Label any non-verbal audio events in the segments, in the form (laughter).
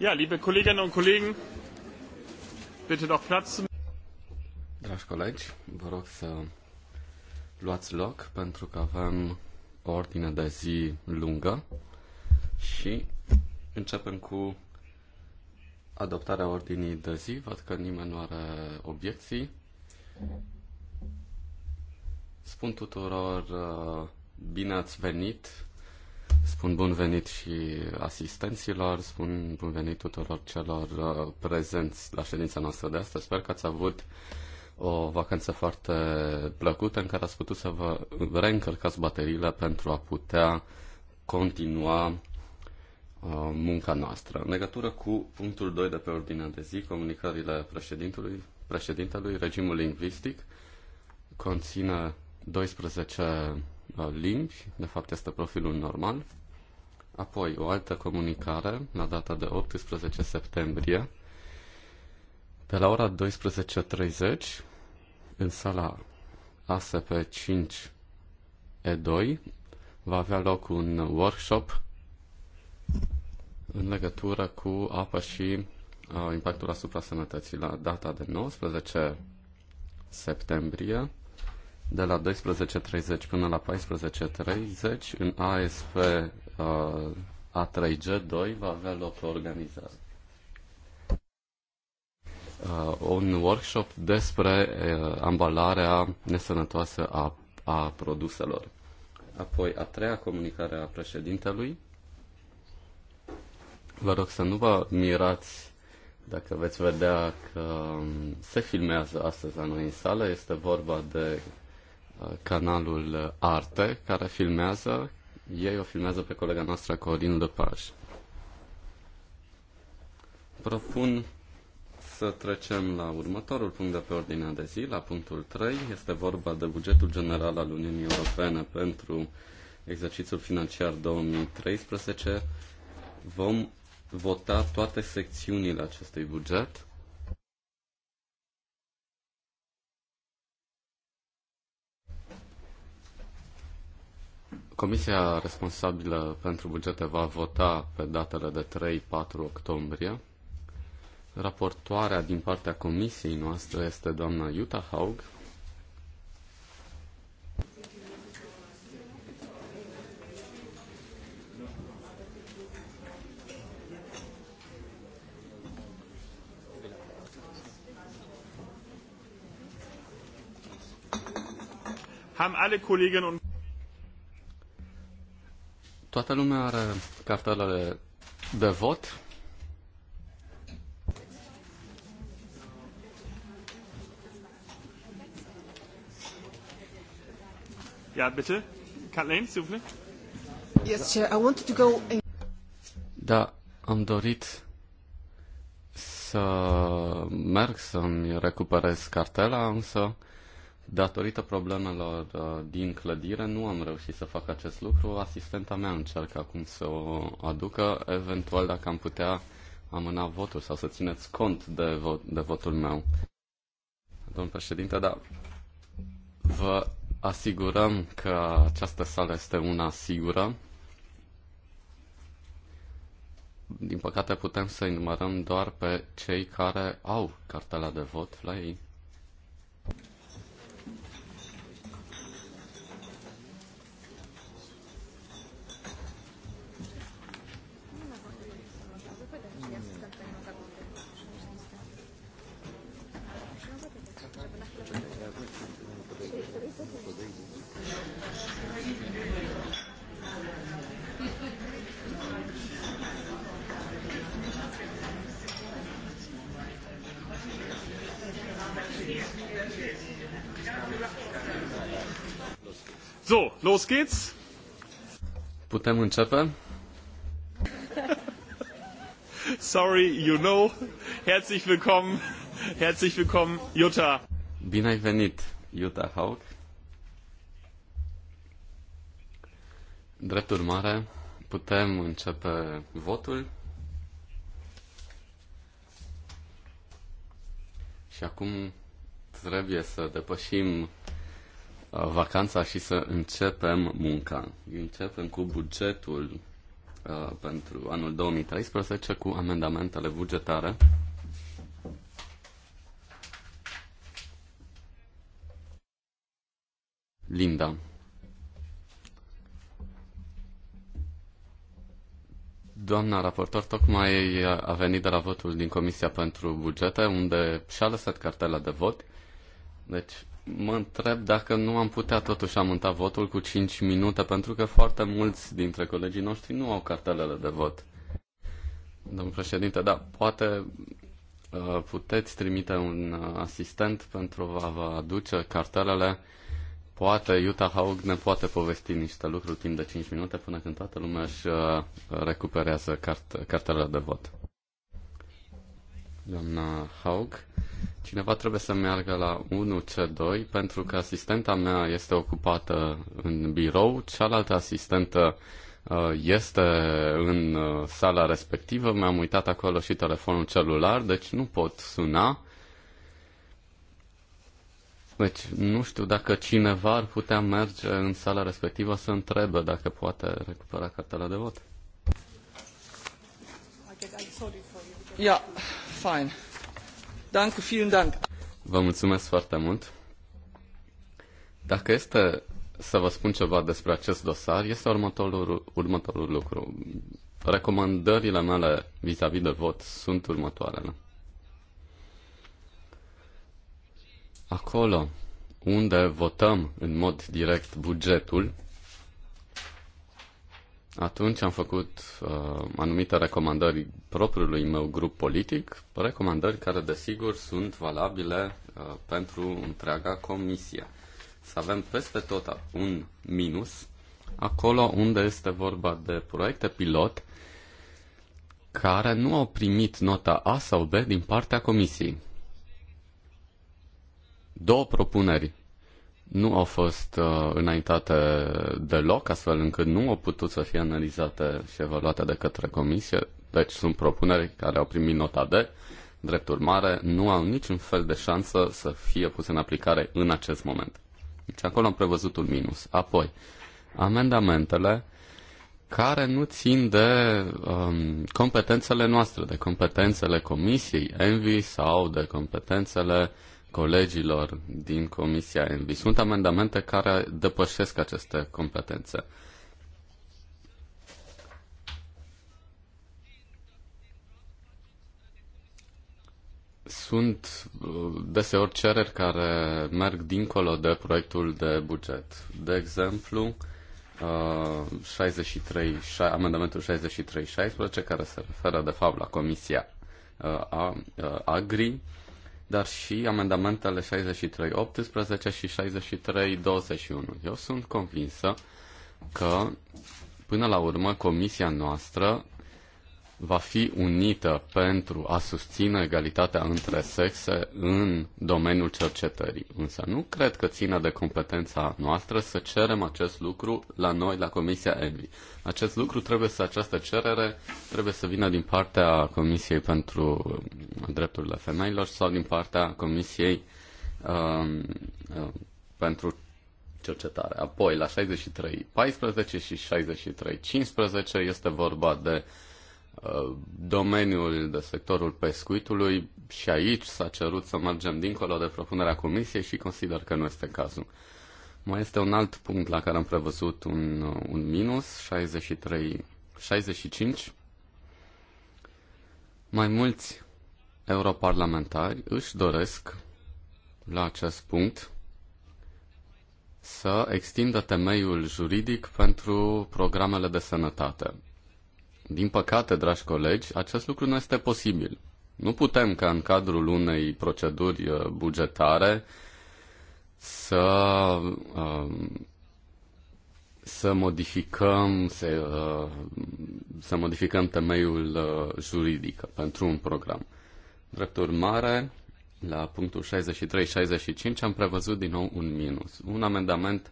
Ja, liebe Kolleginnen und Kollegen, bitte doch Platz. Dragi colegi, vă rog să luați loc pentru că avem o ordine de zi lungă și începem cu adoptarea ordinii de zi. Văd că nimeni nu are obiecții. Spun tuturor uh, bine ați venit Spun bun venit și asistenților, spun bun venit tuturor celor uh, prezenți la ședința noastră de astăzi. Sper că ați avut o vacanță foarte plăcută în care ați putut să vă reîncărcați bateriile pentru a putea continua uh, munca noastră. În legătură cu punctul 2 de pe ordinea de zi, comunicările președintelui, președintelui regimul lingvistic conține 12 limbi, de fapt este profilul normal. Apoi o altă comunicare la data de 18 septembrie, de la ora 12.30, în sala ASP5 E2, va avea loc un workshop în legătură cu apa și uh, impactul asupra sănătății. La data de 19 septembrie de la 12.30 până la 14.30 în ASP uh, A3G2 va avea loc o organizare. Uh, un workshop despre uh, ambalarea nesănătoasă a, a produselor. Apoi, a treia comunicare a președintelui. Vă rog să nu vă mirați dacă veți vedea că um, se filmează astăzi la noi în sală. Este vorba de canalul Arte, care filmează, ei o filmează pe colega noastră Corin Lăpaș. Propun să trecem la următorul punct de pe ordinea de zi, la punctul 3. Este vorba de bugetul general al Uniunii Europene pentru exercițiul financiar 2013. Vom vota toate secțiunile acestui buget Comisia responsabilă pentru bugete va vota pe datele de 3-4 octombrie. Raportoarea din partea comisiei noastre este doamna Jutta Haug. Haben alle Kolleginnen und Toată lumea are cartelele de vot. Ja, bitte. Kathleen, sufle. Yes, sir. I wanted to go in... Da, am dorit să merg să-mi recuperez cartela, însă Datorită problemelor uh, din clădire nu am reușit să fac acest lucru. Asistenta mea încearcă acum să o aducă. Eventual dacă am putea amâna votul sau să țineți cont de, vot, de votul meu. Domnul președinte, da, vă asigurăm că această sală este una sigură. Din păcate putem să numărăm doar pe cei care au cartela de vot la ei. Putem începe? Sorry, you know. Herzlich willkommen. Herzlich willkommen, Jutta. Bine ai venit, Jutta Haug. Drept urmare, putem începe votul. Și acum trebuie să depășim vacanța și să începem munca. Începem cu bugetul uh, pentru anul 2013 cu amendamentele bugetare. Linda. Doamna raportor tocmai a venit de la votul din Comisia pentru Bugete, unde și-a lăsat cartela de vot. Deci, mă întreb dacă nu am putea totuși amânta votul cu 5 minute, pentru că foarte mulți dintre colegii noștri nu au cartelele de vot. Domnul președinte, da, poate uh, puteți trimite un uh, asistent pentru a vă aduce cartelele. Poate Iuta Haug ne poate povesti niște lucruri timp de 5 minute până când toată lumea își uh, recuperează cart- cartelele de vot doamna Haug. Cineva trebuie să meargă la 1C2 pentru că asistenta mea este ocupată în birou, cealaltă asistentă uh, este în uh, sala respectivă, mi-am uitat acolo și telefonul celular, deci nu pot suna. Deci nu știu dacă cineva ar putea merge în sala respectivă să întrebe dacă poate recupera cartela de vot. Yeah. Fine. Danke, vielen Dank. Vă mulțumesc foarte mult. Dacă este să vă spun ceva despre acest dosar, este următorul, următorul lucru. Recomandările mele vis-a-vis de vot sunt următoarele. Acolo unde votăm în mod direct bugetul, atunci am făcut uh, anumite recomandări propriului meu grup politic, recomandări care, desigur, sunt valabile uh, pentru întreaga comisie. Să avem peste tot un minus acolo unde este vorba de proiecte pilot care nu au primit nota A sau B din partea comisiei. Două propuneri nu au fost uh, înaintate deloc, astfel încât nu au putut să fie analizate și evaluate de către comisie. Deci sunt propuneri care au primit nota D. Drept urmare, nu au niciun fel de șansă să fie puse în aplicare în acest moment. Deci acolo am prevăzut un minus. Apoi, amendamentele care nu țin de um, competențele noastre, de competențele Comisiei Envi sau de competențele uh, colegilor din Comisia Envi. Sunt amendamente care depășesc aceste competențe. Sunt uh, deseori cereri care merg dincolo de proiectul de buget. De exemplu, 63, uh, amendamentul 6316 care se referă de fapt la Comisia uh, a, Agri dar și amendamentele 63.18 și 63.21. Eu sunt convinsă că, până la urmă, comisia noastră va fi unită pentru a susține egalitatea între sexe în domeniul cercetării. Însă nu cred că ține de competența noastră să cerem acest lucru la noi, la Comisia ENVI. Acest lucru trebuie să, această cerere trebuie să vină din partea Comisiei pentru Drepturile Femeilor sau din partea Comisiei um, um, pentru cercetare. Apoi, la 63.14 și 63.15 este vorba de uh, domeniul de sectorul pescuitului și aici s-a cerut să mergem dincolo de propunerea comisiei și consider că nu este cazul. Mai este un alt punct la care am prevăzut un, un minus, 63, 65. Mai mulți europarlamentari își doresc la acest punct să extindă temeiul juridic pentru programele de sănătate. Din păcate, dragi colegi, acest lucru nu este posibil. Nu putem ca în cadrul unei proceduri uh, bugetare să, uh, să modificăm să, uh, să modificăm temeiul juridic pentru un program. Drept urmare, la punctul 63-65 am prevăzut din nou un minus, un amendament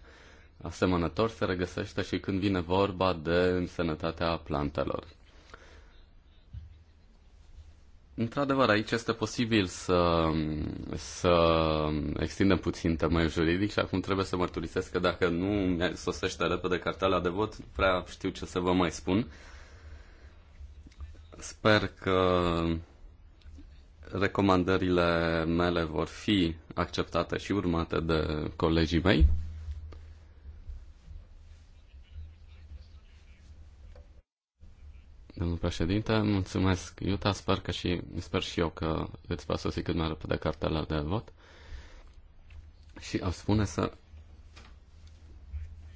asemănător se regăsește și când vine vorba de însănătatea plantelor. Într-adevăr, aici este posibil să, să extindem puțin tema juridic și acum trebuie să mărturisesc că dacă nu mi sosește repede cartela de vot, prea știu ce să vă mai spun. Sper că recomandările mele vor fi acceptate și urmate de colegii mei. Domnul președinte, mulțumesc, Iuta, sper că și, sper și eu că îți va sosi cât mai repede cartela de vot. Și aș spune să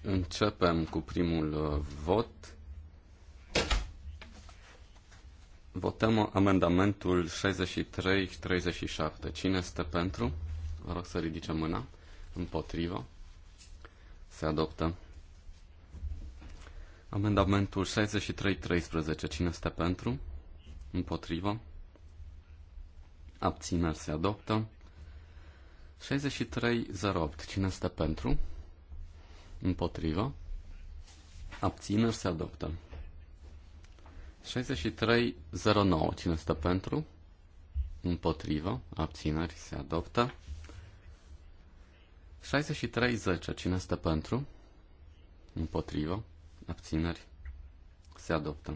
începem cu primul uh, vot. Votăm amendamentul 63-37. Cine este pentru? Vă rog să ridice mâna. Împotrivă. Se adoptă. Amendamentul 63.13. Cine este pentru? Împotrivă? Abțineri se adoptă. 63.08. Cine este pentru? Împotrivă? Abțineri se adoptă. 63.09. Cine este pentru? Împotrivă? Abțineri se adoptă. 63.10. Cine este pentru? Împotrivă? abțineri, se adoptă.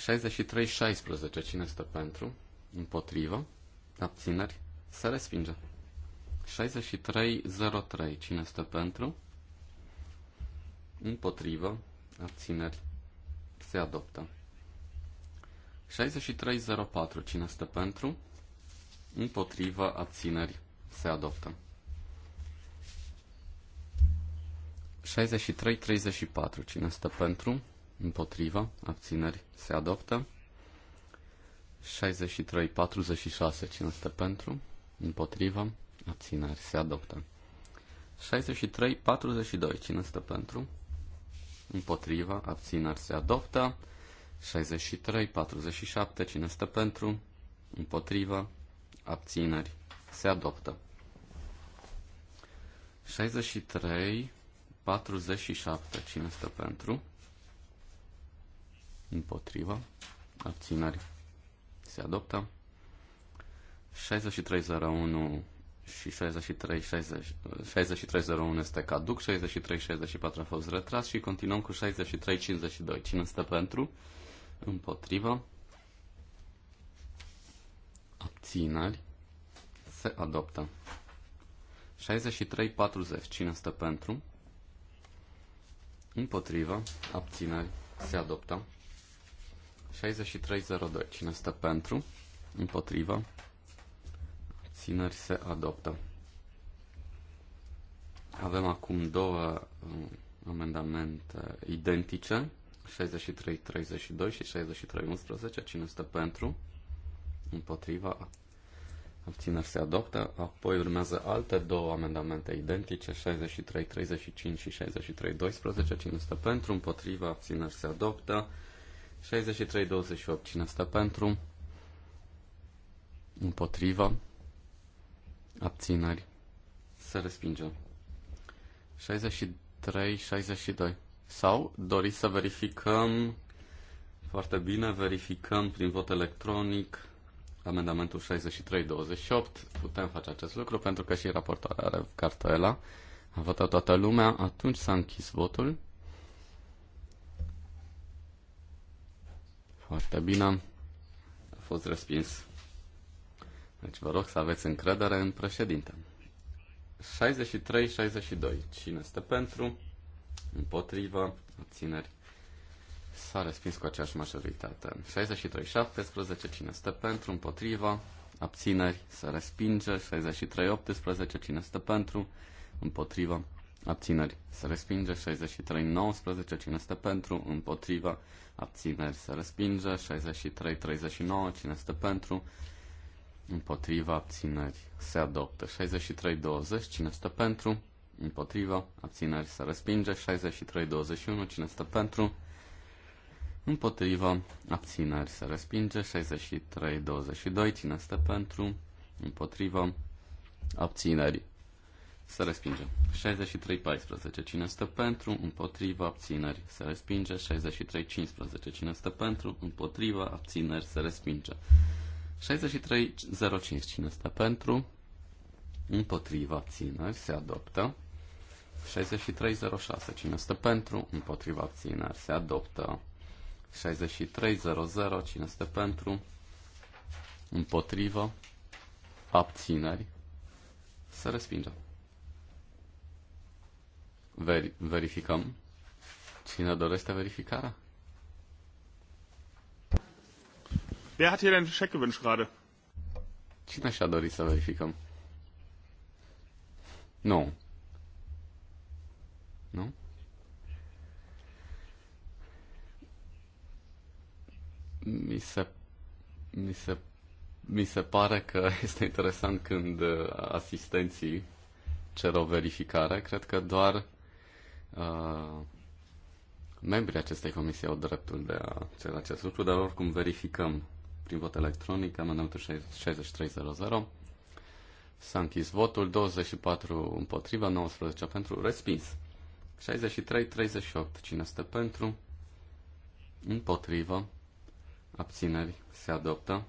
63-16, cine stă pentru, împotrivă, abțineri, se respinge. 63-03, cine stă pentru, împotrivă, abțineri, se adoptă. 63-04, cine stă pentru, împotrivă, abțineri, se adoptă. 63-34. Cine este pentru? Împotriva. Abțineri. Se adoptă. 63-46. Cine este pentru? Împotriva. Abțineri. Se adoptă. 63-42. Cine este pentru? Împotriva. Abțineri. Se adoptă. 63-47. Cine stă pentru? Împotriva. Abțineri. Se adoptă. 63 46 cine stă pentru împotriva abțineri se adoptă 63 42 cine stă pentru împotriva abțineri se adoptă 63 47 cine stă pentru împotriva abțineri se adoptă 63 47. Cine stă pentru? Împotriva. Abținări. Se adoptă. 6301 și 63, 6301 este caduc, 6364 a fost retras și continuăm cu 6352. Cine stă pentru? Împotriva. Abținări. Se adoptă. 6340. Cine stă pentru? Împotrivă. Abțineri. Se adoptă. 6302. Cine stă pentru? Împotrivă. Abțineri. Se adoptă. Avem acum două um, amendamente identice. 6332 și 6311. Cine stă pentru? Împotriva abțineri se adoptă. Apoi urmează alte două amendamente identice, 63, 35 și 63, 12. Cine stă pentru, împotriva, abțineri se adoptă. 63, 28. Cine stă pentru, împotriva, abțineri se respinge. 63, 62. Sau doriți să verificăm foarte bine, verificăm prin vot electronic amendamentul 6328, putem face acest lucru pentru că și raportarea are cartela. A votat toată lumea, atunci s-a închis votul. Foarte bine. A fost respins. Deci vă rog să aveți încredere în președinte. 63-62. Cine este pentru? Împotrivă? Abțineri? S-a respins cu aceeași majoritate. 63, 17, cine stă pentru, împotriva, abțineri, se respinge. 63, 18, cine stă pentru, împotriva, abțineri, se respinge. 63, 19, cine stă pentru, împotriva, abțineri, se respinge. 63, 39, cine stă pentru, împotriva, abțineri, se adoptă. 63, 20, cine stă pentru, împotriva, abțineri, se respinge. 63, 21, cine stă pentru, Împotrivă, abțineri se respinge, 63-22, cine este pentru, Împotrivă, abțineri se respinge. 63-14, cine este pentru, Împotrivă, abțineri se respinge, 63-15, cine este pentru, Împotrivă, abțineri se respinge. 63-05, cine este pentru, Împotrivă, abțineri se adoptă. 6306. Cine stă pentru, împotriva abțineri, se adoptă. 6300, cine este pentru, împotrivă, abțineri, se respinge. Ver- verificăm. Cine dorește verificarea? Wer hat hier den Scheck gewünscht gerade? Cine și-a dorit să verificăm? Nu. No. Nu? No? mi se, mi se, mi se pare că (laughs) este interesant când uh, asistenții cer o verificare. Cred că doar uh, membrii acestei comisii au dreptul de a cere acest lucru, dar oricum verificăm prin vot electronic amendamentul 6300. S-a închis votul, 24 împotriva, 19 pentru, respins. 63-38, cine este pentru? Împotrivă abțineri, se adoptă.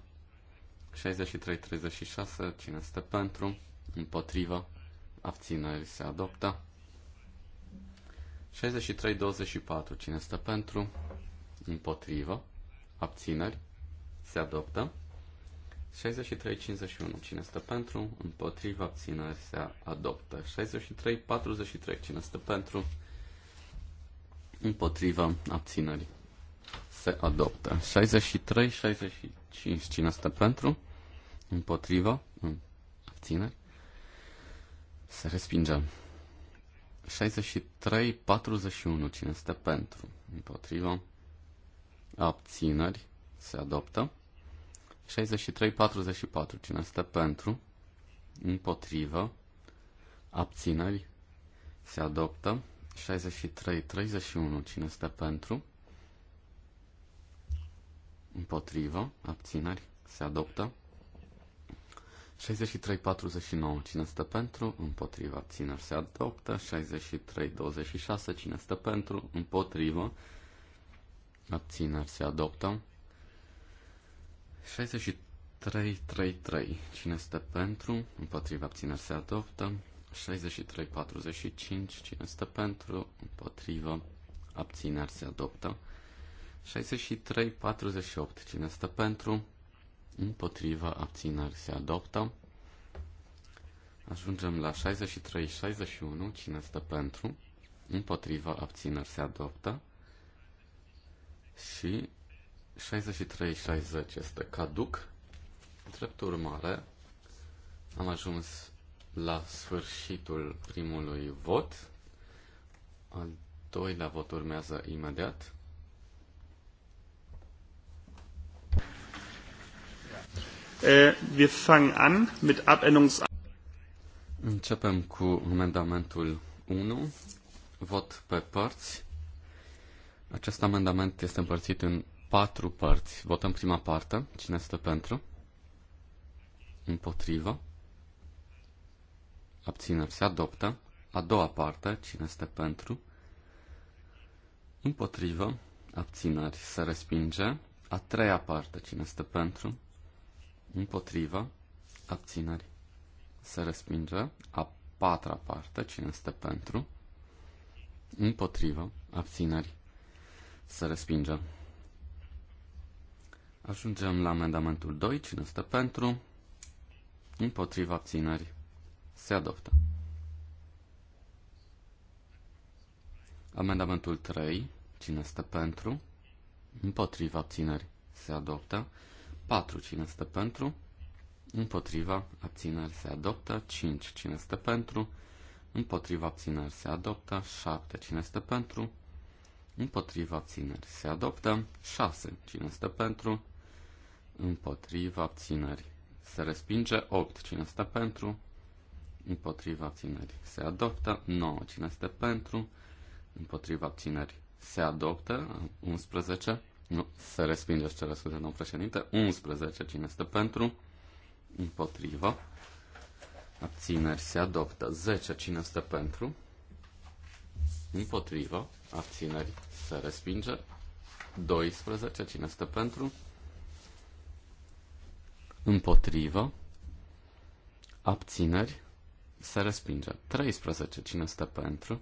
63-36, cine este pentru, împotrivă, abțineri, se adoptă. 63-24, cine este pentru, împotrivă, abțineri, se adoptă. 63-51, cine este pentru, împotrivă, abțineri, se adoptă. 63-43, cine este pentru, împotrivă, abțineri, se adoptă. 63, 65, cine stă pentru? Împotrivă? Abțineri? Se respinge. 63, 41, cine stă pentru? Împotrivă? Abțineri? Se adoptă. 63, 44, cine stă pentru? Împotrivă? Abțineri? Se adoptă. 63, 31, cine stă pentru? Împotrivă. Abțineri. Se adoptă. 63-49. Cine stă pentru? Împotrivă. Abțineri. Se adoptă. 63-26. Cine stă pentru? Împotrivă. Abțineri. Se adoptă. 63-33. Cine stă pentru? Împotrivă. Abțineri. Se adoptă. 63-45. Cine stă pentru? Împotrivă. Abțineri. Se adoptă. 63 63, 48. Cine stă pentru? Împotriva abțineri se adoptă. Ajungem la 63, 61. Cine stă pentru? Împotriva abțineri se adoptă. Și 63, 60 este caduc. Drept urmare, am ajuns la sfârșitul primului vot. Al doilea vot urmează imediat. Äh, wir fangen an mit Abänderungs Începem cu amendamentul 1, vot pe părți. Acest amendament este împărțit în patru părți. Votăm prima parte. Cine este pentru? Împotrivă. Abțineri. Se adoptă. A doua parte. Cine este pentru? Împotrivă. Abțineri. Se respinge. A treia parte. Cine este pentru? împotriva, abținării. se respinge. A patra parte, cine este pentru, împotriva, abținării. se respinge. Ajungem la amendamentul 2, cine este pentru, împotriva, abținării. se adoptă. Amendamentul 3, cine este pentru, împotriva, abținării. se adoptă. 4. Cine stă pentru? Împotriva, abțineri se adoptă. 5. Cine stă pentru? Împotriva, abțineri se adoptă. 7. Cine stă pentru? Împotriva, abțineri se adoptă. 6. Cine stă pentru? Împotriva, abțineri se respinge. 8. Cine stă pentru? Împotriva, abțineri se adoptă. 9. Cine stă pentru? Împotriva, abțineri se adoptă. 11. Nu, se respinge și cele scuze, domnul președinte. 11, cine este pentru? Împotrivă. Abțineri se adoptă. 10, cine este pentru? Împotrivă. Abțineri se respinge. 12, cine este pentru? Împotrivă. Abțineri se respinge. 13, cine este pentru?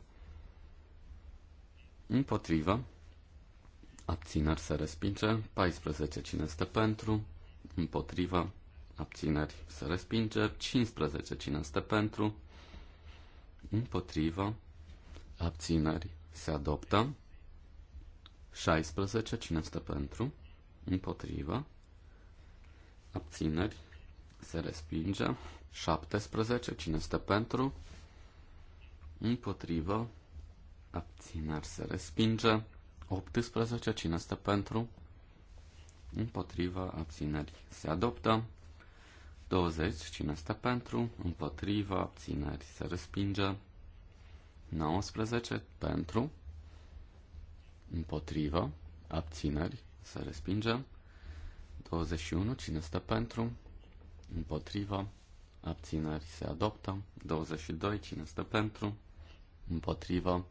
Împotrivă abțineri se respinge, 14 cine este pentru, împotriva, abțineri se respinge, 15 cine este pentru, împotriva, abțineri se adoptă, 16 cine este pentru, împotriva, abțineri se respinge, 17 cine este pentru, împotriva, abțineri se respinge, 18. Cine este pentru? Împotriva abținerii. Se adoptă. 20. Cine este pentru? Împotriva abținerii. Se respinge. 19. Pentru. Împotriva abținerii. Se respinge. 21. Cine este pentru? Împotriva abținerii. Se adoptă. 22. Cine este pentru? Împotriva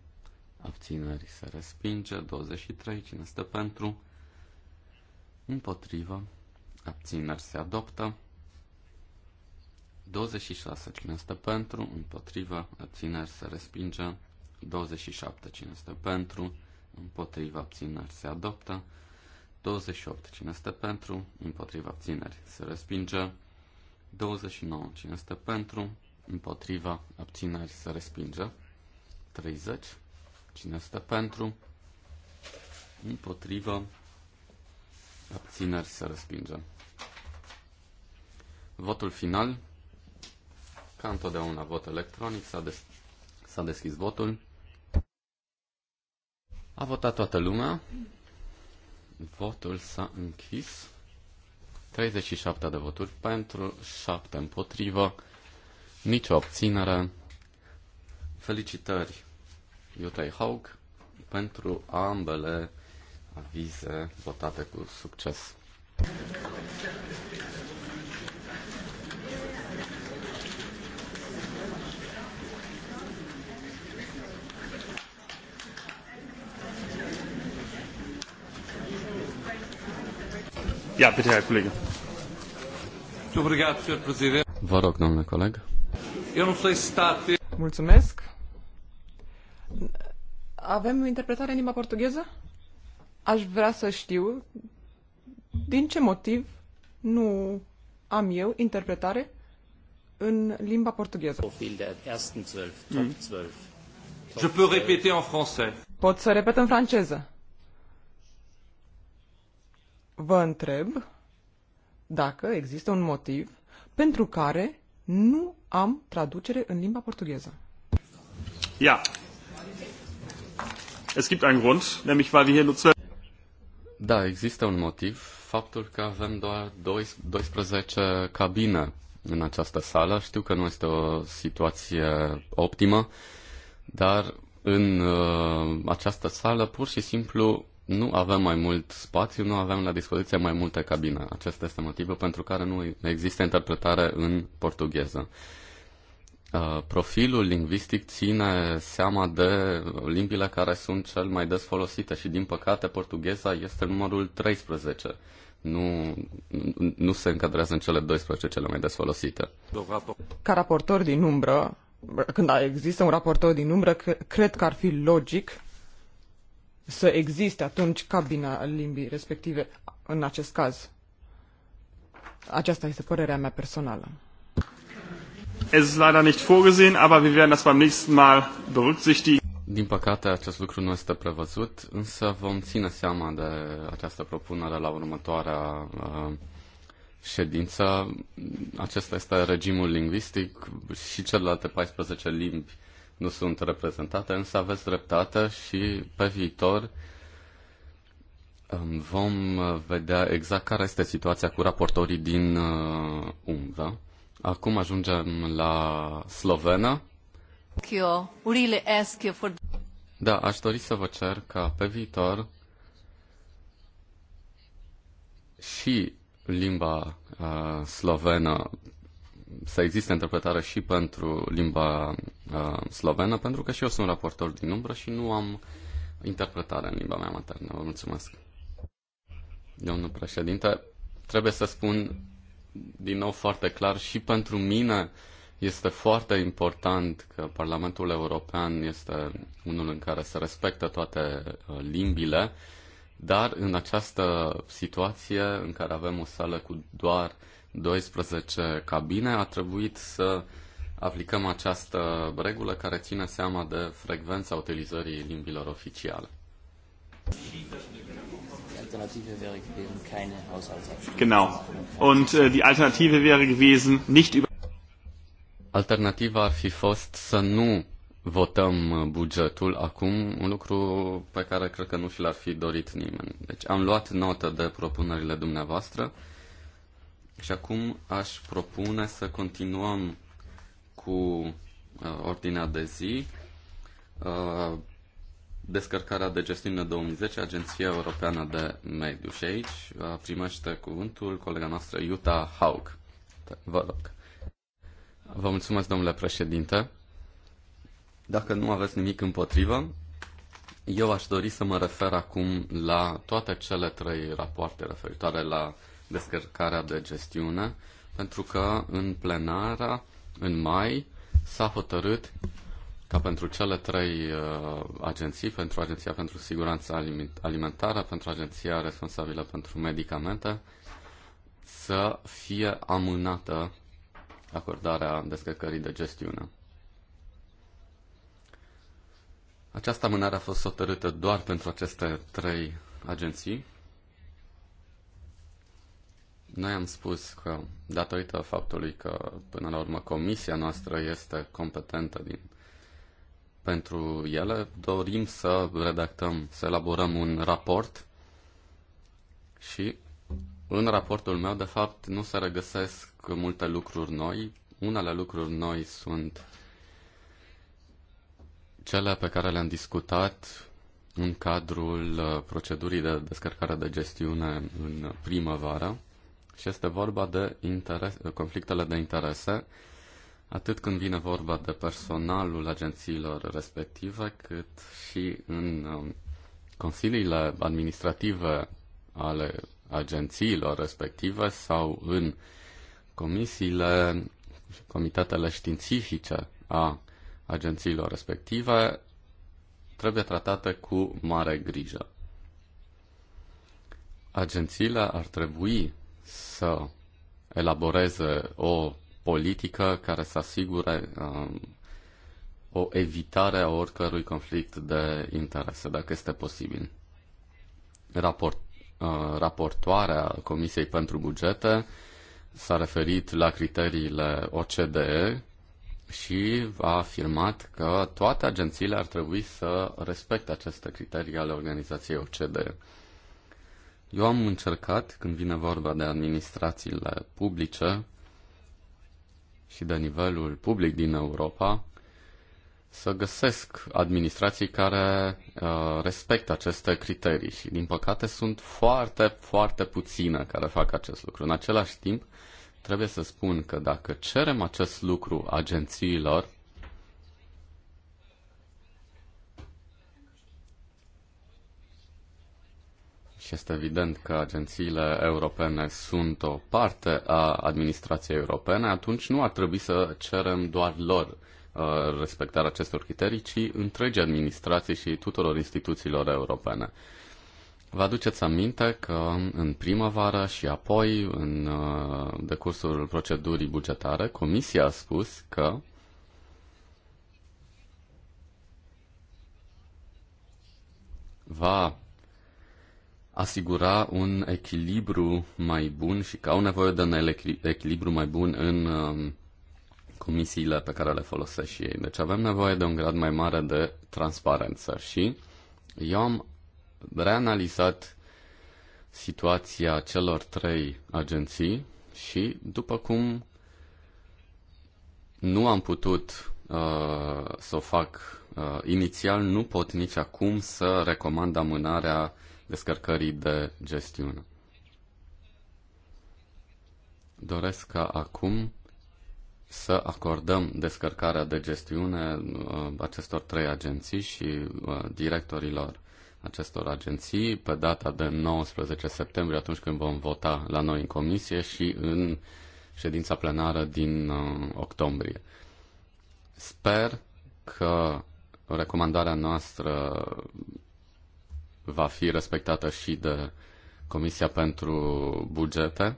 abțineri se respinge, 23, cine este pentru, împotrivă, abțineri se adoptă, 26, cine este pentru, împotrivă, abțineri se respinge, 27, cine este pentru, împotrivă, abțineri se adoptă, 28, cine este pentru, împotrivă, abțineri se respinge, 29, cine este pentru, împotriva, abțineri se respinge, 30, Cine este pentru? Împotrivă. Abțineri se respinge. Votul final. Ca întotdeauna vot electronic. S-a, des- s-a deschis votul. A votat toată lumea. Votul s-a închis. 37 de voturi pentru, 7 împotrivă, nicio obținere. Felicitări Iutei Haug pentru ambele avize votate cu succes. Ja, bitte, Herr Kollege. Vă rog, domnule coleg. Eu nu sunt stat. Mulțumesc. Avem interpretare în limba portugheză? Aș vrea să știu din ce motiv nu am eu interpretare în limba portugheză. Mhm. Je peux répéter en français. Pot să repet în franceză. Vă întreb dacă există un motiv pentru care nu am traducere în limba portugheză. Ia. Es gibt einen Grund, nämlich weil wir hier nur 12 da, există un motiv, faptul că avem doar 12 cabine în această sală. Știu că nu este o situație optimă, dar în uh, această sală pur și simplu nu avem mai mult spațiu, nu avem la dispoziție mai multe cabine. Acesta este motivul pentru care nu există interpretare în portugheză. Uh, Uh, profilul lingvistic ține seama de limbile care sunt cel mai des folosite și, din păcate, portugheza este numărul 13. Nu, nu se încadrează în cele 12 cele mai des folosite. Ca raportor din umbră, când există un raportor din umbră, cred că ar fi logic să existe atunci cabina limbii respective în acest caz. Aceasta este părerea mea personală. Es ist leider nicht vorgesehen, aber wir werden das beim nächsten Mal berücksichtigen. Din păcate, acest lucru nu este prevăzut, însă vom ține seama de această propunere la următoarea uh, ședință. Acesta este regimul lingvistic și celelalte 14 limbi nu sunt reprezentate, însă aveți dreptate și pe viitor um, vom vedea exact care este situația cu raportorii din uh, umbră. Acum ajungem la Slovena. Da, aș dori să vă cer ca pe viitor și limba uh, slovenă să existe interpretare și pentru limba uh, slovenă, pentru că și eu sunt raportor din umbră și nu am interpretare în limba mea maternă. Vă mulțumesc. Domnul președinte, trebuie să spun din nou foarte clar și pentru mine este foarte important că Parlamentul European este unul în care se respectă toate uh, limbile, dar în această situație în care avem o sală cu doar 12 cabine, a trebuit să aplicăm această regulă care ține seama de frecvența utilizării limbilor oficiale. Alternative wäre gewesen, keine Haushaltsabstimmung. Genau. Und äh, die Alternative wäre gewesen, nicht über. Alternativa ar fi fost să nu votăm uh, bugetul acum, un lucru pe care cred că nu și l-ar fi dorit nimeni. Deci am luat notă de propunerile dumneavoastră și acum aș propune să continuăm cu uh, ordinea de zi. Uh, descărcarea de gestiune 2010, Agenția Europeană de Mediu. Și aici uh, primește cuvântul colega noastră Iuta Haug. Vă rog. Vă mulțumesc, domnule președinte. Dacă nu aveți nimic împotrivă, eu aș dori să mă refer acum la toate cele trei rapoarte referitoare la descărcarea de gestiune, pentru că în plenara, în mai, s-a hotărât ca pentru cele trei uh, agenții, pentru Agenția pentru Siguranța Alimentară, pentru Agenția Responsabilă pentru Medicamente, să fie amânată acordarea descărcării de gestiune. Această amânare a fost hotărâtă doar pentru aceste trei agenții. Noi am spus că, datorită faptului că, până la urmă, comisia noastră este competentă din pentru ele. Dorim să redactăm, să elaborăm un raport și în raportul meu, de fapt, nu se regăsesc multe lucruri noi. Unele lucruri noi sunt cele pe care le-am discutat în cadrul uh, procedurii de descărcare de gestiune în primăvară și este vorba de interes, conflictele de interese atât când vine vorba de personalul agențiilor respective, cât și în um, consiliile administrative ale agențiilor respective sau în comisiile și comitetele științifice a agențiilor respective trebuie tratate cu mare grijă. Agențiile ar trebui să elaboreze o politică care să asigure um, o evitare a oricărui conflict de interese, dacă este posibil. Raport, uh, raportoarea Comisiei pentru Bugete s-a referit la criteriile OCDE și a afirmat că toate agențiile ar trebui să respecte aceste criterii ale organizației OCDE. Eu am încercat, când vine vorba de administrațiile publice, și de nivelul public din Europa să găsesc administrații care uh, respectă aceste criterii și, din păcate, sunt foarte, foarte puține care fac acest lucru. În același timp, trebuie să spun că dacă cerem acest lucru agențiilor, și este evident că agențiile europene sunt o parte a administrației europene, atunci nu ar trebui să cerem doar lor uh, respectarea acestor criterii, ci întregii administrații și tuturor instituțiilor europene. Vă aduceți aminte că în primăvară și apoi, în uh, decursul procedurii bugetare, Comisia a spus că va asigura un echilibru mai bun și că au nevoie de un echilibru mai bun în um, comisiile pe care le folosesc și ei. Deci avem nevoie de un grad mai mare de transparență și eu am reanalizat situația celor trei agenții și după cum nu am putut uh, să o fac uh, inițial, nu pot nici acum să recomand amânarea descărcării de gestiune. Doresc ca acum să acordăm descărcarea de gestiune uh, acestor trei agenții și uh, directorilor acestor agenții pe data de 19 septembrie, atunci când vom vota la noi în comisie și în ședința plenară din uh, octombrie. Sper că recomandarea noastră va fi respectată și de Comisia pentru Bugete.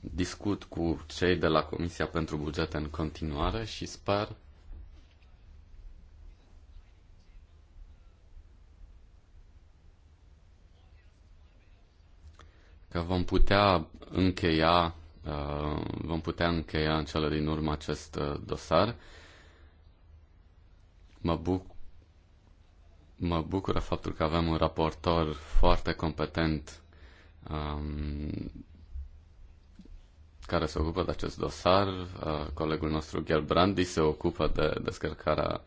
Discut cu cei de la Comisia pentru Bugete în continuare și sper că vom putea încheia uh, vom putea încheia în cele din urmă acest uh, dosar. Mă, buc, Mă bucură faptul că avem un raportor foarte competent um, care se ocupă de acest dosar. Uh, colegul nostru, Gerbrandi, se ocupă de descărcarea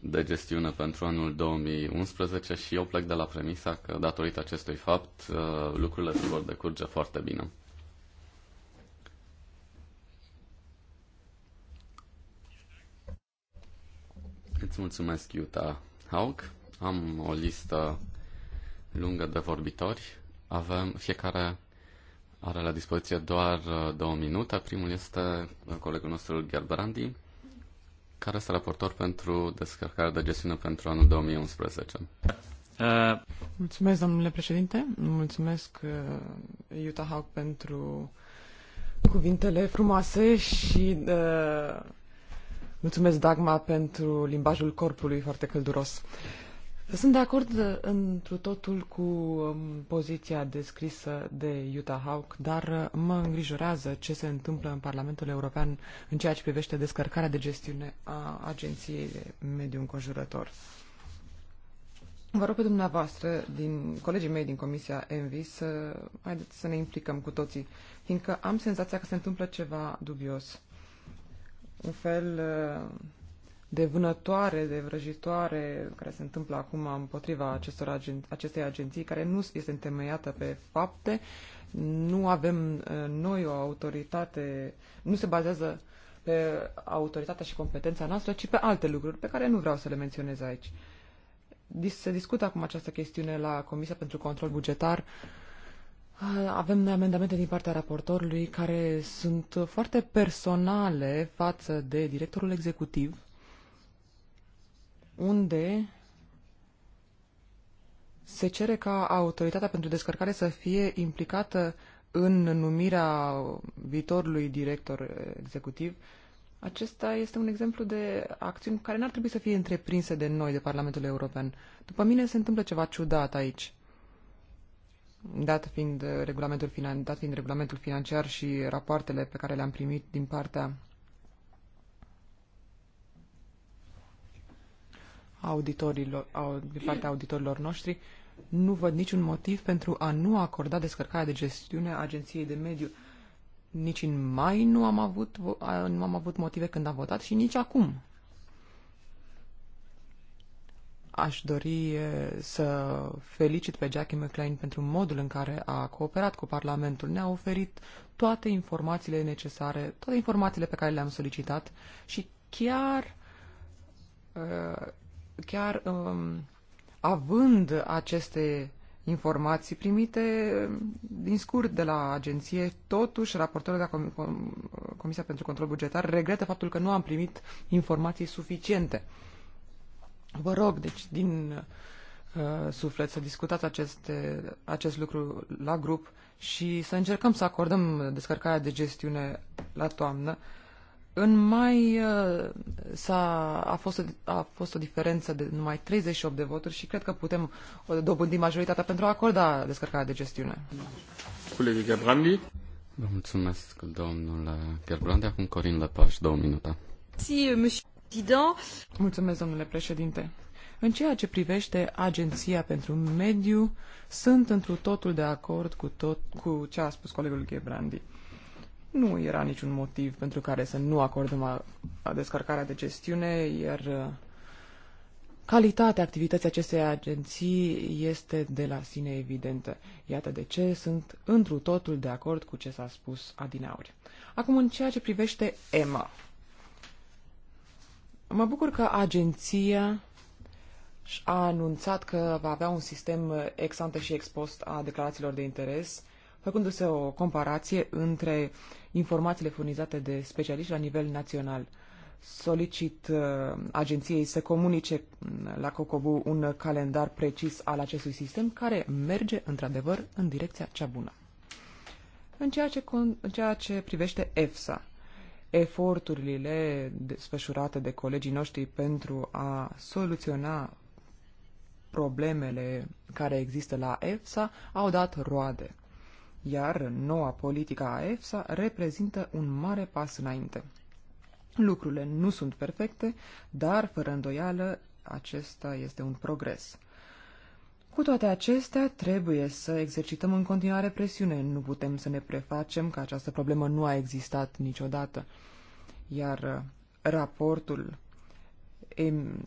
de gestiune pentru anul 2011 și eu plec de la premisa că, datorită acestui fapt, uh, lucrurile se vor decurge foarte bine. Îți mulțumesc, Iuta, Hauk. Am o listă lungă de vorbitori. Avem fiecare are la dispoziție doar uh, două minute. Primul este uh, colegul nostru Gerbrandi, care este raportor pentru descărcarea de gestiune pentru anul 2011. Uh. Mulțumesc, domnule președinte. Mulțumesc, uh, Iuta pentru cuvintele frumoase și uh, Mulțumesc, Dagma, pentru limbajul corpului foarte călduros. Sunt de acord întru totul cu um, poziția descrisă de Utah Hawk, dar uh, mă îngrijorează ce se întâmplă în Parlamentul European în ceea ce privește descărcarea de gestiune a Agenției de Mediu Înconjurător. Vă rog pe dumneavoastră, din colegii mei din Comisia Envi, să, haideți să ne implicăm cu toții, fiindcă am senzația că se întâmplă ceva dubios un fel uh, de vânătoare, de vrăjitoare care se întâmplă acum împotriva acestor agen- acestei agenții, care nu este întemeiată pe fapte, nu avem uh, noi o autoritate, nu se bazează pe autoritatea și competența noastră, ci pe alte lucruri pe care nu vreau să le menționez aici. Se discută acum această chestiune la Comisia pentru Control Bugetar. Uh, avem amendamente din partea raportorului care sunt foarte personale față de directorul executiv, unde se cere ca autoritatea pentru descărcare să fie implicată în numirea viitorului director executiv. Acesta este un exemplu de acțiuni care n-ar trebui să fie întreprinse de noi, de Parlamentul European. După mine se întâmplă ceva ciudat aici dat fiind regulamentul, finan- dat fiind regulamentul financiar și rapoartele pe care le-am primit din partea auditorilor, au, din partea auditorilor noștri, nu văd niciun motiv pentru a nu acorda descărcarea de gestiune a Agenției de Mediu. Nici în mai nu am avut, nu am avut motive când am votat și nici acum. Aș dori să felicit pe Jackie McLean pentru modul în care a cooperat cu Parlamentul. Ne-a oferit toate informațiile necesare, toate informațiile pe care le-am solicitat și chiar, chiar um, având aceste informații primite din scurt de la agenție. Totuși, raportorul de la Comisia pentru Control Bugetar regretă faptul că nu am primit informații suficiente. Vă rog, deci, din uh, suflet să discutați aceste, acest lucru la grup și să încercăm să acordăm descărcarea de gestiune la toamnă. În mai uh, s-a, a, fost a fost o diferență de numai 38 de voturi și cred că putem dobândi majoritatea pentru a acorda descărcarea de gestiune. Colegii Gabrandi. Vă mulțumesc, domnul Gerbrandi. Acum Corin Lepaș, două minute. Si, monsieur. Président. Mulțumesc, domnule președinte. În ceea ce privește Agenția pentru Mediu, sunt întru totul de acord cu, tot, cu ce a spus colegul Ghebrandi. Nu era niciun motiv pentru care să nu acordăm a, a descărcarea de gestiune, iar uh, calitatea activității acestei agenții este de la sine evidentă. Iată de ce sunt întru totul de acord cu ce s-a spus adineauri. Acum, în ceea ce privește EMA, Mă bucur că agenția a anunțat că va avea un sistem ex ante și ex post a declarațiilor de interes, făcându-se o comparație între informațiile furnizate de specialiști la nivel național. Solicit uh, agenției să comunice mm, la COCOBU un calendar precis al acestui sistem care merge într-adevăr în direcția cea bună. În ceea ce, în ceea ce privește EFSA, eforturile desfășurate de colegii noștri pentru a soluționa problemele care există la EFSA au dat roade, iar noua politică a EFSA reprezintă un mare pas înainte. Lucrurile nu sunt perfecte, dar, fără îndoială, acesta este un progres. Cu toate acestea, trebuie să exercităm în continuare presiune. Nu putem să ne prefacem că această problemă nu a existat niciodată. Iar uh, raportul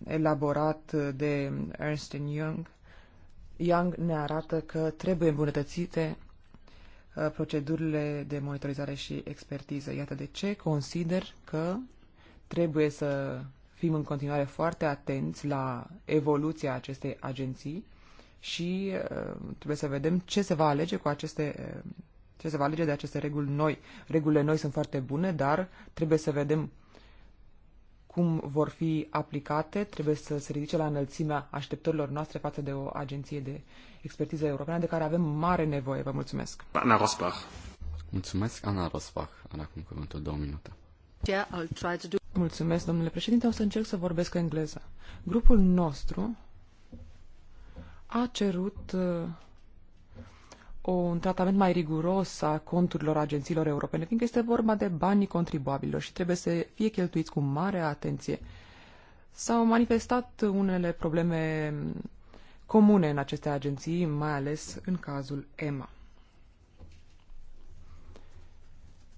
elaborat de Ernst Young, Young ne arată că trebuie îmbunătățite uh, procedurile de monitorizare și expertiză. Iată de ce consider că trebuie să fim în continuare foarte atenți la evoluția acestei agenții și uh, trebuie să vedem ce se va alege cu aceste uh, ce se va alege de aceste reguli noi. Regulile noi sunt foarte bune, dar trebuie să vedem cum vor fi aplicate, trebuie să se ridice la înălțimea așteptărilor noastre față de o agenție de expertiză europeană de care avem mare nevoie. Vă mulțumesc! Ana Rosbach. Mulțumesc, Ana Rosbach. Ana, acum cuvântul două minute. Yeah, I'll try to do... Mulțumesc, domnule președinte. O să încerc să vorbesc engleză. Grupul nostru a cerut uh, un tratament mai riguros a conturilor agențiilor europene, fiindcă este vorba de banii contribuabililor și trebuie să fie cheltuiți cu mare atenție. S-au manifestat unele probleme comune în aceste agenții, mai ales în cazul EMA.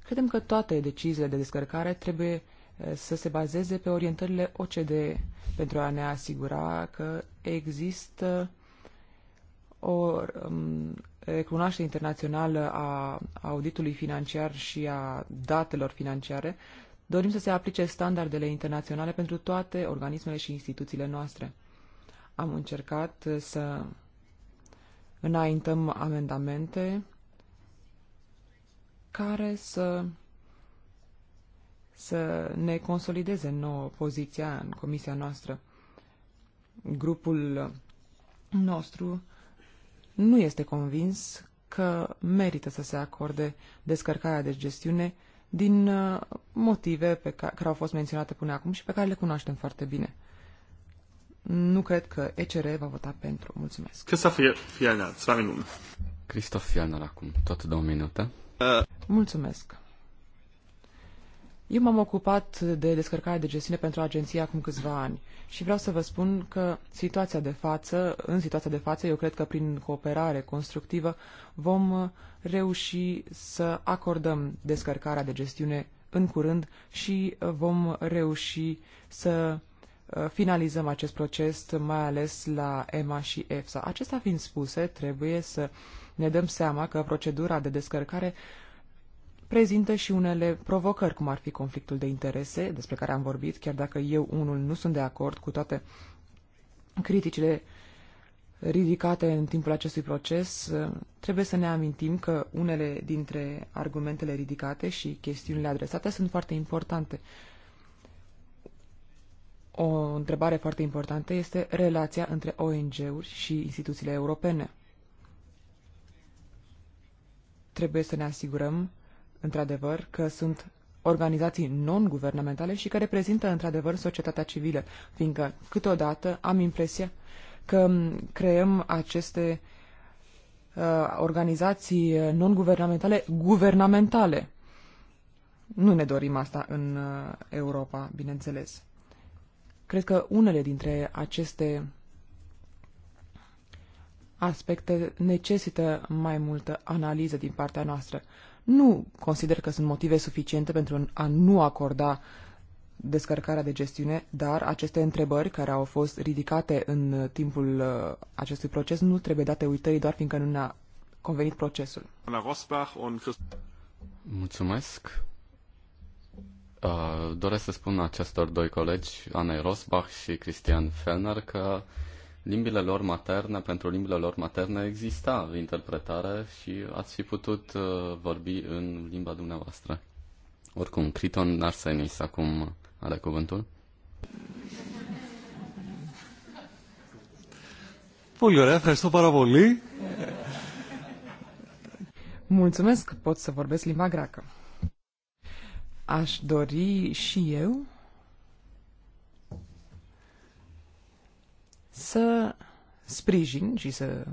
Credem că toate deciziile de descărcare trebuie uh, să se bazeze pe orientările OCDE pentru a ne asigura că există o um, recunoaștere internațională a auditului financiar și a datelor financiare, dorim să se aplice standardele internaționale pentru toate organismele și instituțiile noastre. Am încercat să înaintăm amendamente care să, să ne consolideze nouă poziția în comisia noastră. Grupul nostru nu este convins că merită să se acorde descărcarea de gestiune din uh, motive pe care, care au fost menționate până acum și pe care le cunoaștem foarte bine. Nu cred că ECR va vota pentru. Mulțumesc. fie Fiana, 2 minute. Cristof Fiana, acum tot două minute. Mulțumesc. Eu m-am ocupat de descărcare de gestiune pentru agenția acum câțiva ani și vreau să vă spun că situația de față, în situația de față, eu cred că prin cooperare constructivă vom uh, reuși să acordăm descărcarea de gestiune în curând și uh, vom reuși să uh, finalizăm acest proces, mai ales la EMA și EFSA. Acestea fiind spuse, trebuie să ne dăm seama că procedura de descărcare prezintă și unele provocări, cum ar fi conflictul de interese, despre care am vorbit, chiar dacă eu unul nu sunt de acord cu toate criticile ridicate în timpul acestui proces, trebuie să ne amintim că unele dintre argumentele ridicate și chestiunile adresate sunt foarte importante. O întrebare foarte importantă este relația între ONG-uri și instituțiile europene. Trebuie să ne asigurăm într-adevăr, că sunt organizații non-guvernamentale și că reprezintă, într-adevăr, societatea civilă, fiindcă câteodată am impresia că creăm aceste uh, organizații uh, non-guvernamentale guvernamentale. Nu ne dorim asta în uh, Europa, bineînțeles. Cred că unele dintre aceste aspecte necesită mai multă analiză din partea noastră nu consider că sunt motive suficiente pentru a nu acorda descărcarea de gestiune, dar aceste întrebări care au fost ridicate în timpul uh, acestui proces nu trebuie date uitării doar fiindcă nu ne-a convenit procesul. Mulțumesc. Uh, doresc să spun acestor doi colegi, Ana Rosbach și Cristian Fellner, că limbile lor materne, pentru limbile lor materne exista interpretare și ați fi putut uh, vorbi în limba dumneavoastră. Oricum, Criton Narsenis acum uh, are cuvântul. Πολύ ωραία, ευχαριστώ πάρα πολύ. Mulțumesc, pot să vorbesc limba greacă. Aș dori și eu să sprijin și să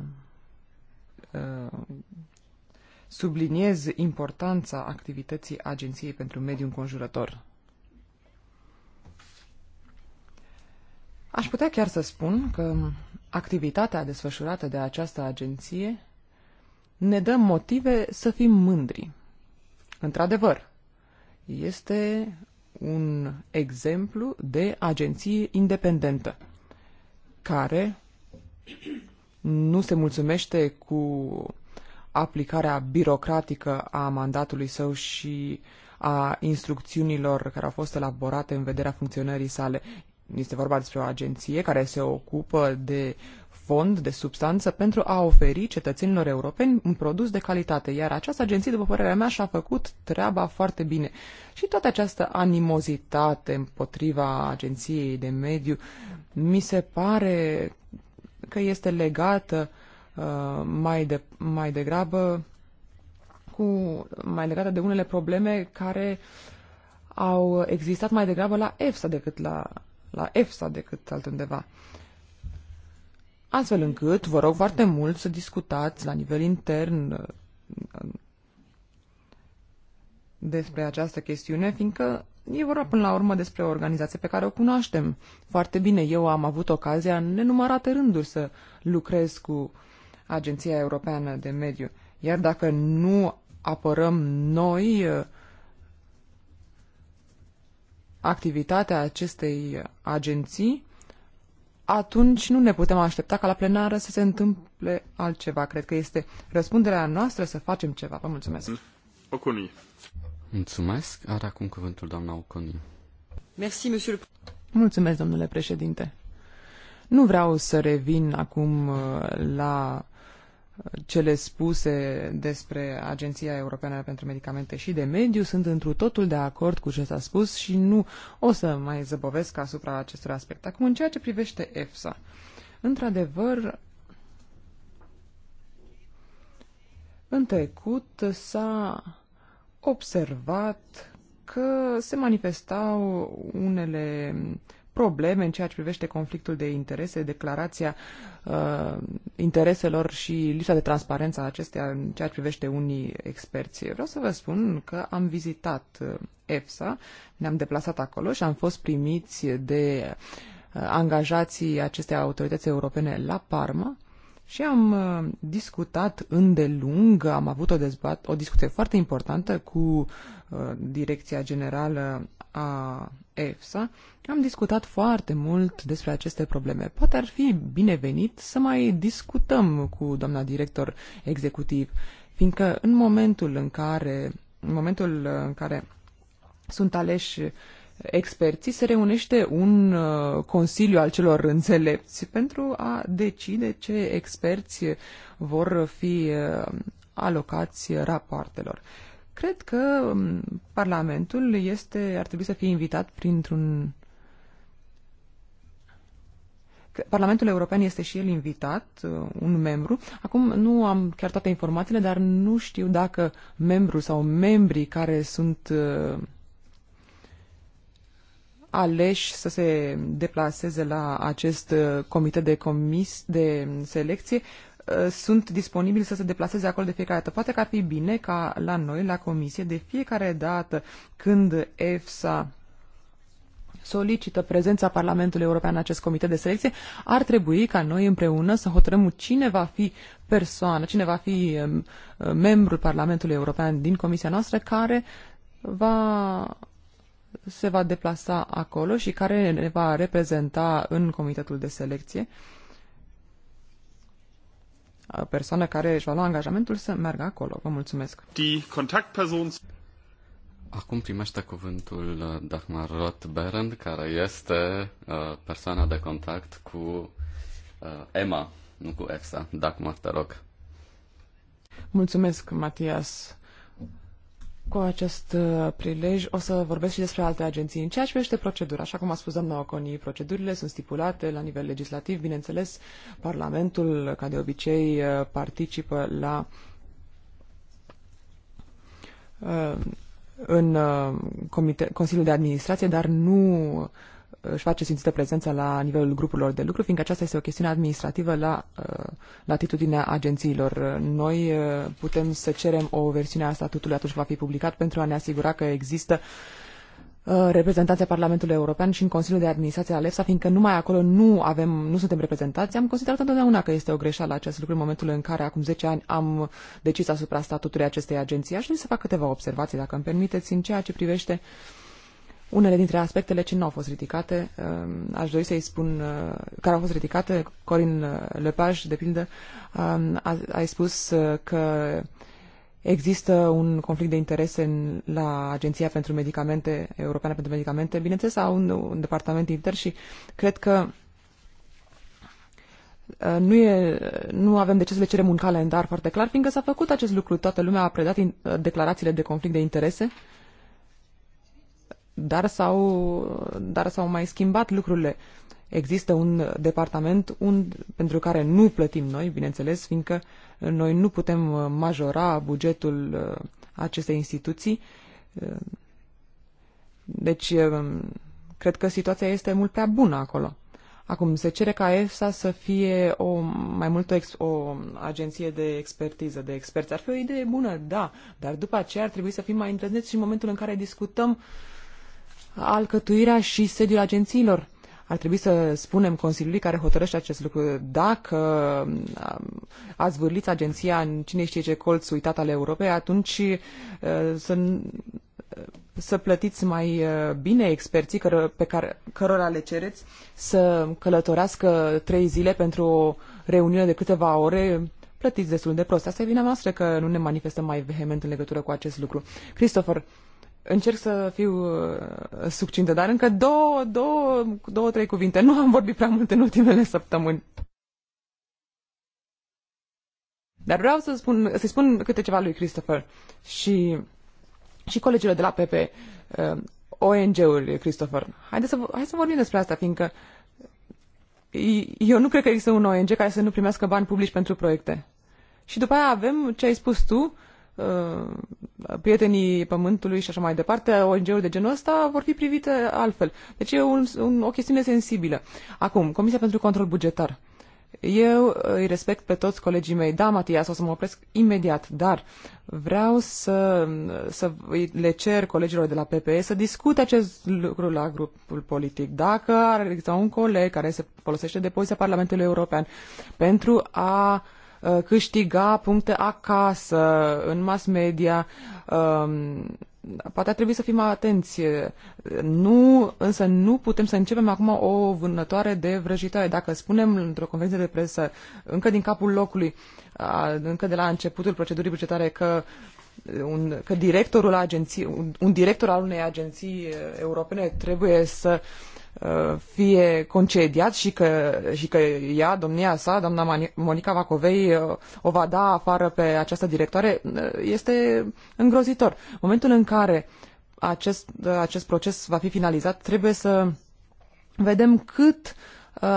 uh, subliniez importanța activității Agenției pentru Mediul Înconjurător. Aș putea chiar să spun că activitatea desfășurată de această agenție ne dă motive să fim mândri. Într-adevăr, este un exemplu de agenție independentă care nu se mulțumește cu aplicarea birocratică a mandatului său și a instrucțiunilor care au fost elaborate în vederea funcționării sale. Este vorba despre o agenție care se ocupă de fond, de substanță, pentru a oferi cetățenilor europeni un produs de calitate. Iar această agenție, după părerea mea, și-a făcut treaba foarte bine. Și toată această animozitate împotriva agenției de mediu mi se pare că este legată uh, mai, de, mai degrabă cu, mai legată de unele probleme care au existat mai degrabă la EFSA decât la, la EFSA decât altundeva. Uh, astfel încât vă rog foarte mult să discutați la nivel intern uh, uh, despre această chestiune, fiindcă e vorba până la urmă despre o organizație pe care o cunoaștem foarte bine. Eu am avut ocazia în nenumărate rânduri să lucrez cu Agenția Europeană de Mediu. Iar dacă nu apărăm noi uh, activitatea acestei agenții, atunci nu ne putem aștepta ca la plenară să se întâmple altceva. Cred că este răspunderea noastră să facem ceva. Vă mulțumesc. Mhm. Oconi. Mulțumesc. Are acum cuvântul doamna Oconi. Merci, monsieur. Mulțumesc, domnule președinte. Nu vreau să revin acum uh, la cele spuse despre Agenția Europeană pentru Medicamente și de Mediu. Sunt întru totul de acord cu ce s-a spus și nu o să mai zăbovesc asupra acestor aspecte. Acum, în ceea ce privește EFSA, într-adevăr, în trecut s-a observat că se manifestau unele probleme în ceea ce privește conflictul de interese, declarația uh, intereselor și lipsa de transparență a acesteia în ceea ce privește unii experți. Vreau să vă spun că am vizitat uh, EFSA, ne-am deplasat acolo și am fost primiți de uh, angajații acestei autorități europene la Parma și am uh, discutat îndelung, am avut o, dezbat, o discuție foarte importantă cu uh, Direcția Generală a EFSA. Am discutat foarte mult despre aceste probleme. Poate ar fi binevenit să mai discutăm cu doamna director executiv, fiindcă în momentul în care, în momentul în care sunt aleși uh, experții, se reunește un uh, consiliu al celor înțelepți pentru a decide ce experți vor fi uh, alocați rapoartelor. Cred că um, Parlamentul este, ar trebui să fie invitat printr-un Parlamentul European este și el invitat, uh, un membru. Acum nu am chiar toate informațiile, dar nu știu dacă membru sau membrii care sunt aleși să se deplaseze la acest uh, comitet de comis de selecție uh, sunt disponibili să se deplaseze acolo de fiecare dată. Poate că ar fi bine ca la noi, la comisie, de fiecare dată când EFSA solicită prezența Parlamentului European în acest comitet de selecție, ar trebui ca noi împreună să hotărâm cine va fi persoană, cine va fi um, uh, membrul Parlamentului European din comisia noastră care va se va deplasa acolo și care ne va reprezenta în comitetul de selecție. Persoana care își va lua angajamentul să meargă acolo. Vă mulțumesc. Acum primește cuvântul uh, Dagmar Roth-Berend, care este uh, persoana de contact cu uh, Emma, nu cu EFSA. Dagmar, te rog. Mulțumesc, Matias. Cu acest uh, prilej o să vorbesc și despre alte agenții. În ceea ce privește procedura, așa cum a spus doamna Oconi, procedurile sunt stipulate la nivel legislativ. Bineînțeles, Parlamentul, ca de obicei, uh, participă la uh, în Consiliul de Administrație, dar nu își face simțită prezența la nivelul grupurilor de lucru, fiindcă aceasta este o chestiune administrativă la uh, latitudinea agențiilor. Noi uh, putem să cerem o versiune a statutului atunci când va fi publicat pentru a ne asigura că există uh, reprezentanții Parlamentului European și în Consiliul de Administrație al EFSA, fiindcă numai acolo nu avem, nu suntem reprezentați, am considerat întotdeauna că este o greșeală acest lucru în momentul în care acum 10 ani am decis asupra statutului acestei agenții. Aș vrea să fac câteva observații, dacă îmi permiteți, în ceea ce privește uh, unele dintre aspectele ce nu au fost ridicate, um, aș dori să-i spun, uh, care au fost ridicate, Corin uh, Lepaj, de pildă, um, ai spus uh, că există un conflict de interese în, la Agenția pentru Medicamente, Europeană pentru Medicamente, bineînțeles, au un, un departament inter și cred că nu, e, nu avem de ce să le cerem un calendar foarte clar, fiindcă s-a făcut acest lucru. Toată lumea a predat declarațiile de conflict de interese uh, dar s-au, dar s-au mai schimbat lucrurile. Există un departament un, pentru care nu plătim noi, bineînțeles, fiindcă noi nu putem uh, majora bugetul uh, acestei instituții. Uh, deci, cred că situația este mult prea bună acolo. Acum, se cere ca EFSA să fie o, mai mult o, ex, o agenție de expertiză, de experți. Ar fi o idee bună, da, dar după aceea ar trebui să fim mai îndrăzneți și în momentul în care discutăm uh, alcătuirea și sediul agențiilor. Ar trebui să spunem Consiliului care hotărăște acest lucru dacă um, a zvârlit agenția în cine știe ce colț uitat al Europei, atunci uh, să, uh, să plătiți mai uh, bine experții căr- pe care, cărora le cereți să călătorească trei zile pentru o reuniune de câteva ore plătiți destul de prost. Asta e vina noastră că nu ne manifestăm mai vehement în legătură cu acest lucru. Christopher, Încerc să fiu uh, succintă, dar încă două, două, două, trei cuvinte. Nu am vorbit prea mult în ultimele săptămâni. Dar vreau să spun, să spun câte ceva lui Christopher și, și colegilor de la PP, uh, ong ul Christopher. Haideți să, hai să vorbim despre asta, fiindcă eu nu cred că există un ONG care să nu primească bani publici pentru proiecte. Și după aia avem ce ai spus tu, Uh, prietenii pământului și așa mai departe, ONG-uri de genul ăsta vor fi privite altfel. Deci e un, un, o chestiune sensibilă. Acum, Comisia pentru Control Bugetar. Eu uh, îi respect pe toți colegii mei. Da, Matias, o să mă opresc imediat, dar vreau să, să le cer colegilor de la PPE să discute acest lucru la grupul politic. Dacă ar exista un coleg care se folosește de poziția Parlamentului European pentru a uh, Uh, câștiga puncte acasă, în mass media. Um, poate ar trebui să fim atenți. Nu, însă nu putem să începem acum o vânătoare de vrăjitoare. Dacă spunem într-o conferință de presă, încă din capul locului, uh, încă de la începutul procedurii bugetare, că un, că directorul agenții, un, un director al unei agenții uh, europene trebuie să fie concediat și că, și că ea, domnia sa, doamna Monica Vacovei, uh, o va da afară pe această directoare, uh, este îngrozitor. Momentul în care acest, uh, acest proces va fi finalizat, trebuie să vedem cât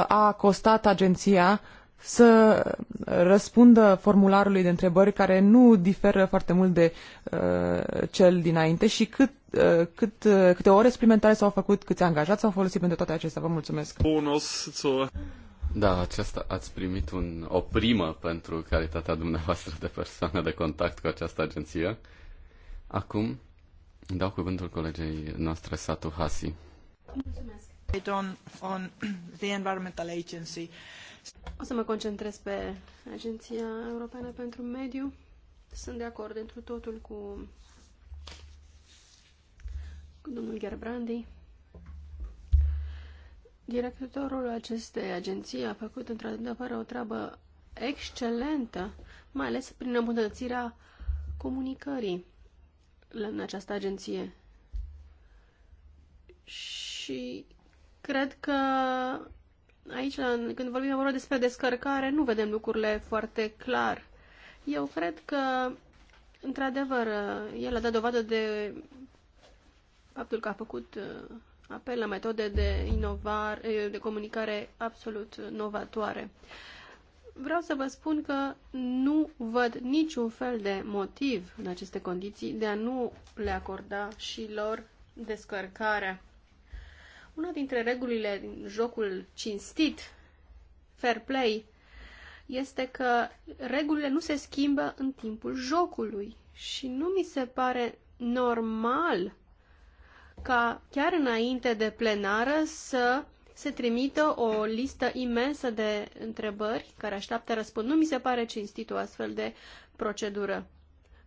a costat agenția să răspundă formularului de întrebări care nu diferă foarte mult de uh, cel dinainte și cât, uh, cât, uh, câte ore suplimentare s-au făcut, câți angajați s-au folosit pentru toate acestea. Vă mulțumesc! Bonus! Da, aceasta ați primit un, o primă pentru calitatea dumneavoastră de persoană de contact cu această agenție. Acum dau cuvântul colegei noastre, Satu Hasi. Mulțumesc! On, on the environmental agency. O să mă concentrez pe Agenția Europeană pentru Mediu. Sunt de acord întru totul cu, cu domnul Gerbrandi. Directorul acestei agenții a făcut într-adevăr o treabă excelentă, mai ales prin îmbunătățirea comunicării în această agenție. Și cred că aici, când vorbim vorba despre descărcare, nu vedem lucrurile foarte clar. Eu cred că, într-adevăr, el a dat dovadă de faptul că a făcut uh, apel la metode de inovare, eh, de comunicare absolut novatoare. Vreau să vă spun că nu văd niciun fel de motiv în aceste condiții de a nu le acorda și lor descărcarea. Una dintre regulile din jocul cinstit, fair play, este că regulile nu se schimbă în timpul jocului și nu mi se pare normal ca chiar înainte de plenară să se trimită o listă imensă de întrebări care așteaptă răspuns. Nu mi se pare cinstit o astfel de procedură.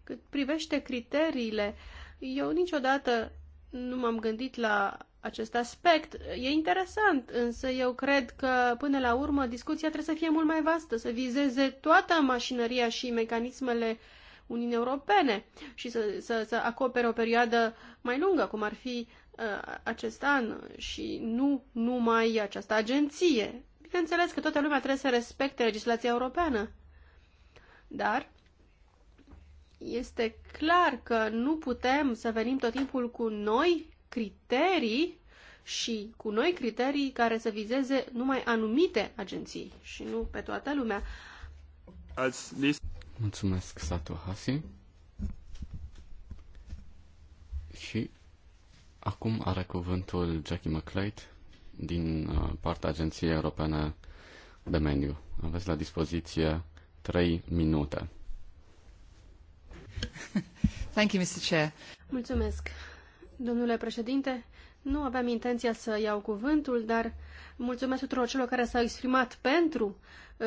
Cât privește criteriile, eu niciodată nu m-am gândit la acest aspect. E interesant, însă eu cred că, până la urmă, discuția trebuie să fie mult mai vastă, să vizeze toată mașinăria și mecanismele Uniunii Europene și să, să, să acopere o perioadă mai lungă, cum ar fi uh, acest an și nu numai această agenție. Bineînțeles că toată lumea trebuie să respecte legislația europeană, dar este clar că nu putem să venim tot timpul cu noi criterii și cu noi criterii care să vizeze numai anumite agenții și nu pe toată lumea. Mulțumesc, Sato Hasi. Și acum are cuvântul Jackie McLeod din uh, partea Agenției Europene de Mediu. Aveți la dispoziție 3 minute. Thank you, Mr. Chair. Mulțumesc. Domnule președinte, nu aveam intenția să iau cuvântul, dar mulțumesc tuturor celor care s-au exprimat pentru uh,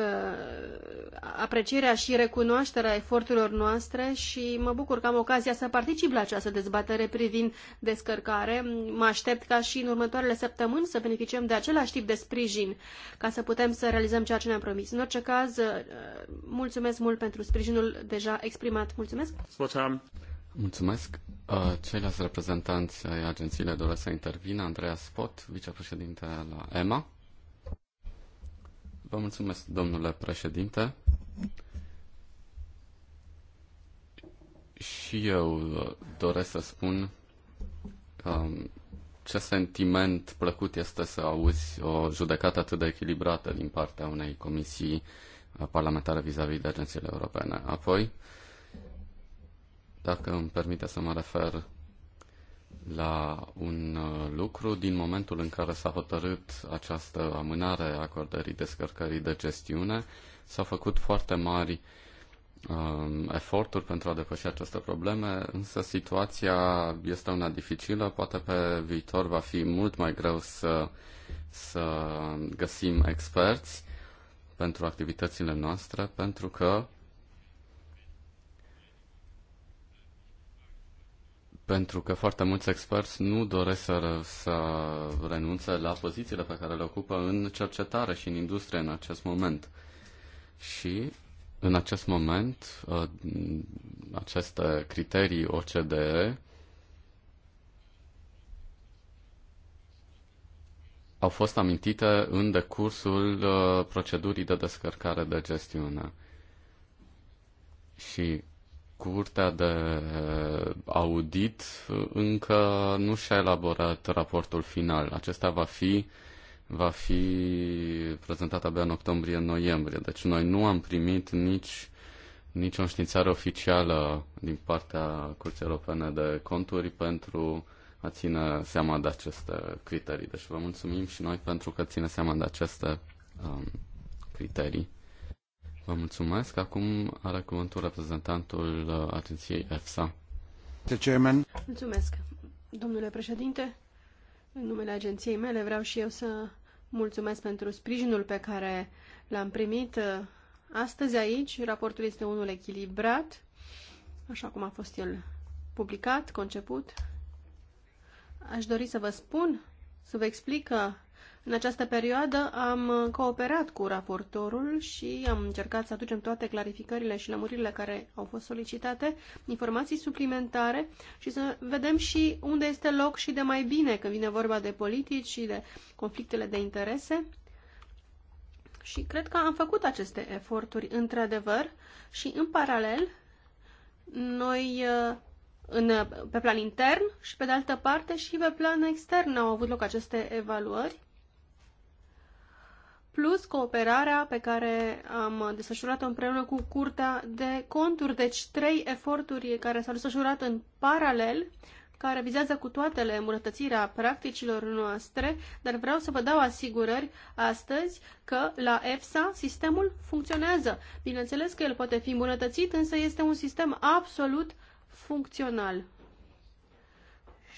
aprecierea și recunoașterea eforturilor noastre și mă bucur că am ocazia să particip la această dezbatere privind descărcare. Mă aștept ca și în următoarele săptămâni să beneficiem de același tip de sprijin ca să putem să realizăm ceea ce ne-am promis. În orice caz, uh, mulțumesc mult pentru sprijinul deja exprimat. Mulțumesc! Mulțumesc. Mulțumesc. Uh, ceilalți reprezentanți ai agențiile doresc să intervină. Andreea Spot, vicepreședinte la EMA. Vă mulțumesc, domnule președinte. Și eu uh, doresc să spun um, ce sentiment plăcut este să auzi o judecată atât de echilibrată din partea unei comisii uh, parlamentare vis-a-vis -vis de agențiile europene. Apoi, uh, dacă îmi permite să mă refer la un uh, lucru, din momentul în care s-a hotărât această amânare a acordării descărcării de gestiune, s-au făcut foarte mari um, eforturi pentru a depăși aceste probleme, însă situația este una dificilă, poate pe viitor va fi mult mai greu să, să găsim experți pentru activitățile noastre, pentru că pentru că foarte mulți experți nu doresc să, să renunțe la pozițiile pe care le ocupă în cercetare și în industrie în acest moment. Și în acest moment, ă, aceste criterii OCDE au fost amintite în decursul ă, procedurii de descărcare de gestiune. Și Curtea de uh, audit uh, încă nu și-a elaborat raportul final. Acesta va fi, va fi prezentat abia în octombrie-noiembrie. Deci noi nu am primit nici nicio științare oficială din partea Curții Europene de Conturi pentru a ține seama de aceste criterii. Deci vă mulțumim și noi pentru că ține seama de aceste um, criterii. Vă mulțumesc. Acum are cuvântul reprezentantul uh, agenției EFSA. Mulțumesc. Domnule președinte, în numele agenției mele vreau și eu să mulțumesc pentru sprijinul pe care l-am primit uh, astăzi aici. Raportul este unul echilibrat, așa cum a fost el publicat, conceput. Aș dori să vă spun, să vă explic că în această perioadă am cooperat cu raportorul și am încercat să aducem toate clarificările și lămuririle care au fost solicitate, informații suplimentare și să vedem și unde este loc și de mai bine când vine vorba de politici și de conflictele de interese. Și cred că am făcut aceste eforturi într-adevăr și în paralel noi uh, în, pe plan intern și pe de altă parte și pe plan extern au avut loc aceste evaluări plus cooperarea pe care am desfășurat-o împreună cu Curtea de Conturi. Deci trei eforturi care s-au desfășurat în paralel, care vizează cu toatele îmbunătățirea practicilor noastre, dar vreau să vă dau asigurări astăzi că la EFSA sistemul funcționează. Bineînțeles că el poate fi îmbunătățit, însă este un sistem absolut funcțional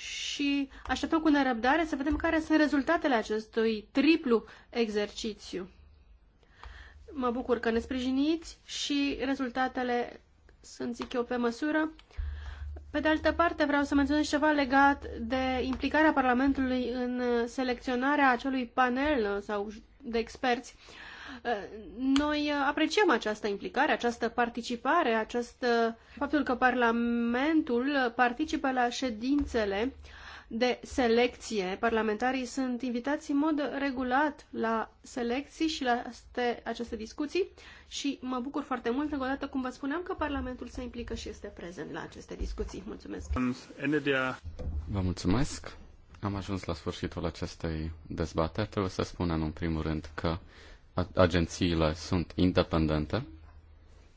și așteptăm cu nerăbdare să vedem care sunt rezultatele acestui triplu exercițiu. Mă bucur că ne sprijiniți și rezultatele sunt, zic eu, pe măsură. Pe de altă parte, vreau să menționez ceva legat de implicarea Parlamentului în selecționarea acelui panel sau de experți uh, noi apreciem această implicare, această participare, acest, faptul că Parlamentul participă la ședințele de selecție. Parlamentarii sunt invitați în mod regulat la selecții și la aceste discuții și mă bucur foarte mult, încă o dată, cum vă spuneam, că Parlamentul se implică și este prezent la aceste discuții. Mulțumesc! Vă mulțumesc! Am ajuns la sfârșitul acestei dezbateri. Trebuie să spunem în primul rând că agențiile sunt independente,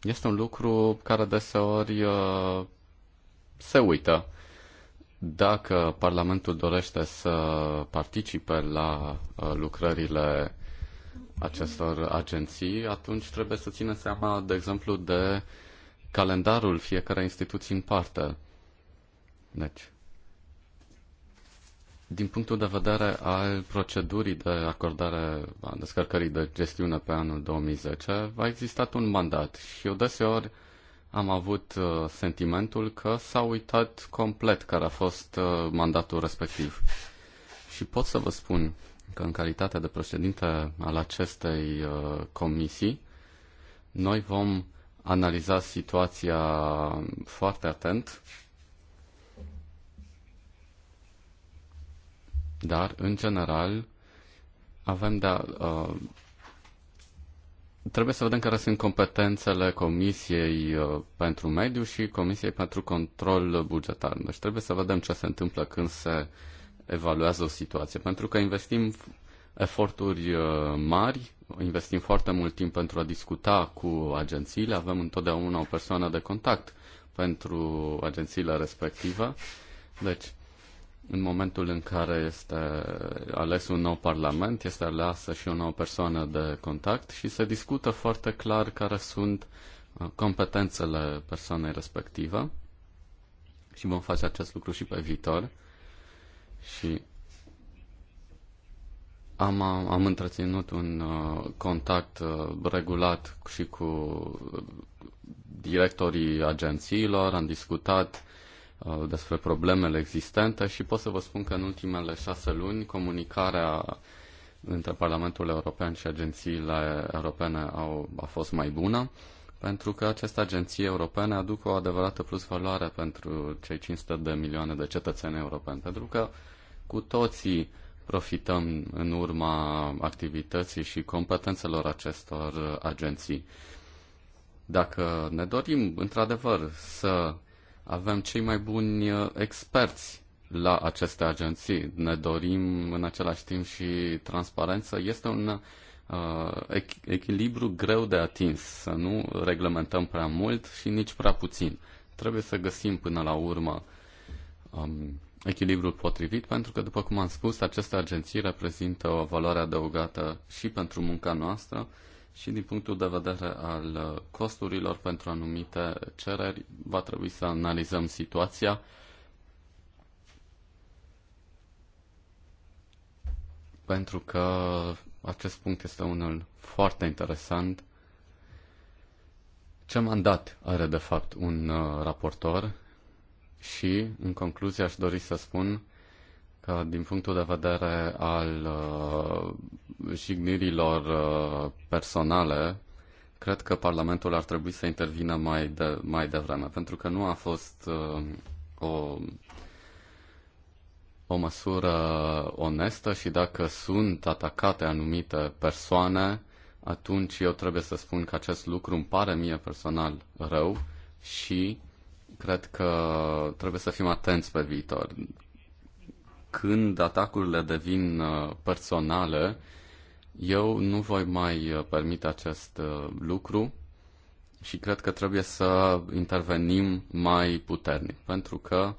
este un lucru care deseori uh, se uită. Dacă Parlamentul dorește să participe la uh, lucrările acestor agenții, atunci trebuie să țină seama, de exemplu, de calendarul fiecare instituții în parte. Deci, din punctul de vedere al procedurii de acordare a descărcării de gestiune pe anul 2010, a existat un mandat și eu deseori am avut uh, sentimentul că s-a uitat complet care a fost uh, mandatul respectiv. Și pot să vă spun că în calitate de președinte al acestei uh, comisii, noi vom analiza situația foarte atent Dar, în general, avem de a, uh, trebuie să vedem care sunt competențele Comisiei uh, pentru Mediu și Comisiei pentru Control Bugetar. Deci trebuie să vedem ce se întâmplă când se evaluează o situație, pentru că investim eforturi uh, mari, investim foarte mult timp pentru a discuta cu agențiile, avem întotdeauna o persoană de contact pentru agențiile respective. Deci, în momentul în care este ales un nou parlament, este aleasă și o nouă persoană de contact și se discută foarte clar care sunt uh, competențele persoanei respective și vom face acest lucru și pe viitor. Și am, am întreținut un uh, contact uh, regulat și cu directorii agențiilor, am discutat Uh, despre problemele existente și pot să vă spun că în ultimele șase luni comunicarea între Parlamentul European și agențiile europene au, a fost mai bună, pentru că aceste agenții europene aduc o adevărată plus valoare pentru cei 500 de milioane de cetățeni europeni, pentru că cu toții profităm în urma activității și competențelor acestor agenții. Dacă ne dorim, într-adevăr, să avem cei mai buni uh, experți la aceste agenții. Ne dorim în același timp și transparență. Este un uh, echilibru greu de atins, să nu reglementăm prea mult și nici prea puțin. Trebuie să găsim până la urmă um, echilibrul potrivit, pentru că, după cum am spus, aceste agenții reprezintă o valoare adăugată și pentru munca noastră, și din punctul de vedere al costurilor pentru anumite cereri, va trebui să analizăm situația. Pentru că acest punct este unul foarte interesant. Ce mandat are de fapt un uh, raportor? Și, în concluzie, aș dori să spun că din punctul de vedere al uh, jignirilor uh, personale, cred că Parlamentul ar trebui să intervină mai, de, mai devreme, pentru că nu a fost uh, o, o măsură onestă și dacă sunt atacate anumite persoane, atunci eu trebuie să spun că acest lucru îmi pare mie personal rău și cred că trebuie să fim atenți pe viitor când atacurile devin uh, personale, eu nu voi mai uh, permite acest uh, lucru și cred că trebuie să intervenim mai puternic, pentru că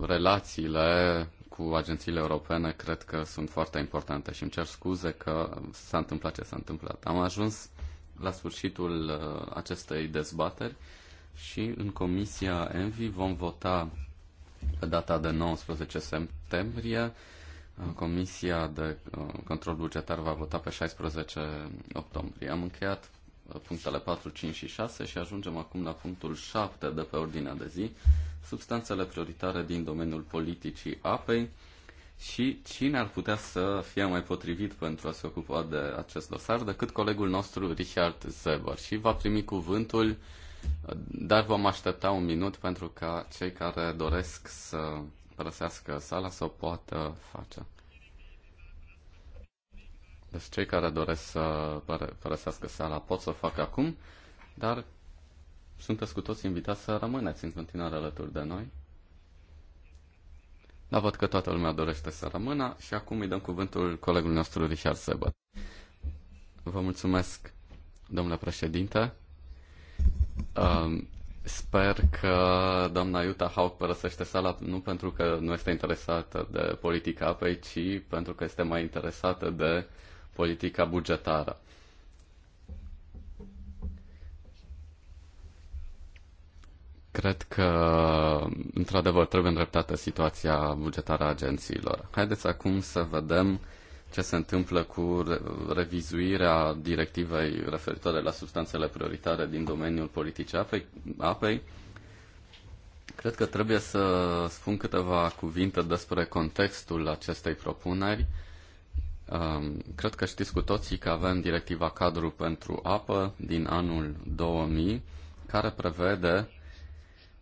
relațiile cu agențiile europene cred că sunt foarte importante și îmi cer scuze că s-a întâmplat ce s-a întâmplat. Am ajuns la sfârșitul acestei dezbateri și în Comisia Envi vom vota pe data de 19 septembrie, Comisia de uh, Control Bugetar va vota pe 16 octombrie. Am încheiat punctele 4, 5 și 6 și ajungem acum la punctul 7 de pe ordinea de zi, substanțele prioritare din domeniul politicii apei și cine ar putea să fie mai potrivit pentru a se ocupa de acest dosar decât colegul nostru Richard Zeber și va primi cuvântul dar vom aștepta un minut pentru ca cei care doresc să părăsească sala să o poată face. Deci cei care doresc să părăsească sala pot să o facă acum, dar sunteți cu toți invitați să rămâneți în continuare alături de noi. Dar văd că toată lumea dorește să rămână și acum îi dăm cuvântul colegului nostru Richard Sebăt. Vă mulțumesc, domnule președinte. Um, sper că doamna Iuta Hauk părăsește sala nu pentru că nu este interesată de politica apei, ci pentru că este mai interesată de politica bugetară. Cred că, într-adevăr, trebuie îndreptată situația bugetară a agențiilor. Haideți acum să vedem ce se întâmplă cu revizuirea directivei referitoare la substanțele prioritare din domeniul politicii apei, apei. Cred că trebuie să spun câteva cuvinte despre contextul acestei propuneri. Um, cred că știți cu toții că avem directiva cadru pentru apă din anul 2000, care prevede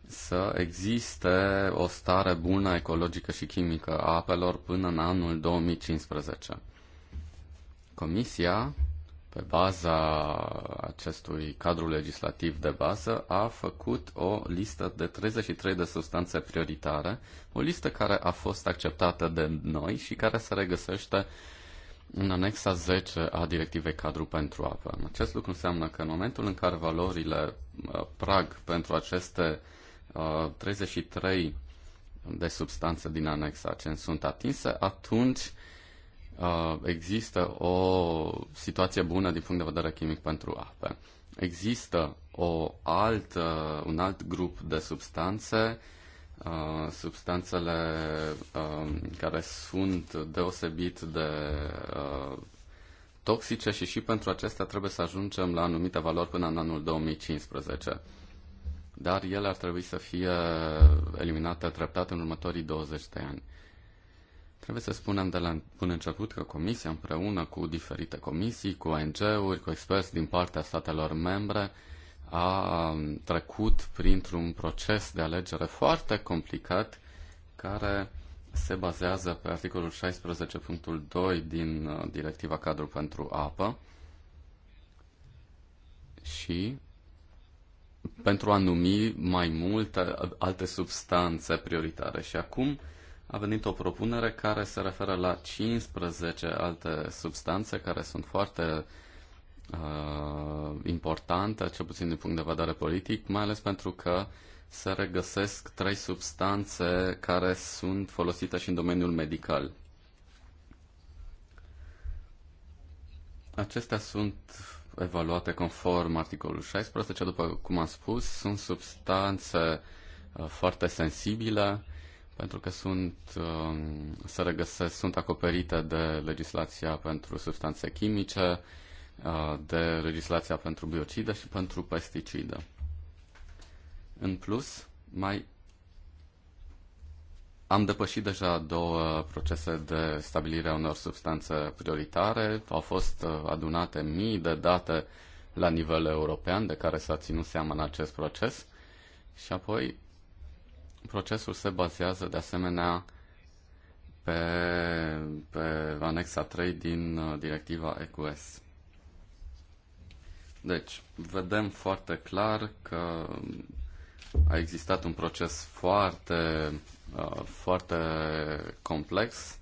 să existe o stare bună ecologică și chimică a apelor până în anul 2015. Comisia, pe baza acestui cadru legislativ de bază, a făcut o listă de 33 de substanțe prioritare, o listă care a fost acceptată de noi și care se regăsește în anexa 10 a directivei cadru pentru apă. Acest lucru înseamnă că în momentul în care valorile uh, prag pentru aceste uh, 33 uh, de substanțe din anexa ce sunt atinse, atunci uh, există o situație bună din punct de vedere chimic pentru ape. Există o altă, un alt grup de substanțe, uh, substanțele uh, care sunt deosebit de uh, toxice și și pentru acestea trebuie să ajungem la anumite valori până în anul 2015 dar ele ar trebui să fie eliminate treptat în următorii 20 de ani. Trebuie să spunem de la bun început că Comisia, împreună cu diferite comisii, cu ONG-uri, cu experți din partea statelor membre, a um, trecut printr-un proces de alegere foarte complicat care se bazează pe articolul 16.2 din uh, Directiva Cadru pentru Apă și pentru a numi mai multe alte substanțe prioritare. Și acum a venit o propunere care se referă la 15 alte substanțe care sunt foarte uh, importante, cel puțin din punct de vedere politic, mai ales pentru că se regăsesc trei substanțe care sunt folosite și în domeniul medical. Acestea sunt evaluate conform articolul 16, după cum am spus, sunt substanțe uh, foarte sensibile pentru că sunt, um, se regăsesc, sunt acoperite de legislația pentru substanțe chimice, uh, de legislația pentru biocide și pentru pesticide. În plus, mai am depășit deja două procese de stabilire a unor substanțe prioritare. Au fost uh, adunate mii de date la nivel european de care s-a ținut seama în acest proces și apoi procesul se bazează de asemenea pe, pe anexa 3 din uh, directiva EQS. Deci, vedem foarte clar că a existat un proces foarte Uh, foarte complex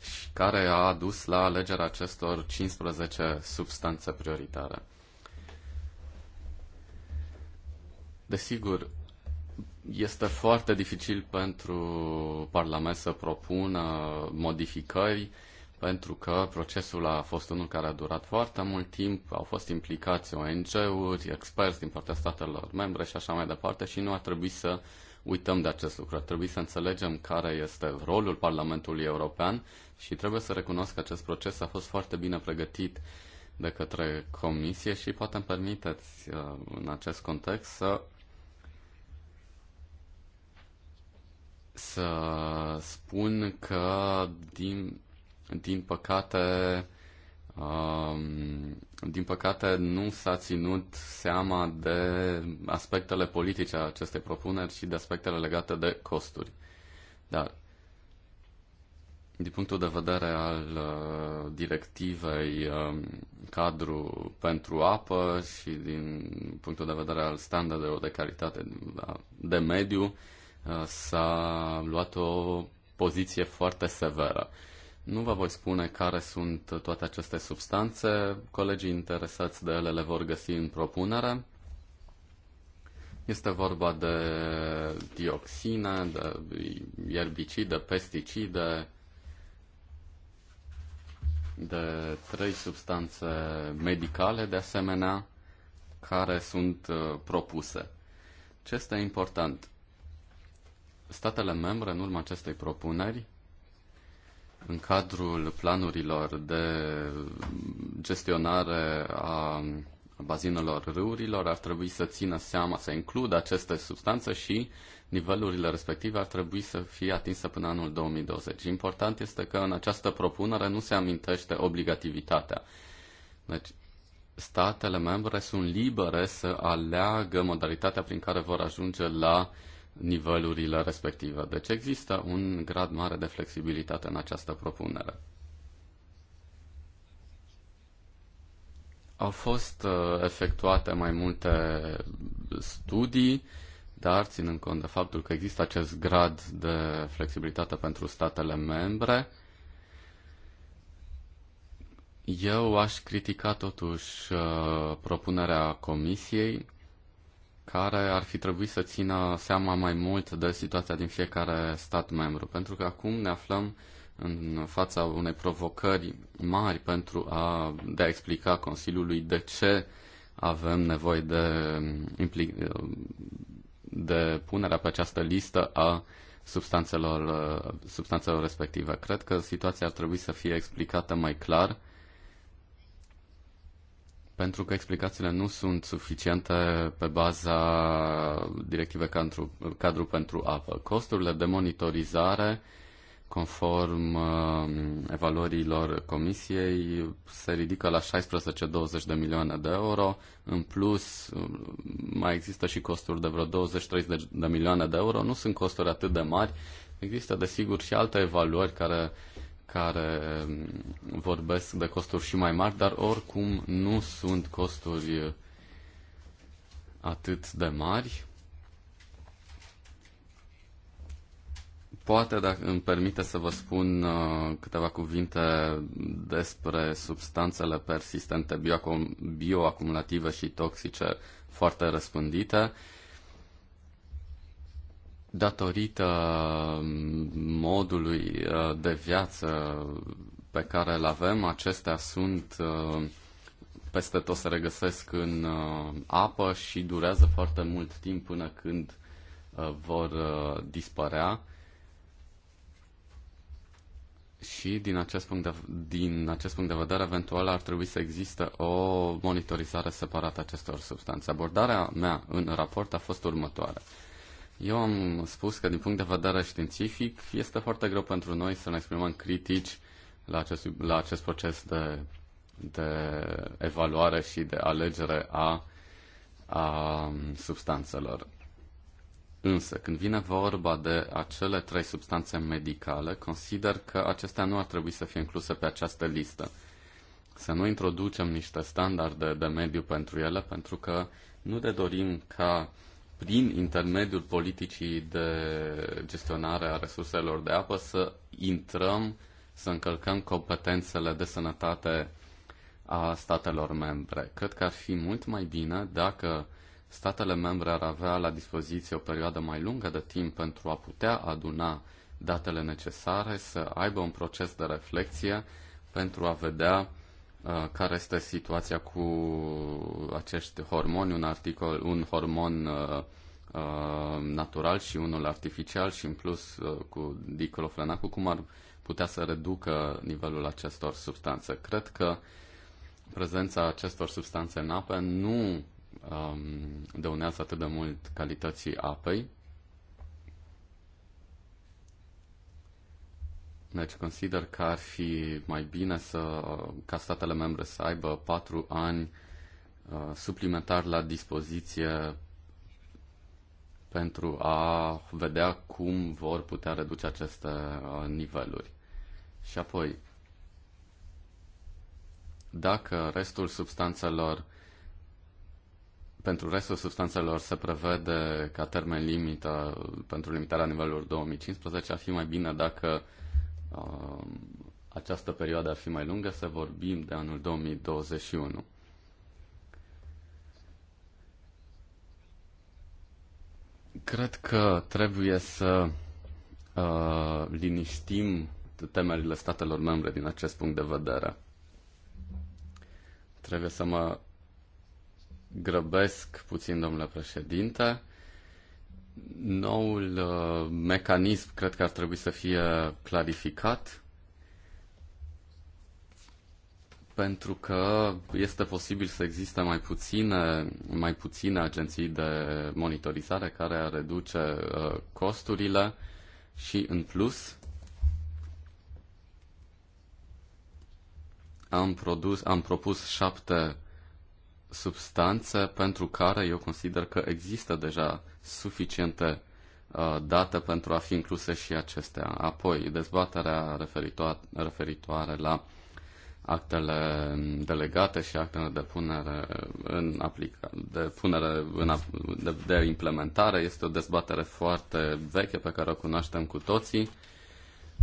și care a adus la alegerea acestor 15 substanțe prioritare. Desigur, este foarte dificil pentru Parlament să propună modificări pentru că procesul a fost unul care a durat foarte mult timp, au fost implicați ONG-uri, experți din partea statelor membre și așa mai departe și nu ar trebui să uh, uităm de acest lucru. Trebuie să înțelegem care este rolul Parlamentului European și trebuie să recunosc că acest proces a fost foarte bine pregătit de către Comisie și poate îmi permiteți uh, în acest context să să spun că din, din păcate Um, din păcate, nu s-a ținut seama de aspectele politice a acestei propuneri și de aspectele legate de costuri. Dar, din punctul de vedere al uh, directivei um, cadru pentru apă și din punctul de vedere al standardelor de calitate da, de mediu, uh, s-a luat o poziție foarte severă. Nu vă voi spune care sunt toate aceste substanțe. Colegii interesați de ele le vor găsi în propunere. Este vorba de dioxine, de ierbicide, pesticide, de trei substanțe medicale, de asemenea, care sunt uh, propuse. Ce este important? Statele membre, în urma acestei propuneri, în cadrul planurilor de gestionare a bazinelor râurilor ar trebui să țină seama, să includă aceste substanțe și nivelurile respective ar trebui să fie atinse până anul 2020. Important este că în această propunere nu se amintește obligativitatea. Deci, statele membre sunt libere să aleagă modalitatea prin care vor ajunge la uh, nivelurile respective. Deci există un grad mare de flexibilitate în această propunere. Au fost uh, efectuate mai multe studii, dar ținând cont de faptul că există acest grad de flexibilitate pentru statele membre, eu aș critica totuși uh, propunerea Comisiei care ar fi trebuit să țină seama mai mult de situația din fiecare stat membru, pentru că acum ne aflăm în fața unei provocări mari pentru a, de a explica Consiliului de ce avem nevoie de, de punerea pe această listă a substanțelor, substanțelor respective. Cred că situația ar trebui să fie explicată mai clar pentru că explicațiile nu sunt suficiente pe baza directivei cadru, cadru pentru apă. Costurile de monitorizare, conform um, evaluărilor comisiei, se ridică la 16-20 de milioane de euro. În plus, um, mai există și costuri de vreo 20-30 de milioane de euro. Nu sunt costuri atât de mari. Există, desigur, și alte evaluări care uh, care mm, vorbesc de costuri și mai mari, dar oricum nu sunt costuri atât de mari. Poate, dacă îmi permite să vă spun uh, câteva cuvinte despre substanțele persistente bioacum- bioacumulative și toxice foarte răspândite. Uh, datorită mm, modului uh, de viață pe care îl avem, acestea sunt uh, peste tot se regăsesc în uh, apă și durează foarte mult timp până când vor dispărea. Și din acest, punct de, din acest punct de vedere, eventual ar trebui să existe o monitorizare separată a acestor substanțe. Abordarea mea în raport a fost următoarea. Eu am spus că din punct de vedere științific este foarte greu pentru noi să ne exprimăm critici la acest, la acest proces de, de evaluare și de alegere a, a substanțelor. Însă, când vine vorba de acele trei substanțe medicale, consider că acestea nu ar trebui să fie incluse pe această listă. Să nu introducem niște standarde de mediu pentru ele, pentru că nu ne dorim ca prin intermediul politicii de gestionare a resurselor de apă, să intrăm, să încălcăm competențele de sănătate a statelor membre. Cred că ar fi mult mai bine dacă statele membre ar avea la dispoziție o perioadă mai lungă de timp pentru a putea aduna datele necesare, să aibă un proces de reflexie pentru a vedea Uh, care este situația cu acești hormoni, un articol, un hormon uh, uh, natural și unul artificial și în plus cu diclofenacul, cum ar putea să reducă nivelul acestor substanțe. Cred că prezența acestor substanțe în apă nu um, dăunează atât de mult calității apei, Deci consider că ar fi mai bine să, ca statele membre să aibă patru ani uh, suplimentar la dispoziție pentru a vedea cum vor putea reduce aceste uh, niveluri. Și apoi, dacă restul substanțelor pentru restul substanțelor se prevede ca termen limită uh, pentru limitarea nivelurilor 2015, ar fi mai bine dacă uh, Um, această perioadă ar fi mai lungă, să vorbim de anul 2021. Cred că trebuie să uh, liniștim temerile statelor membre din acest punct de vedere. Trebuie să mă grăbesc puțin, domnule președinte. Noul uh, mecanism cred că ar trebui să fie clarificat pentru că este posibil să existe mai puține, mai puține agenții de monitorizare care ar reduce uh, costurile și în plus am, produs, am propus șapte substanțe pentru care eu consider că există deja suficiente uh, date pentru a fi incluse și acestea. Apoi, dezbaterea referitoare, la actele delegate și actele de punere în aplica, de punere în, de, de implementare este o dezbatere foarte veche pe care o cunoaștem cu toții.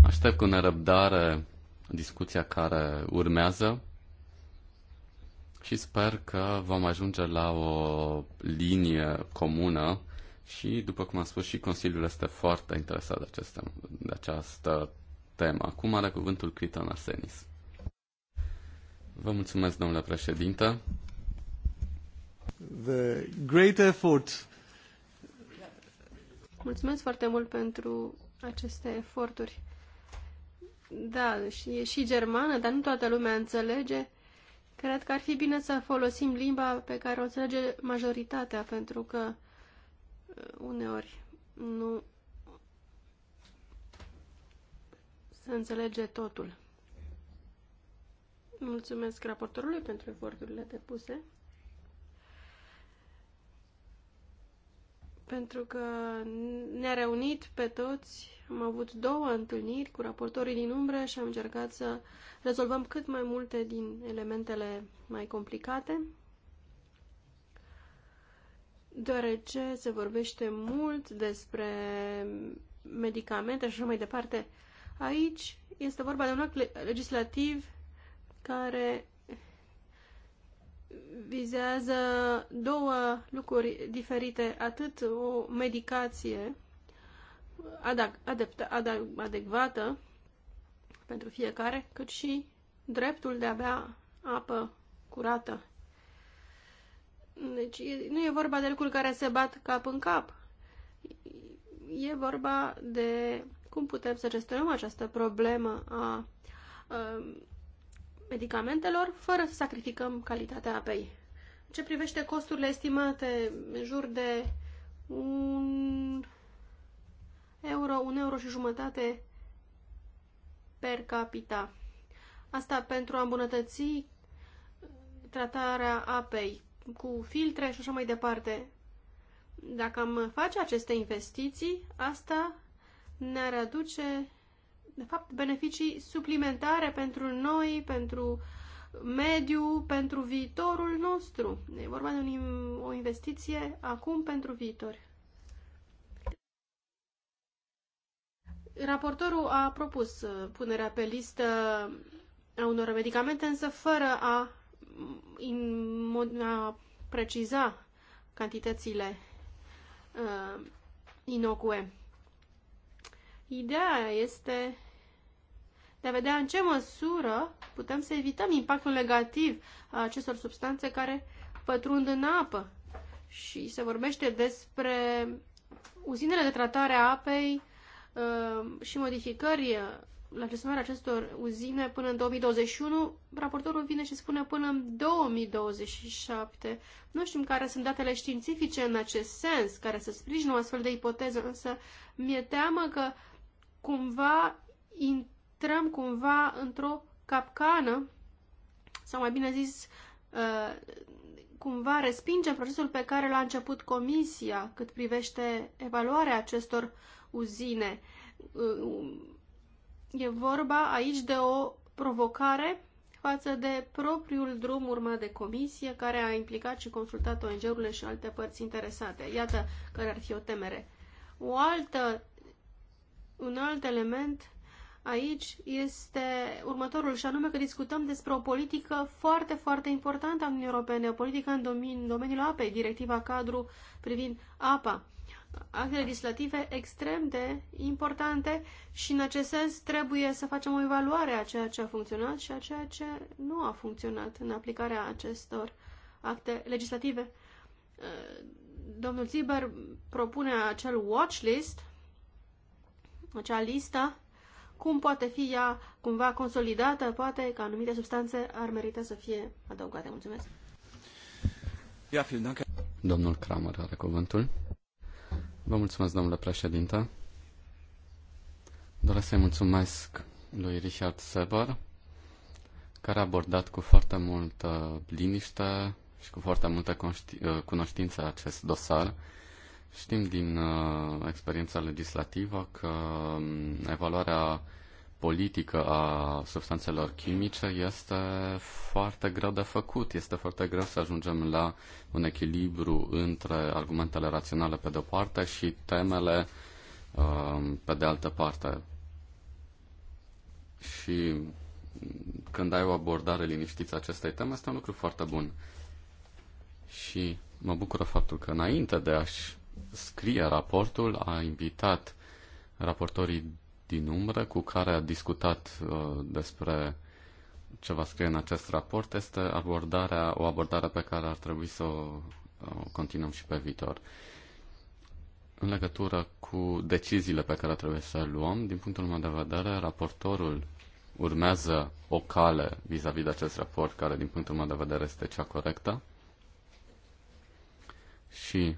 Aștept cu nerăbdare discuția care urmează și sper că vom ajunge la o linie comună și, după cum am spus, și Consiliul este foarte interesat de, aceste, de această temă. Acum are cuvântul Criton Arsenis. Vă mulțumesc, domnule președinte. The great effort. Mulțumesc foarte mult pentru aceste eforturi. Da, și e și germană, dar nu toată lumea înțelege. Cred că ar fi bine să folosim limba pe care o înțelege majoritatea, pentru că uneori nu se înțelege totul. Mulțumesc raportorului pentru eforturile depuse. Pentru că ne-a reunit pe toți, am avut două întâlniri cu raportorii din umbră și am încercat să rezolvăm cât mai multe din elementele mai complicate deoarece se vorbește mult despre medicamente și așa mai departe. Aici este vorba de un act legislativ care vizează două lucruri diferite, atât o medicație adecvată pentru fiecare, cât și dreptul de a bea apă curată deci nu e vorba de lucruri care se bat cap în cap. E vorba de cum putem să gestionăm această problemă a, a medicamentelor fără să sacrificăm calitatea apei. Ce privește costurile estimate, în jur de un euro, un euro și jumătate per capita. Asta pentru a îmbunătăți tratarea apei cu filtre și așa mai departe. Dacă am face aceste investiții, asta ne-ar aduce, de fapt, beneficii suplimentare pentru noi, pentru mediu, pentru viitorul nostru. E vorba de un, o investiție acum pentru viitor. Raportorul a propus uh, punerea pe listă a unor medicamente, însă fără a a preciza cantitățile uh, inocue. Ideea este de a vedea în ce măsură putem să evităm impactul negativ a acestor substanțe care pătrund în apă. Și se vorbește despre uzinele de tratare a apei uh, și modificări la gestionarea acestor uzine până în 2021, raportorul vine și spune până în 2027. Nu știm care sunt datele științifice în acest sens, care să sprijină o astfel de ipoteză, însă mi-e teamă că cumva intrăm cumva într-o capcană, sau mai bine zis, uh, cumva respinge procesul pe care l-a început Comisia cât privește evaluarea acestor uzine uh, E vorba aici de o provocare față de propriul drum urmat de comisie care a implicat și consultat ONG-urile și alte părți interesate. Iată care ar fi o temere. O altă, un alt element aici este următorul și anume că discutăm despre o politică foarte, foarte importantă a Uniunii Europene, o politică în domeniul apei, directiva cadru privind apa acte legislative extrem de importante și în acest sens trebuie să facem o evaluare a ceea ce a funcționat și a ceea ce nu a funcționat în aplicarea acestor acte legislative. Uh, domnul Ziber propune acel watch list, acea listă, cum poate fi ea cumva consolidată, poate că anumite substanțe ar merita să fie adăugate. Mulțumesc! Ia, Domnul Kramer are cuvântul. Vă mulțumesc, domnule președinte. Doresc să-i mulțumesc lui Richard Seber, care a abordat cu foarte multă liniște și cu foarte multă uh, cunoștință acest dosar. Știm din uh, experiența legislativă că um, evaluarea politică a substanțelor chimice este foarte greu de făcut. Este foarte greu să ajungem la un echilibru între argumentele raționale pe de-o parte și temele um, pe de altă parte. Și când ai o abordare liniștită acestei teme, este un lucru foarte bun. Și mă bucură faptul că înainte de a-și scrie raportul, a invitat raportorii din umbră cu care a discutat uh, despre ce va scrie în acest raport este abordarea, o abordare pe care ar trebui să o uh, continuăm și pe viitor. În legătură cu deciziile pe care trebuie să le luăm, din punctul meu de vedere, raportorul urmează o cale vis-a-vis -vis de acest raport, care din punctul meu de vedere este cea corectă. Și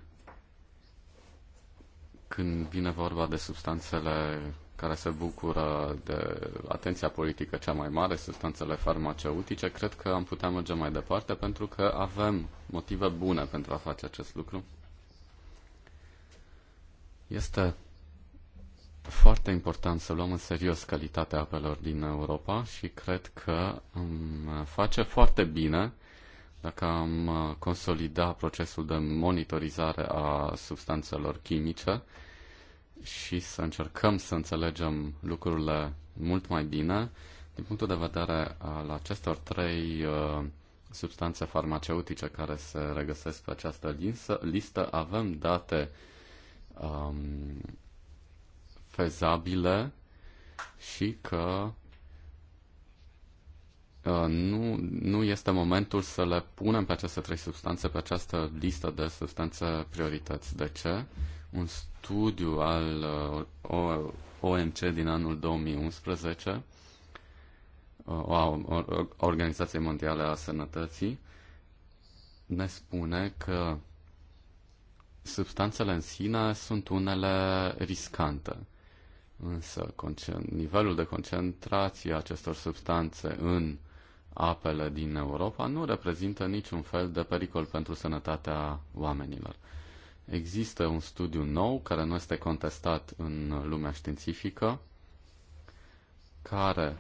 când vine vorba de substanțele care se bucură de atenția politică cea mai mare, substanțele farmaceutice, cred că am putea merge mai departe pentru că avem motive bune pentru a face acest lucru. Este foarte important să luăm în serios calitatea apelor din Europa și cred că am face foarte bine dacă am consolida procesul de monitorizare a substanțelor chimice, și să încercăm să înțelegem lucrurile mult mai bine din punctul de vedere al acestor trei uh, substanțe farmaceutice care se regăsesc pe această listă, listă avem date um, fezabile și că uh, nu, nu este momentul să le punem pe aceste trei substanțe pe această listă de substanțe priorități. De ce? un studiu al uh, OMC din anul 2011, uh, o Organizație Mondială a Sănătății, ne spune că substanțele în sine sunt unele riscante. Însă nivelul de concentrație a acestor substanțe în apele din Europa nu reprezintă niciun fel de pericol pentru sănătatea oamenilor. Există un studiu nou care nu este contestat în lumea științifică, care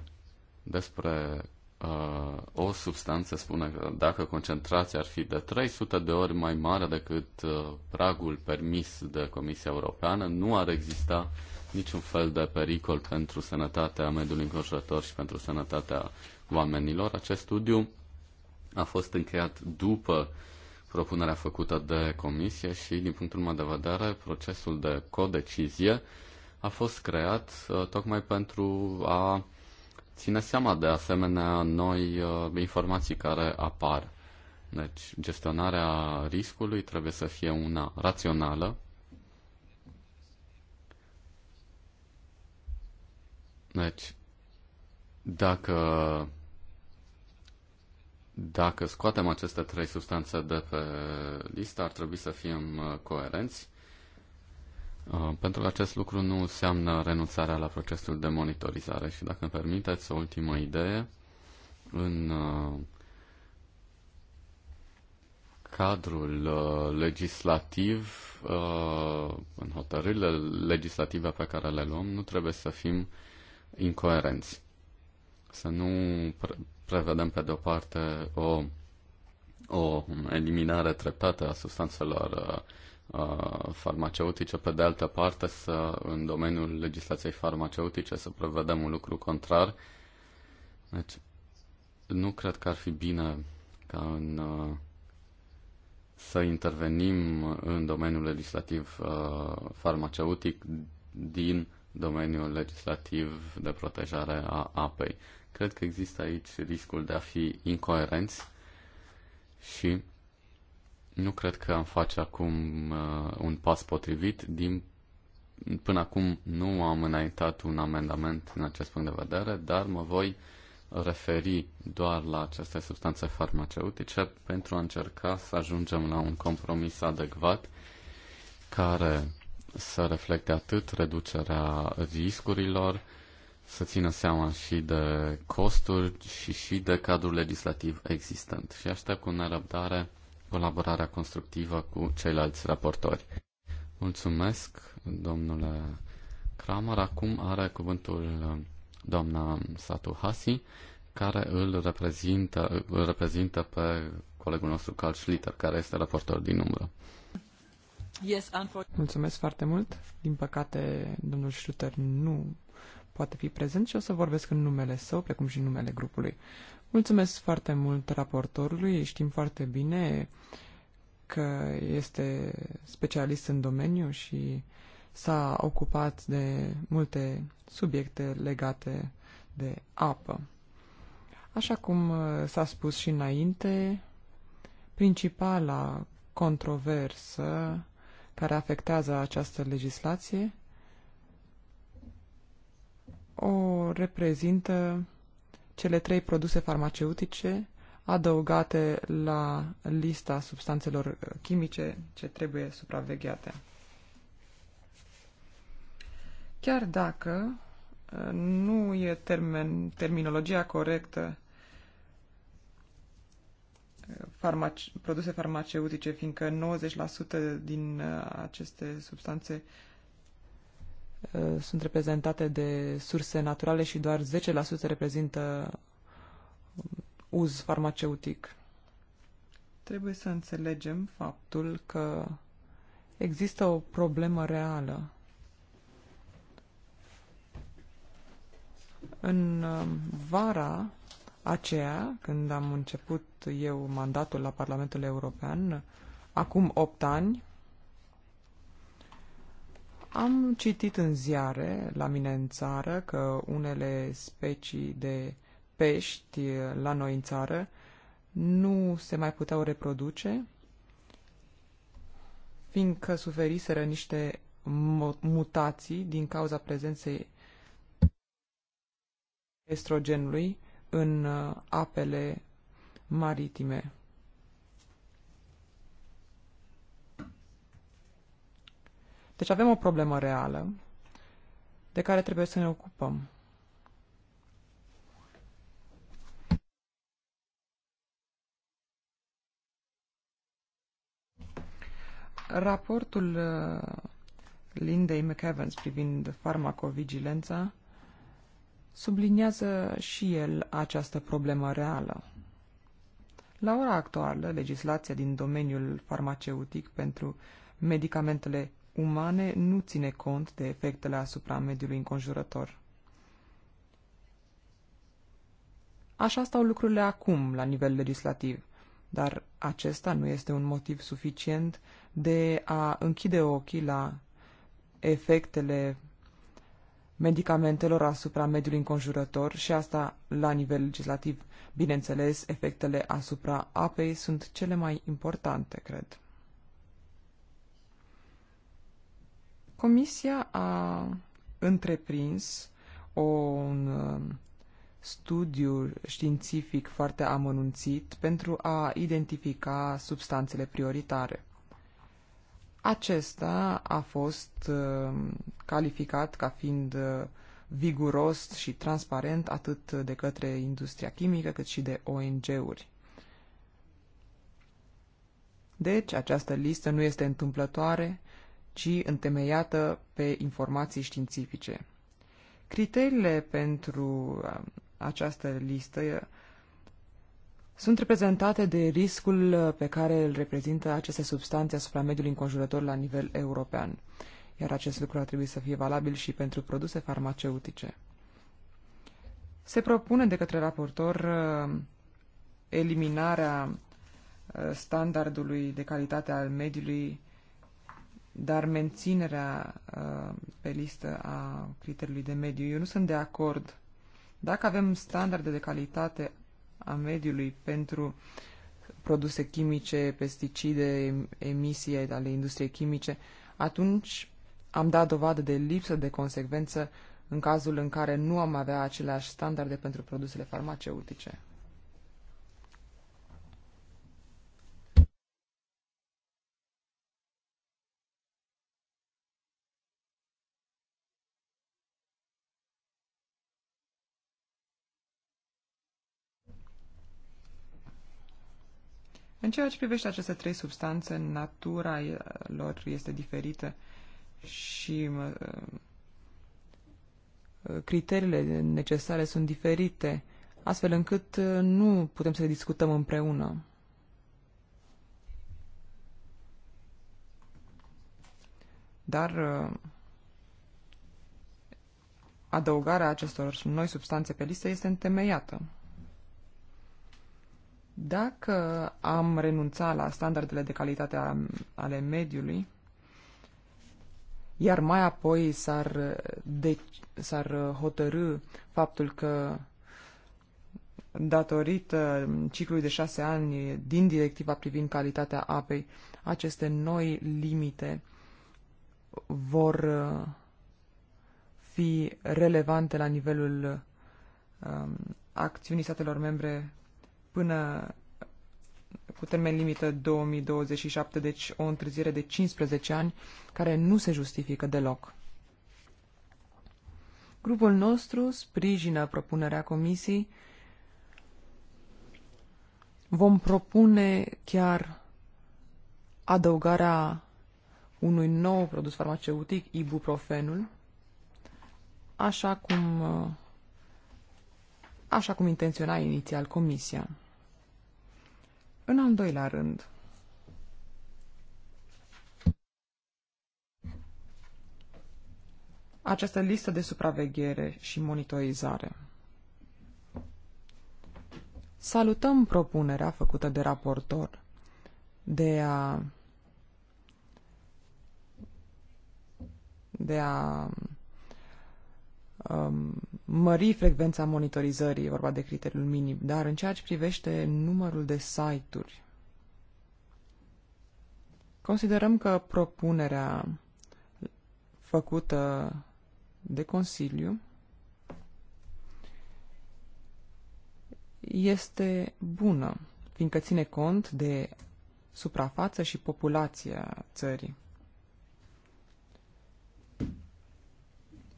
despre uh, o substanță spune că dacă concentrația ar fi de 300 de ori mai mare decât uh, pragul permis de Comisia Europeană, nu ar exista niciun fel de pericol pentru sănătatea mediului înconjurător și pentru sănătatea oamenilor. Acest studiu a fost încheiat după uh, propunerea făcută de comisie și, din punctul meu de vedere, procesul de codecizie a fost creat uh, tocmai pentru a ține seama de asemenea noi uh, informații care apar. Deci, gestionarea riscului trebuie să fie una rațională, Deci, dacă dacă scoatem aceste trei substanțe de pe listă, ar trebui să fim uh, coerenți. Uh, pentru că acest lucru nu înseamnă renunțarea la procesul de monitorizare și dacă îmi permiteți o ultimă idee, în uh, cadrul legislativ, în hotărârile legislative pe care le luăm, nu trebuie să fim incoerenți. Să nu prevedem pe de o parte o, o eliminare treptată a substanțelor uh, farmaceutice, pe de altă parte să, în domeniul legislației farmaceutice să prevedem un lucru contrar. Deci, nu cred că ar fi bine ca în, uh, să intervenim în domeniul legislativ uh, farmaceutic din domeniul legislativ de protejare a apei. Cred că există aici riscul de a fi incoerenți și nu cred că am face acum uh, un pas potrivit. Din, până acum nu am înaintat un amendament în acest punct de vedere, dar mă voi referi doar la aceste substanțe farmaceutice pentru a încerca să ajungem la un compromis adecvat care să reflecte atât reducerea riscurilor, să țină seama și de costuri și și de cadrul legislativ existent și aștept cu nerăbdare colaborarea constructivă cu ceilalți raportori. Mulțumesc, domnule Kramer. Acum are cuvântul uh, doamna Satu Hasi, care îl reprezintă, îl reprezintă pe colegul nostru Carl Schlitter, care este raportor din umbră. Yes, Mulțumesc foarte mult. Din păcate, domnul Schlitter nu poate fi prezent și o să vorbesc în numele său, precum și în numele grupului. Mulțumesc foarte mult raportorului, știm foarte bine că este specialist în domeniu și s-a ocupat de multe subiecte legate de apă. Așa cum uh, s-a spus și înainte, principala controversă care afectează această legislație o reprezintă cele trei produse farmaceutice adăugate la lista substanțelor chimice ce trebuie supravegheate. Chiar dacă uh, nu e termen, terminologia corectă uh, farmace, produse farmaceutice, fiindcă 90% din uh, aceste substanțe Uh, sunt reprezentate de surse naturale și doar 10% reprezintă uz farmaceutic. Trebuie să înțelegem faptul că există o problemă reală. În uh, vara aceea, când am început eu mandatul la Parlamentul European, acum 8 ani, am citit în ziare, la mine în țară, că unele specii de pești eh, la noi în țară nu se mai puteau reproduce, fiindcă suferiseră niște mutații din cauza prezenței estrogenului în eh, apele maritime. Deci avem o problemă reală de care trebuie să ne ocupăm. Raportul uh, Lindei McEvans privind farmacovigilența subliniază și el această problemă reală. La ora actuală, legislația din domeniul farmaceutic pentru medicamentele umane nu ține cont de efectele asupra mediului înconjurător. Așa stau lucrurile acum, la nivel legislativ, dar acesta nu este un motiv suficient de a închide ochii la efectele medicamentelor asupra mediului înconjurător și asta la nivel legislativ. Bineînțeles, efectele asupra apei sunt cele mai importante, cred. Comisia a întreprins o, un uh, studiu științific foarte amănunțit pentru a identifica substanțele prioritare. Acesta a fost uh, calificat ca fiind uh, viguros și transparent atât de către industria chimică cât și de ONG-uri. Deci, această listă nu este întâmplătoare, ci întemeiată pe informații științifice. Criteriile pentru um, această listă uh, sunt reprezentate de riscul uh, pe care îl reprezintă aceste substanțe asupra mediului înconjurător la nivel european, iar acest lucru ar trebui să fie valabil și pentru produse farmaceutice. Se propune de către raportor uh, eliminarea standardului de calitate al mediului dar menținerea uh, pe listă a criteriului de mediu, eu nu sunt de acord. Dacă avem standarde de calitate a mediului pentru produse chimice, pesticide, emisii ale industriei chimice, atunci am dat dovadă de lipsă de consecvență în cazul în care nu am avea aceleași standarde pentru produsele farmaceutice. În ceea ce privește aceste trei substanțe, natura lor este diferită și uh, criteriile necesare sunt diferite, astfel încât uh, nu putem să le discutăm împreună. Dar uh, adăugarea acestor noi substanțe pe listă este întemeiată. Dacă am renunțat la standardele de calitate ale mediului, iar mai apoi s-ar, de, s-ar hotărâ faptul că datorită ciclului de șase ani din directiva privind calitatea apei, aceste noi limite vor fi relevante la nivelul um, acțiunii statelor membre până uh, cu termen limită 2027, deci o întârziere de 15 ani care nu se justifică deloc. Grupul nostru sprijină propunerea comisiei. Vom propune chiar adăugarea unui nou produs farmaceutic, ibuprofenul, așa cum, uh, așa cum intenționa inițial comisia. În al doilea rând, această listă de supraveghere și monitorizare. Salutăm propunerea făcută de raportor de a de a Um, mări frecvența monitorizării, e vorba de criteriul minim, dar în ceea ce privește numărul de site-uri, considerăm că propunerea făcută de Consiliu este bună, fiindcă ține cont de suprafață și populația țării.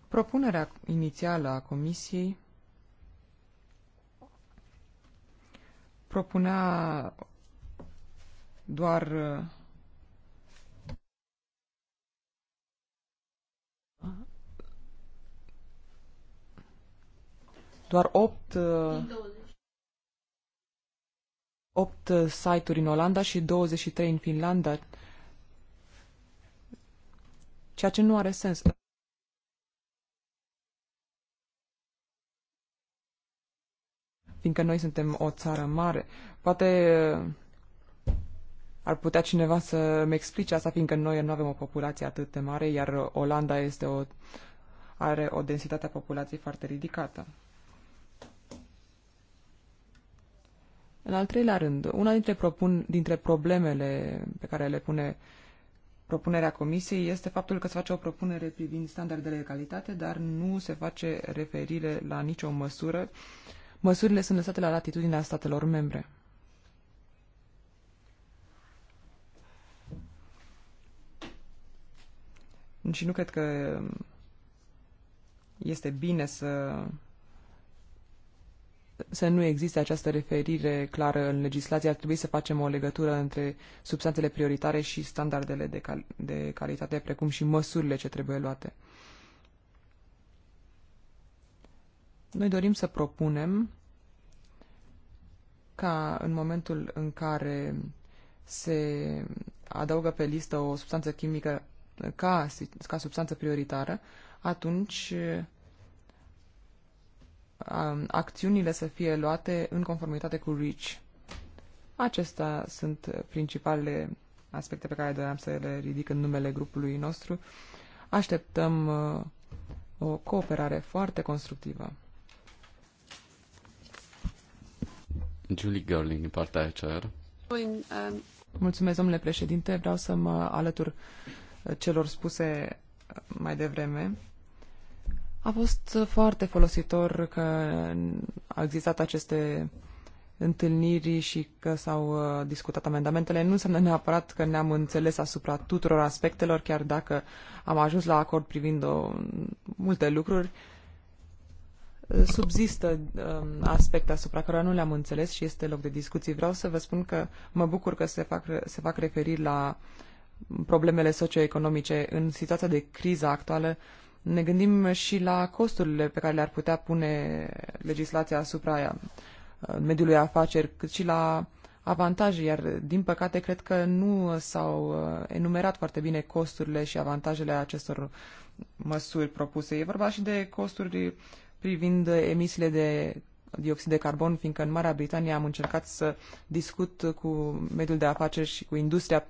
Propunerea inițială a Comisiei propunea doar doar 8 8 site-uri în Olanda și 23 în Finlanda, ceea ce nu are sens. fiindcă noi suntem o țară mare. Poate uh, ar putea cineva să-mi explice asta, fiindcă noi nu avem o populație atât de mare, iar Olanda este o, are o densitate a populației foarte ridicată. În al treilea rând, una dintre, propun, dintre problemele pe care le pune propunerea comisiei este faptul că se face o propunere privind standardele de calitate, dar nu se face referire la nicio măsură uh, Măsurile sunt lăsate la latitudinea statelor membre. Și nu cred că este bine să să nu existe această referire clară în legislație, ar trebui să facem o legătură între substanțele prioritare și standardele de, cal- de calitate, precum și măsurile ce trebuie luate. Noi dorim să propunem ca în momentul în care se adaugă pe listă o substanță chimică ca, ca substanță prioritară, atunci acțiunile să fie luate în conformitate cu REACH. Acestea sunt principalele aspecte pe care doream să le ridic în numele grupului nostru. Așteptăm uh, o cooperare foarte constructivă. Julie Gerling din partea ECR. Mulțumesc, domnule președinte. Vreau să mă alătur celor spuse mai devreme. A fost foarte folositor că au existat aceste întâlniri și că s-au uh, discutat amendamentele. Nu înseamnă neapărat că ne-am înțeles asupra tuturor aspectelor, chiar dacă am ajuns la acord privind uh, multe lucruri. Uh, subzistă um, aspecte asupra cărora nu le-am înțeles și este loc de discuții. Vreau să vă spun că mă bucur că se fac, se fac referiri la problemele socioeconomice. În situația de criză actuală ne gândim și la costurile pe care le-ar putea pune legislația asupra uh, mediului afaceri, cât și la avantaje, iar din păcate cred că nu s-au uh, enumerat foarte bine costurile și avantajele acestor măsuri propuse. E vorba și de costuri privind emisiile de dioxid de carbon, fiindcă în Marea Britanie am încercat să discut cu mediul de afaceri și cu industria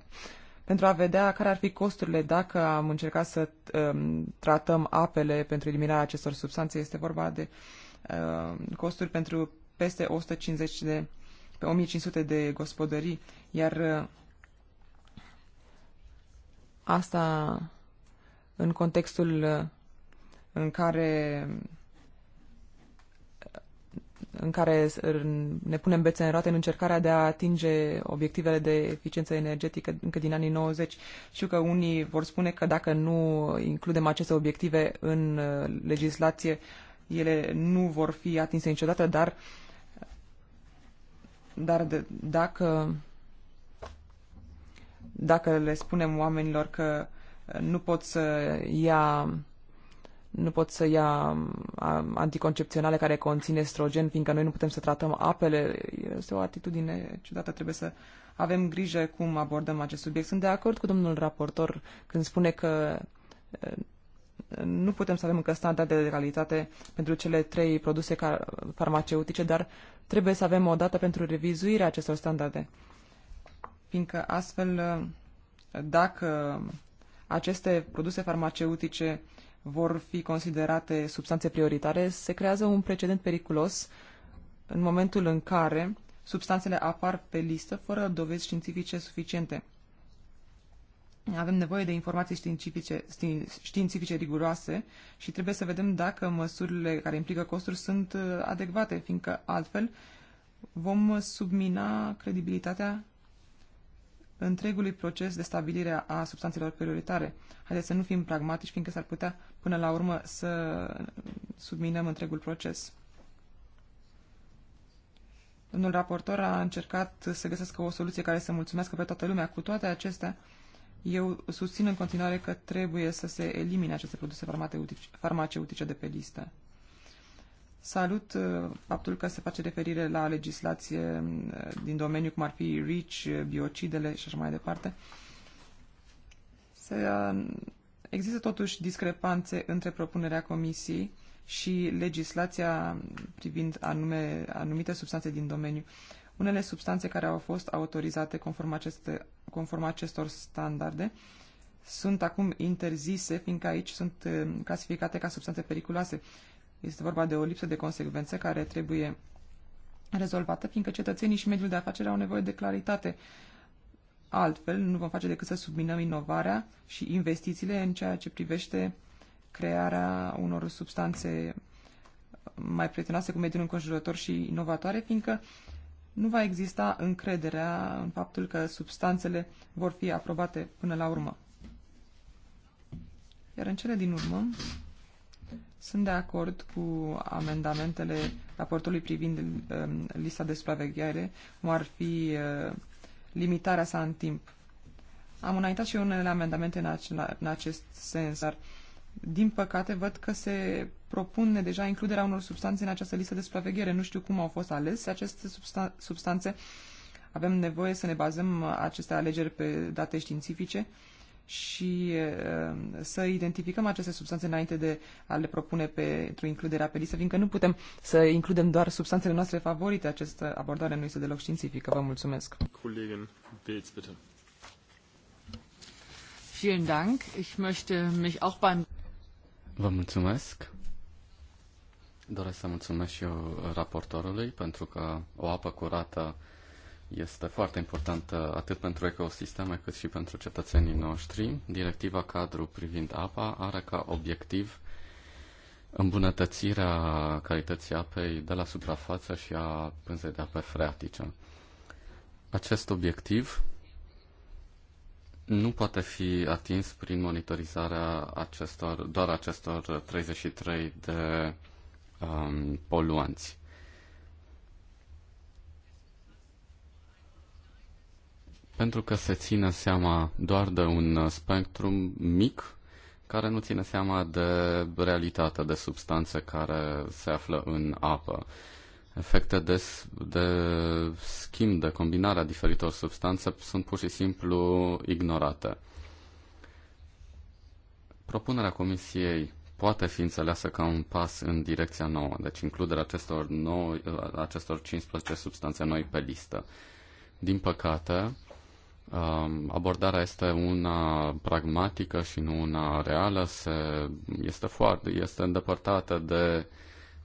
pentru a vedea care ar fi costurile dacă am încercat să um, tratăm apele pentru eliminarea acestor substanțe. Este vorba de um, costuri pentru peste 150 de, pe 1500 de gospodării, iar uh, asta în contextul uh, în care în care ne punem bețe în roate în încercarea de a atinge obiectivele de eficiență energetică încă din anii 90. Știu că unii vor spune că dacă nu includem aceste obiective în uh, legislație, ele nu vor fi atinse niciodată, dar, dar de, dacă, dacă le spunem oamenilor că nu pot să ia nu pot să ia anticoncepționale care conțin estrogen, fiindcă noi nu putem să tratăm apele. Este o atitudine ciudată, trebuie să avem grijă cum abordăm acest subiect. Sunt de acord cu domnul raportor când spune că nu putem să avem încă standarde de calitate pentru cele trei produse farmaceutice, dar trebuie să avem o dată pentru revizuirea acestor standarde. Fiindcă astfel, dacă aceste produse farmaceutice vor fi considerate substanțe prioritare, se creează un precedent periculos în momentul în care substanțele apar pe listă fără dovezi științifice suficiente. Avem nevoie de informații științifice, științifice riguroase și trebuie să vedem dacă măsurile care implică costuri sunt uh, adecvate, fiindcă altfel vom submina credibilitatea întregului proces de stabilire a substanțelor prioritare. Haideți să nu fim pragmatici, fiindcă s-ar putea până la urmă să subminăm întregul proces. Domnul raportor a încercat să găsească o soluție care să mulțumească pe toată lumea. Cu toate acestea, eu susțin în continuare că trebuie să se elimine aceste produse farmaceutice de pe listă. Salut uh, faptul că se face referire la legislație uh, din domeniu, cum ar fi RICH, uh, biocidele și așa mai departe. Se, există totuși discrepanțe între propunerea Comisiei și legislația privind anume, anumite substanțe din domeniu. Unele substanțe care au fost autorizate conform, aceste, conform acestor standarde sunt acum interzise, fiindcă aici sunt clasificate ca substanțe periculoase este vorba de o lipsă de consecvență care trebuie rezolvată, fiindcă cetățenii și mediul de afaceri au nevoie de claritate. Altfel, nu vom face decât să subminăm inovarea și investițiile în ceea ce privește crearea unor substanțe mai prietenoase cu mediul înconjurător și inovatoare, fiindcă nu va exista încrederea în faptul că substanțele vor fi aprobate până la urmă. Iar în cele din urmă, sunt de acord cu amendamentele raportului privind um, lista de supraveghere, cum ar fi uh, limitarea sa în timp. Am înaintat și unele amendamente în, în acest sens, dar din păcate văd că se propune deja includerea unor substanțe în această listă de supraveghere. Nu știu cum au fost alese aceste substan- substanțe. Avem nevoie să ne bazăm uh, aceste alegeri pe date științifice. Uh, și uh, să identificăm aceste substanțe înainte de a le propune pentru includerea pe listă, fiindcă nu putem să includem doar substanțele noastre favorite. Această abordare nu este deloc științifică. Vă mulțumesc. Colegin Bilz, bitte. Vielen Dank. Ich möchte mich auch beim Vă mulțumesc. Doresc să mulțumesc și eu raportorului pentru că o apă curată este foarte importantă atât pentru ecosisteme cât și pentru cetățenii noștri. Directiva cadru privind apa are ca obiectiv îmbunătățirea calității apei de la suprafață și a pânzei de ape freatice. Acest obiectiv nu poate fi atins prin monitorizarea acestor, doar acestor 33 de um, poluanți. pentru că se ține seama doar de un spectru mic care nu ține seama de realitatea de substanțe care se află în apă. Efecte de, de schimb, de combinarea diferitor substanțe sunt pur și simplu ignorate. Propunerea Comisiei poate fi înțeleasă ca un pas în direcția nouă, deci includerea acestor, nou, acestor 15 substanțe noi pe listă. Din păcate, Um, abordarea este una pragmatică și nu una reală, se, este, foarte, este îndepărtată de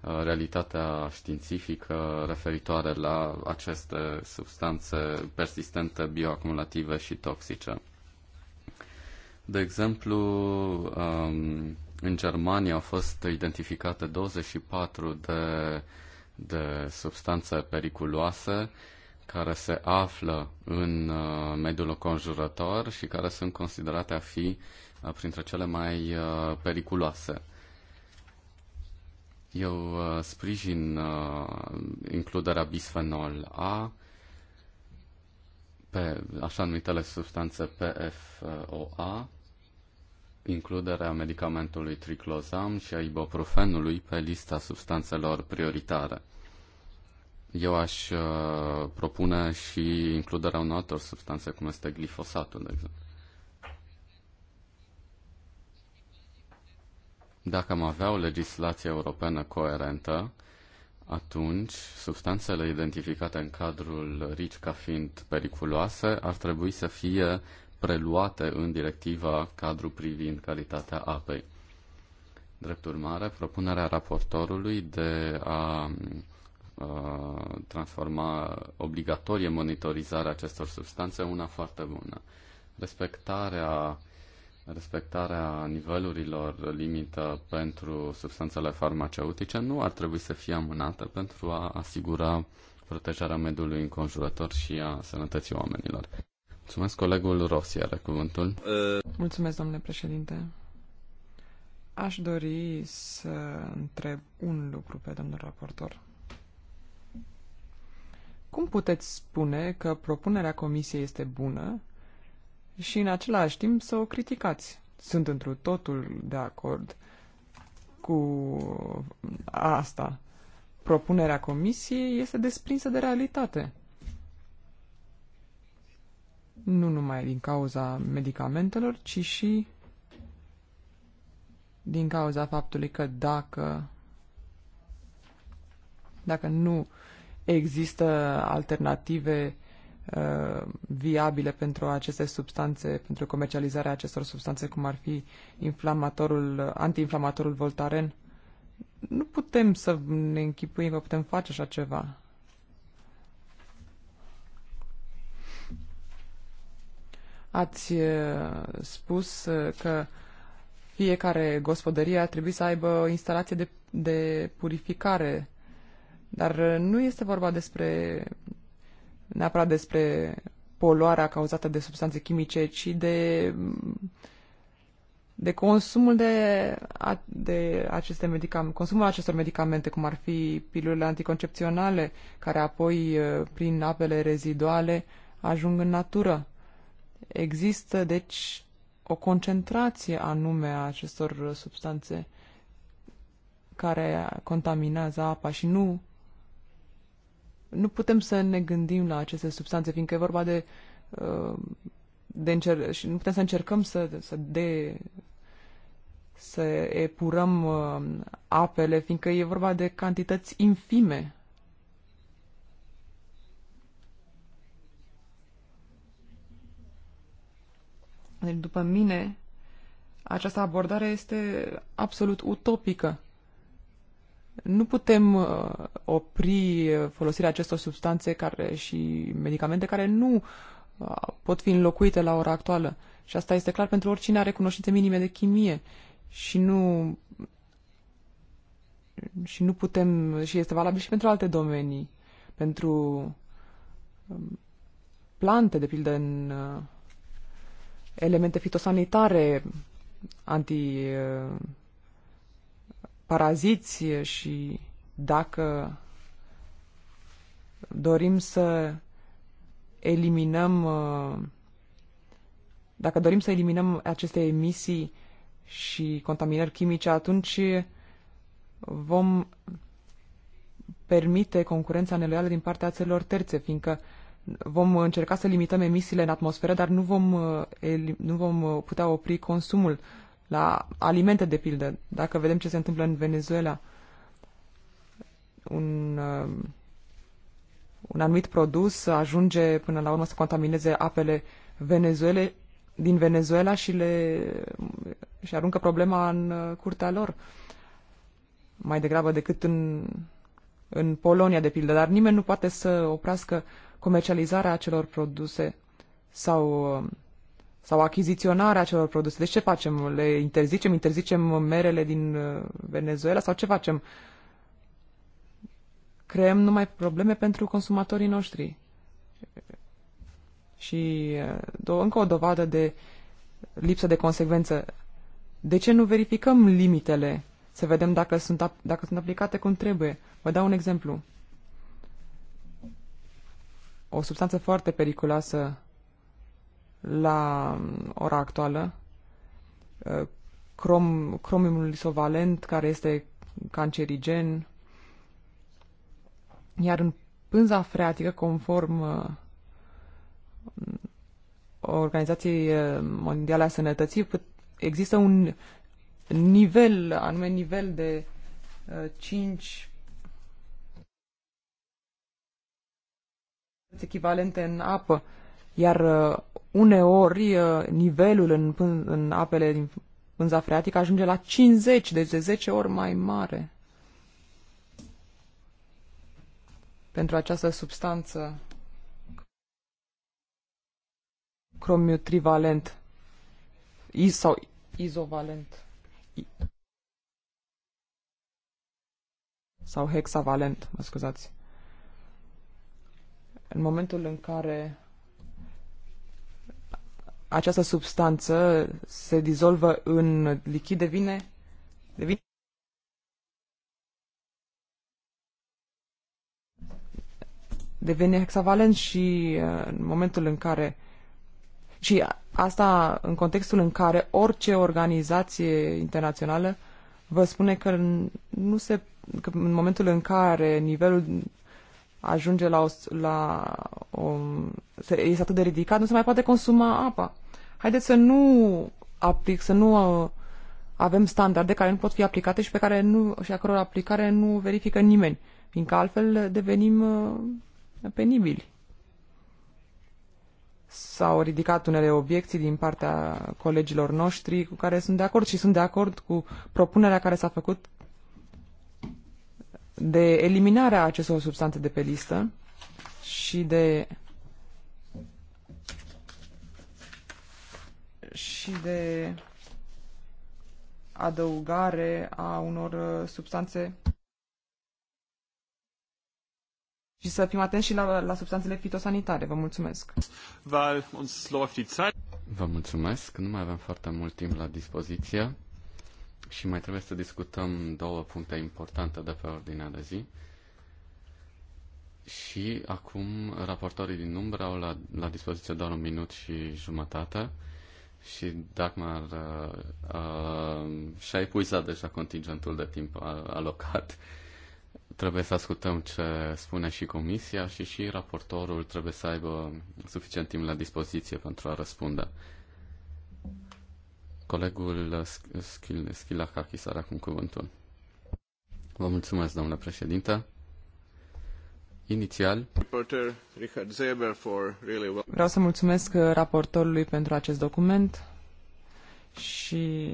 uh, realitatea științifică referitoare la aceste substanțe persistente, bioacumulative și toxice. De exemplu, um, în Germania au fost identificate 24 de, de substanțe periculoase, care se află în uh, mediul conjurător și care sunt considerate a fi uh, printre cele mai uh, periculoase. Eu sprijin includerea bisfenol A pe așa numitele substanțe PFOA, includerea medicamentului triclozam și a ibuprofenului pe lista substanțelor prioritare. Eu aș uh, propune și includerea unor altor substanțe, cum este glifosatul, de exemplu. Dacă am avea o legislație europeană coerentă, atunci substanțele identificate în cadrul RICI ca fiind periculoase ar trebui să fie preluate în directiva cadru privind calitatea apei. Drept urmare, propunerea raportorului de a Uh, transforma obligatorie monitorizarea acestor substanțe una foarte bună. Respectarea respectarea nivelurilor limită pentru substanțele farmaceutice nu ar trebui să fie amânată pentru a asigura protejarea mediului înconjurător și a sănătății oamenilor. Mulțumesc, colegul Rossi are cuvântul. Mulțumesc, domnule președinte. Aș dori să întreb un lucru pe domnul raportor. Cum puteți spune că propunerea comisiei este bună și în același timp să o criticați? Sunt întru totul de acord cu asta. Propunerea comisiei este desprinsă de realitate. Nu numai din cauza medicamentelor, ci și din cauza faptului că dacă dacă nu uh, există alternative uh, viabile pentru aceste substanțe, pentru comercializarea acestor substanțe, cum ar fi inflamatorul, antiinflamatorul Voltaren. Nu putem să ne închipuim că putem face așa ceva. Ați uh, spus uh, că fiecare gospodărie ar trebui să aibă o instalație de, de purificare dar uh, nu este vorba despre neapărat despre poluarea cauzată de substanțe chimice, ci de, de consumul de, de aceste medicamente, consumul acestor medicamente, cum ar fi pilulele anticoncepționale, care apoi, uh, prin apele reziduale, ajung în natură. Există, deci, o concentrație anume a acestor uh, substanțe care contaminează apa și nu nu putem să ne gândim la aceste substanțe, fiindcă e vorba de, uh, de încer- și nu putem să încercăm să, să de să epurăm uh, apele, fiindcă e vorba de cantități infime. Deci, după mine, această abordare este absolut utopică nu putem uh, opri uh, folosirea acestor substanțe care și medicamente care nu uh, pot fi înlocuite la ora actuală. Și asta este clar pentru oricine are cunoștințe minime de chimie și nu și nu putem și este valabil și pentru alte domenii, pentru um, plante, de pildă în elemente fitosanitare anti paraziți și dacă dorim să eliminăm uh, dacă dorim să eliminăm aceste emisii și contaminări chimice, atunci vom permite concurența neloială din partea țărilor terțe, fiindcă vom încerca să limităm emisiile în atmosferă, dar nu vom, uh, nu vom uh, putea opri consumul la alimente, de pildă. Dacă vedem ce se întâmplă în Venezuela, un, um, un anumit produs ajunge până la urmă să contamineze apele Venezuele, din Venezuela și le și aruncă problema în uh, curtea lor. Mai degrabă decât în, în Polonia, de pildă. Dar nimeni nu poate să oprească comercializarea acelor produse sau um, sau achiziționarea acelor produse. Deci ce facem? Le interzicem? Interzicem merele din uh, Venezuela sau ce facem? Creăm numai probleme pentru consumatorii noștri. Și uh, încă o dovadă de lipsă de consecvență. De ce nu verificăm limitele? Să vedem dacă sunt, dacă sunt aplicate cum trebuie. Vă dau un exemplu. O substanță foarte periculoasă la ora actuală. Uh, crom, cromiumul isovalent, care este cancerigen, iar în pânza freatică, conform uh, Organizației uh, Mondiale a Sănătății, există un nivel, anume nivel de 5 echivalente în apă, iar uneori uh, nivelul în, în apele din pânza freatică ajunge la 50, deci de 10 ori mai mare. Pentru această substanță cromiu trivalent sau izovalent sau hexavalent, mă scuzați. În momentul în care această substanță se dizolvă în lichid, devine, devine devine hexavalent și uh, în momentul în care și asta în contextul în care orice organizație internațională vă spune că nu se că în momentul în care nivelul ajunge la o, la o, este atât de ridicat, nu se mai poate consuma apa. Haideți să nu aplic, să nu uh, avem standarde care nu pot fi aplicate și pe care nu, și a căror aplicare nu verifică nimeni, fiindcă altfel devenim uh, penibili. S-au ridicat unele obiecții din partea colegilor noștri cu care sunt de acord și sunt de acord cu propunerea care s-a făcut de eliminarea acestor substanțe de pe listă și de și de adăugare a unor uh, substanțe și să fim atenți și la, la substanțele fitosanitare. Vă mulțumesc. Vă mulțumesc. Nu mai avem foarte mult timp la dispoziție. Și mai trebuie să discutăm două puncte importante de pe ordinea de zi. Și acum raportorii din umbră au la, la dispoziție doar un minut și jumătate. Și Dagmar uh, uh, și-a epuizat deja contingentul de timp alocat. Trebuie să ascultăm ce spune și comisia și și raportorul trebuie să aibă suficient timp la dispoziție pentru a răspunde. Colegul Schilachakis are acum cuvântul. Vă mulțumesc, domnule președinte. Inițial, vreau să mulțumesc uh, raportorului pentru acest document și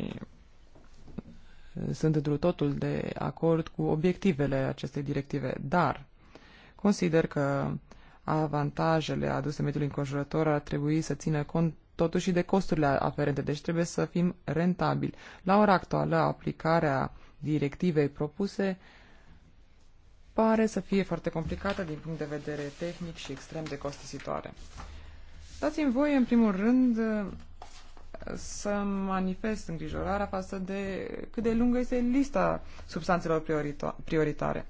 uh, sunt întru totul de acord cu obiectivele acestei directive, dar consider că avantajele aduse mediului înconjurător ar trebui să țină cont totuși și de costurile aferente, deci trebuie să fim rentabili. La ora actuală, aplicarea directivei propuse pare să fie foarte complicată din punct de vedere tehnic și extrem de costisitoare. Dați-mi voie, în primul rând, să manifest îngrijorarea față de cât de lungă este lista substanțelor priorita- prioritare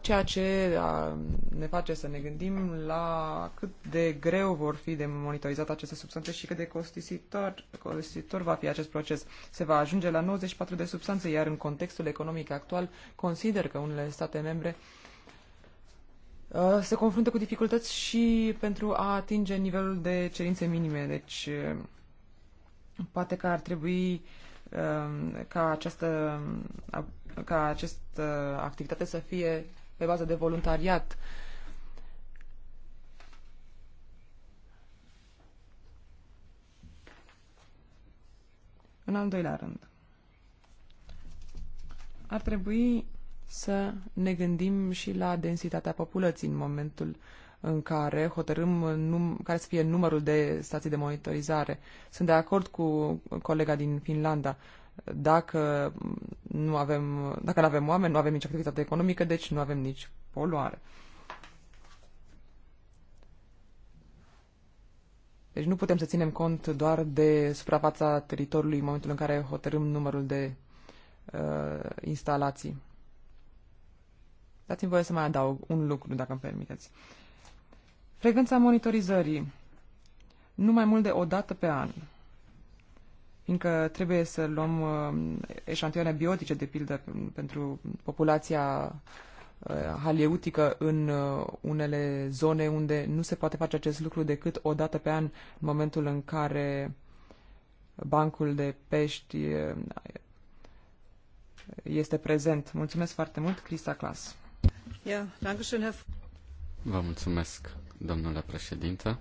ceea ce ne face să ne gândim la cât de greu vor fi de monitorizat aceste substanțe și cât de costisitor, costisitor va fi acest proces. Se va ajunge la 94 de substanțe, iar în contextul economic actual consider că unele state membre ă, se confruntă cu dificultăți și pentru a atinge nivelul de cerințe minime. Deci, poate că ar trebui uh, Um, ca această, um, ca această activitate să fie pe bază de voluntariat. În al doilea rând, ar trebui să ne gândim și la densitatea populației în momentul uh, în care hotărâm num- care să fie numărul de stații de monitorizare. Sunt de acord cu colega din Finlanda. Dacă nu avem, dacă nu avem oameni, nu avem nici activitate economică, deci nu avem nici poluare. Deci nu putem să ținem cont doar de suprafața teritoriului în momentul în care hotărâm numărul de uh, instalații. Dați-mi voie să mai adaug un lucru, dacă îmi permiteți. Uh, Frecvența monitorizării. Nu mai mult de o dată pe an. Fiindcă trebuie să luăm uh, eșantioane biotice, de pildă, pentru populația uh, haleutică în uh, unele zone unde nu se poate face acest lucru decât o dată pe an, în momentul în care bancul de pești este prezent. Mulțumesc foarte mult, Crista Clas. Vă mulțumesc, domnule președinte.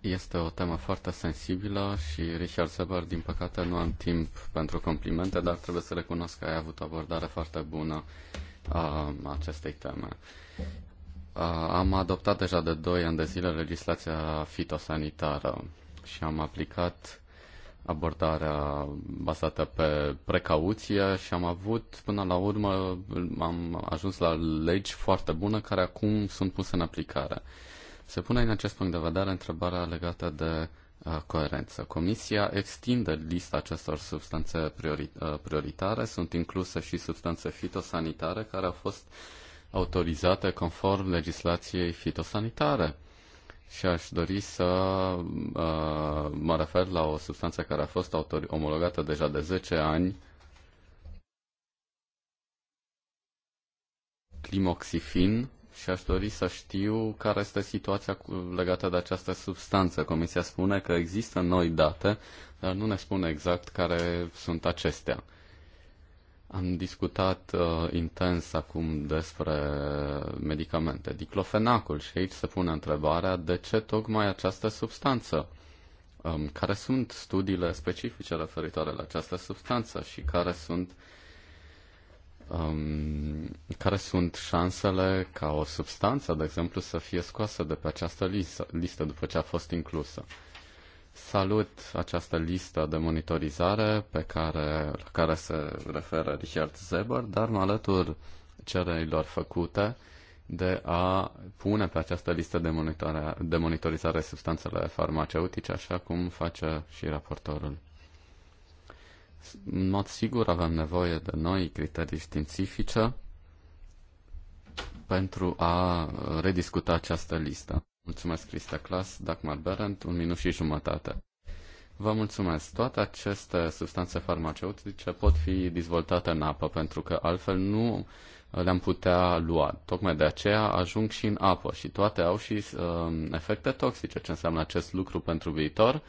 Este o temă foarte sensibilă și Richard Seber, din păcate, nu am timp pentru complimente, dar trebuie să recunosc că ai avut o abordare foarte bună a acestei teme. Am adoptat deja de 2 ani de zile legislația fitosanitară și am aplicat abordarea bazată pe precauție și am avut, până la urmă, am ajuns la legi foarte bune care acum sunt puse în aplicare. Se pune în acest punct de vedere întrebarea legată de uh, coerență. Comisia extinde lista acestor substanțe priori- uh, prioritare, sunt incluse și substanțe fitosanitare care au fost autorizate conform legislației fitosanitare și aș dori să uh, mă refer la o substanță care a fost autor- omologată deja de 10 ani, climoxifin, și aș dori să știu care este situația cu, legată de această substanță. Comisia spune că există noi date, dar nu ne spune exact care sunt acestea. Am discutat uh, intens acum despre medicamente, diclofenacul, și aici se pune întrebarea de ce tocmai această substanță. Um, care sunt studiile specifice referitoare la această substanță și care sunt um, care sunt șansele ca o substanță, de exemplu, să fie scoasă de pe această listă, listă după ce a fost inclusă? Salut această listă de monitorizare pe care, la care se referă Richard Zeber, dar mă alătur cererilor făcute de a pune pe această listă de, de monitorizare substanțele farmaceutice, așa cum face și raportorul. În mod sigur avem nevoie de noi criterii științifice pentru a rediscuta această listă. Mulțumesc, Crista Clas, Dagmar Berend, un minut și jumătate. Vă mulțumesc. Toate aceste substanțe farmaceutice pot fi dezvoltate în apă, pentru că altfel nu le-am putea lua. Tocmai de aceea ajung și în apă și toate au și uh, efecte toxice. Ce înseamnă acest lucru pentru viitor?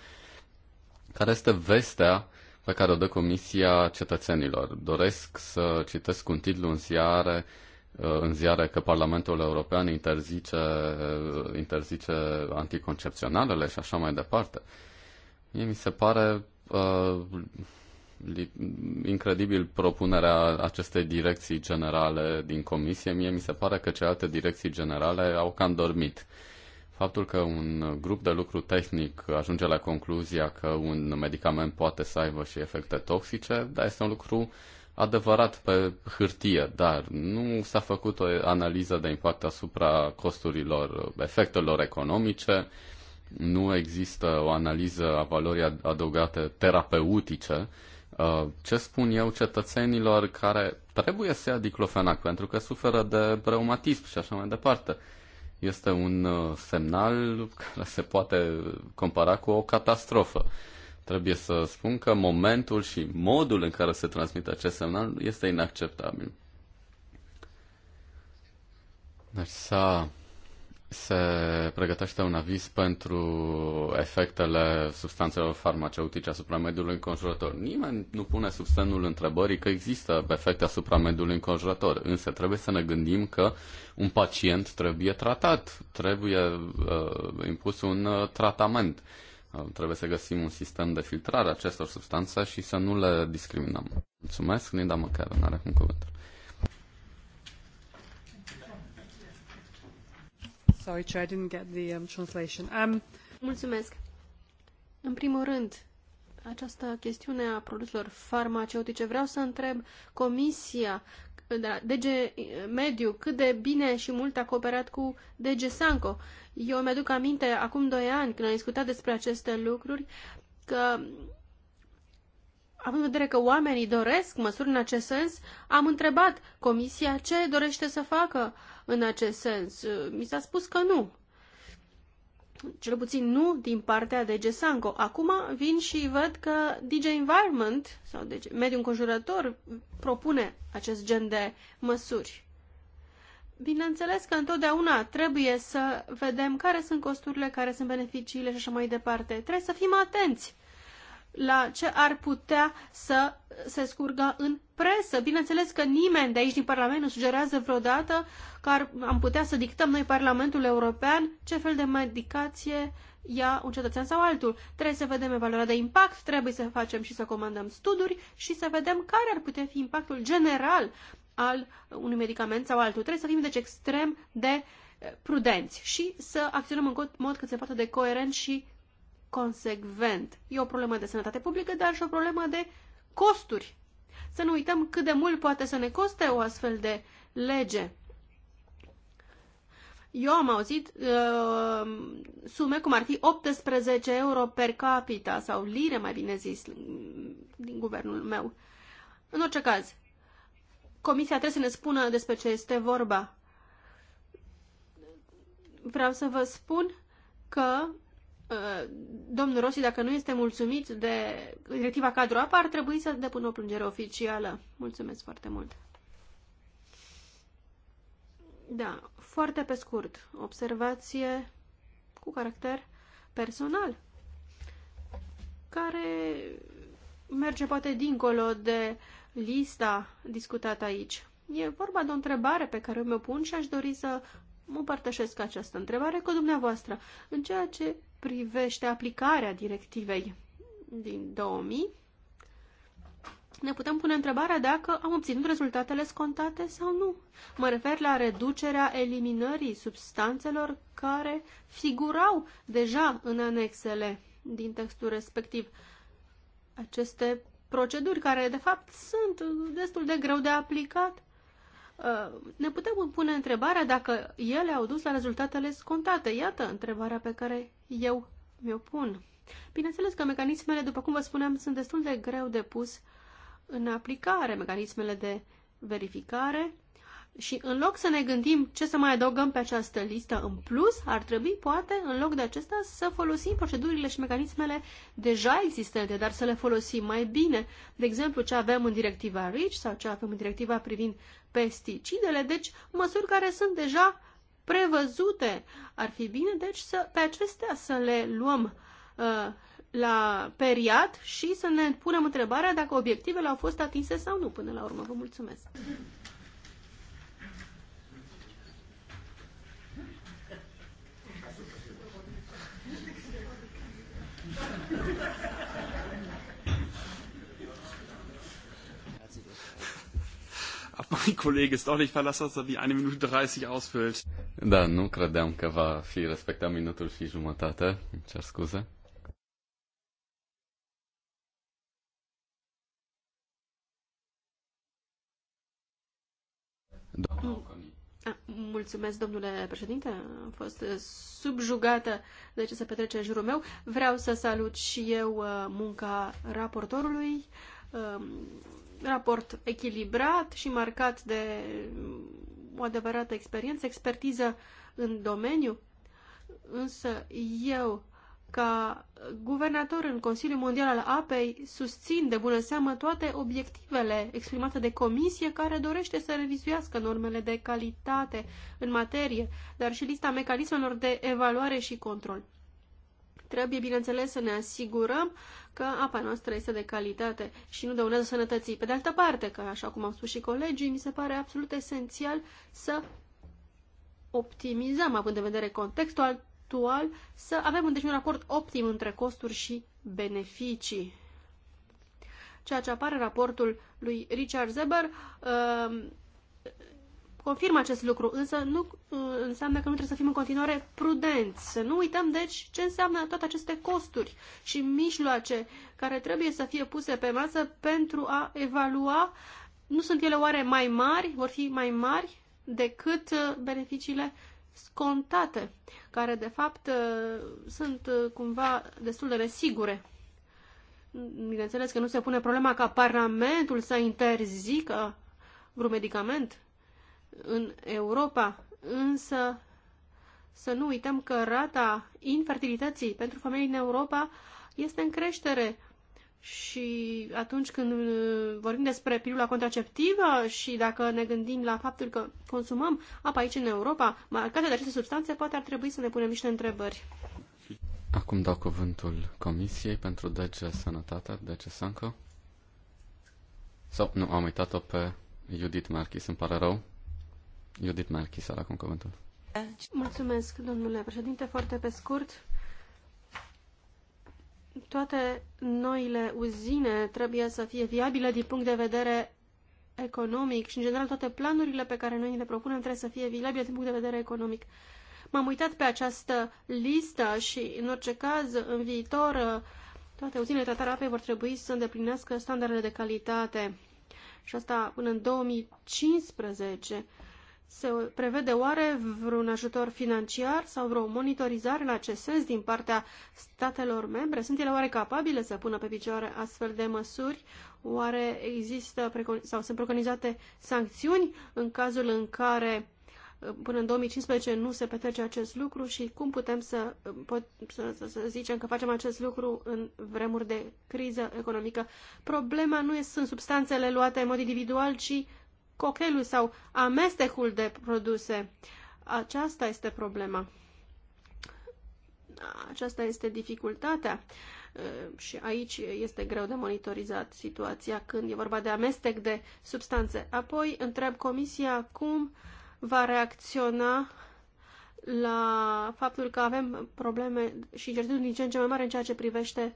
Care este vestea pe care o dă Comisia Cetățenilor? Doresc să citesc un titlu în ziare Uh, în ziare că Parlamentul European interzice, uh, interzice anticoncepționalele și așa mai departe. Mie mi se pare uh, incredibil propunerea acestei direcții generale din comisie. Mie mi se pare că celelalte direcții generale au cam dormit. Faptul că un grup de lucru tehnic ajunge la concluzia că un medicament poate să aibă și efecte toxice, dar este un lucru uh, adevărat pe hârtie, dar nu s-a făcut o analiză de impact asupra costurilor, efectelor economice, nu există o analiză a valorii adăugate terapeutice. Uh, ce spun eu cetățenilor care trebuie să ia diclofenac pentru că suferă de reumatism și așa mai departe? Este un uh, semnal care se poate compara cu o catastrofă. Trebuie să spun că momentul și modul în care se transmite acest semnal este inacceptabil. Deci să se pregătește un aviz pentru efectele substanțelor farmaceutice asupra mediului înconjurător. Nimeni nu pune sub semnul întrebării că există efecte asupra mediului înconjurător, însă trebuie să ne gândim că un pacient trebuie tratat, trebuie uh, impus un uh, tratament. Uh, Trebuie să găsim un sistem de filtrare a acestor substanțe și să nu le discriminăm. Mulțumesc, Linda nu are un cuvânt. Sorry, I didn't get the um, translation. Um... Mulțumesc. În primul rând, această chestiune a produselor farmaceutice. Vreau să întreb Comisia de la DG Mediu, cât de bine și mult a cooperat cu DG Sanco. Eu mi-aduc aminte, acum doi ani, când am discutat despre aceste lucruri, că având în vedere că oamenii doresc măsuri în acest sens, am întrebat Comisia ce dorește să facă în acest sens. Mi s-a spus că nu cel puțin nu din partea DG Sanco. Acum vin și văd că DJ Environment sau DJ, Mediul Înconjurător propune acest gen de măsuri. Bineînțeles că întotdeauna trebuie să vedem care sunt costurile, care sunt beneficiile și așa mai departe. Trebuie să fim atenți la ce ar putea să se scurgă în presă. Bineînțeles că nimeni de aici din Parlament nu sugerează vreodată că ar, am putea să dictăm noi Parlamentul European ce fel de medicație ia un cetățean sau altul. Trebuie să vedem evaluarea de impact, trebuie să facem și să comandăm studuri și să vedem care ar putea fi impactul general al unui medicament sau altul. Trebuie să fim deci extrem de prudenți și să acționăm în mod cât se poate de coerent și consecvent. E o problemă de sănătate publică, dar și o problemă de costuri. Să nu uităm cât de mult poate să ne coste o astfel de lege. Eu am auzit uh, sume cum ar fi 18 euro per capita sau lire, mai bine zis, din guvernul meu. În orice caz, comisia trebuie să ne spună despre ce este vorba. Vreau să vă spun că Uh, domnul Rossi, dacă nu este mulțumit de directiva cadru apă, ar trebui să depună o plângere oficială. Mulțumesc foarte mult. Da, foarte pe scurt, observație cu caracter personal, care merge poate dincolo de lista discutată aici. E vorba de o întrebare pe care mi-o pun și aș dori să mă împărtășesc această întrebare cu dumneavoastră în ceea ce privește aplicarea directivei din 2000, ne putem pune întrebarea dacă am obținut rezultatele scontate sau nu. Mă refer la reducerea eliminării substanțelor care figurau deja în anexele din textul respectiv. Aceste proceduri care, de fapt, sunt destul de greu de aplicat, uh, ne putem pune întrebarea dacă ele au dus la rezultatele scontate. Iată întrebarea pe care eu mi o pun. Bineînțeles că mecanismele, după cum vă spuneam, sunt destul de greu de pus în aplicare, mecanismele de verificare și în loc să ne gândim ce să mai adăugăm pe această listă în plus, ar trebui, poate, în loc de acesta, să folosim procedurile și mecanismele deja existente, dar să le folosim mai bine. De exemplu, ce avem în directiva RICH sau ce avem în directiva privind pesticidele, deci măsuri care sunt deja prevăzute. Ar fi bine, deci, să, pe acestea să le luăm uh, la periat și să ne punem întrebarea dacă obiectivele au fost atinse sau nu până la urmă. Vă mulțumesc! (laughs) mein Kollege ist nicht verlassen, da, dass er die 1 Minute 30 ausfüllt. Da, nu credeam că va fi respectat minutul și jumătate. cer scuze. Mm. Mulțumesc, domnule președinte. Am fost subjugată de ce se petrece în jurul meu. Vreau să salut și eu uh, munca raportorului um, raport echilibrat și marcat de o adevărată experiență, expertiză în domeniu, însă eu, ca guvernator în Consiliul Mondial al Apei, susțin de bună seamă toate obiectivele exprimate de comisie care dorește să revizuiască normele de calitate în materie, dar și lista mecanismelor de evaluare și control. Trebuie, bineînțeles, să ne asigurăm că apa noastră este de calitate și nu dăunează sănătății. Pe de altă parte, că așa cum am spus și colegii, mi se pare absolut esențial să optimizăm, având în vedere contextul actual, să avem deci un raport optim între costuri și beneficii. Ceea ce apare în raportul lui Richard Zeber uh, confirmă acest lucru, însă nu uh, înseamnă că nu trebuie să fim în continuare prudenți, să nu uităm deci ce înseamnă toate aceste costuri și mijloace care trebuie să fie puse pe masă pentru a evalua nu sunt ele oare mai mari, vor fi mai mari decât uh, beneficiile scontate, care de fapt uh, sunt cumva destul de nesigure. Bineînțeles că nu se pune problema ca Parlamentul să interzică vreun medicament în Europa, însă să nu uităm că rata infertilității pentru femei în Europa este în creștere și atunci când uh, vorbim despre pilula contraceptivă și dacă ne gândim la faptul că consumăm apă aici în Europa, marcate de aceste substanțe, poate ar trebui să ne punem niște întrebări. Acum dau cuvântul Comisiei pentru DG Sănătatea, DG Sanco. Sau, nu, am uitat-o pe Judith Marchis, îmi pare rău. Judith Marchis, la cuvântul. Mulțumesc, domnule președinte. Foarte pe scurt, toate noile uzine trebuie să fie viabile din punct de vedere economic și, în general, toate planurile pe care noi le propunem trebuie să fie viabile din punct de vedere economic. M-am uitat pe această listă și, în orice caz, în viitor, toate uzinele de tratare apei vor trebui să îndeplinească standardele de calitate. Și asta până în 2015 se prevede oare vreun ajutor financiar sau vreo monitorizare în acest sens din partea statelor membre? Sunt ele oare capabile să pună pe picioare astfel de măsuri? Oare există sau sunt preconizate sancțiuni în cazul în care uh, până în 2015 nu se petrece acest lucru și cum putem să, uh, pot, să, să, să zicem că facem acest lucru în vremuri de criză economică. Problema nu sunt substanțele luate în mod individual, ci cocktailul sau amestecul de produse. Aceasta este problema. Aceasta este dificultatea uh, și aici este greu de monitorizat situația când e vorba de amestec de substanțe. Apoi întreb Comisia cum va reacționa la faptul că avem probleme și incertitudini din ce în ce mai mare în ceea ce privește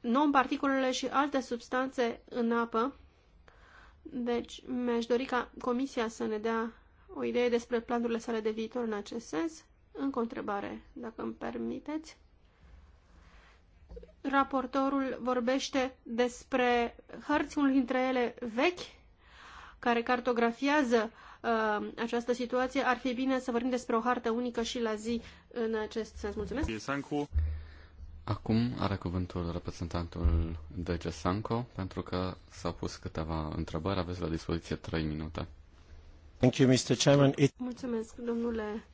non-particulele și alte substanțe în apă deci, mi-aș dori ca Comisia să ne dea o idee despre planurile sale de viitor în acest sens. Încă o întrebare, dacă îmi permiteți. Raportorul vorbește despre hărți, unul dintre ele vechi, care cartografiază uh, această situație. Ar fi bine să vorbim despre o hartă unică și la zi în acest sens. Mulțumesc! Acum are cuvântul reprezentantul DG Sanco, pentru că s-au pus câteva întrebări. Aveți la dispoziție 3 minute. Thank you, Mr. Chairman. It... Mulțumesc, domnule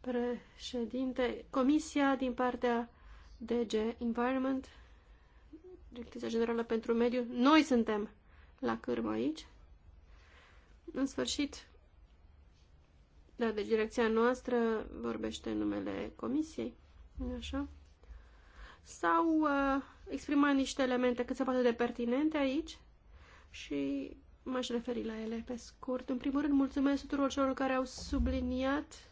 președinte. Comisia din partea DG Environment, Direcția Generală pentru Mediu, noi suntem la cârmă aici. În sfârșit, da, de direcția noastră vorbește numele Comisiei. Așa sau uh, exprima niște elemente cât se poate de pertinente aici și m-aș referi la ele pe scurt. În primul rând, mulțumesc tuturor celor care au subliniat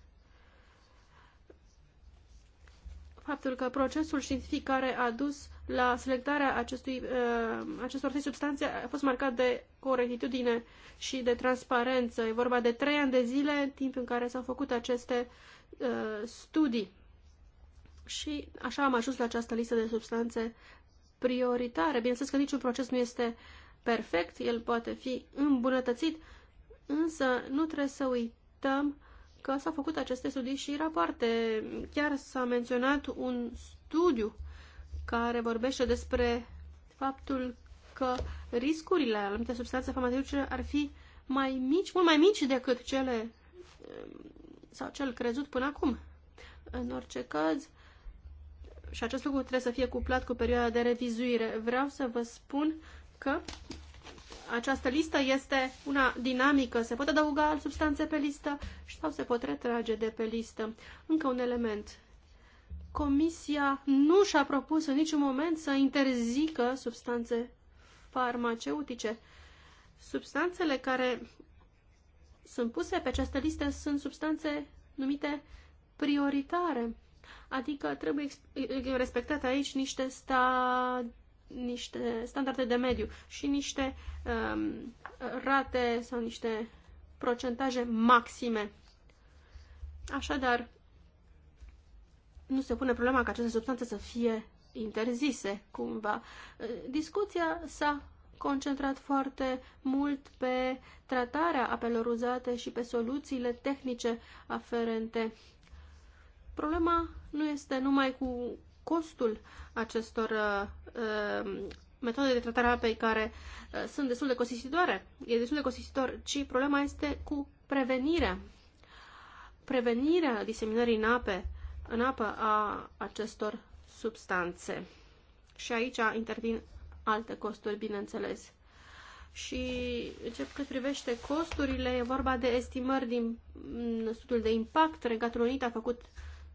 faptul că procesul științific care a dus la selectarea acestui, uh, acestor trei substanțe a fost marcat de corectitudine și de transparență. E vorba de trei ani de zile, timp în care s-au făcut aceste uh, studii. Și așa am ajuns la această listă de substanțe prioritare. Bineînțeles că niciun proces nu este perfect, el poate fi îmbunătățit, însă nu trebuie să uităm că s-au făcut aceste studii și rapoarte. Chiar s-a menționat un studiu care vorbește despre faptul că riscurile anumite substanțe farmaceutice ar fi mai mici, mult mai mici decât cele sau cel crezut până acum. În orice caz, și acest lucru trebuie să fie cuplat cu perioada de revizuire. Vreau să vă spun că această listă este una dinamică. Se pot adăuga substanțe pe listă sau se pot retrage de pe listă. Încă un element. Comisia nu și-a propus în niciun moment să interzică substanțe farmaceutice. Substanțele care sunt puse pe această listă sunt substanțe numite prioritare. Adică trebuie respectate aici niște, sta, niște standarde de mediu și niște um, rate sau niște procentaje maxime. Așadar, nu se pune problema ca aceste substanțe să fie interzise cumva. Discuția s-a concentrat foarte mult pe tratarea apelor uzate și pe soluțiile tehnice aferente Problema nu este numai cu costul acestor uh, uh, metode de tratare a apei care uh, sunt destul de costisitoare, e destul de costisitor, ci problema este cu prevenirea. Prevenirea diseminării în, ape, în apă a acestor substanțe. Și aici intervin alte costuri, bineînțeles. Și în ce privește costurile, e vorba de estimări din mm, studiul de impact. Regatul Unit a făcut uh,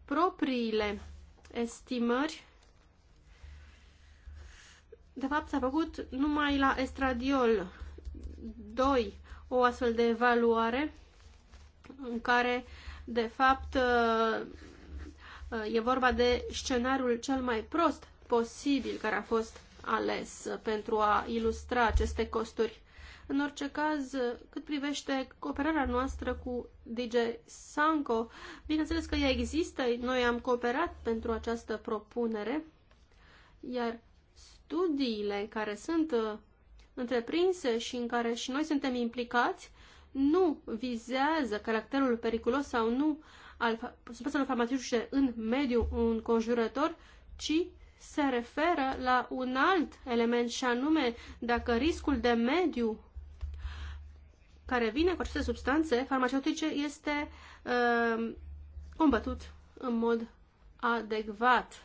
propriile estimări de fapt s-a făcut numai la estradiol 2 o astfel de evaluare în care de fapt uh, uh, e vorba de scenariul cel mai prost posibil care a fost ales pentru a ilustra aceste costuri în orice caz, cât privește cooperarea noastră cu DJ Sanco, bineînțeles că ea există, noi am cooperat pentru această propunere, iar studiile care sunt uh, întreprinse și în care și noi suntem implicați nu vizează caracterul periculos sau nu al substanțelor farmaceutice în mediul înconjurător, ci se referă la un alt element și anume dacă riscul de mediu care vine cu aceste substanțe farmaceutice este uh, combătut în mod adecvat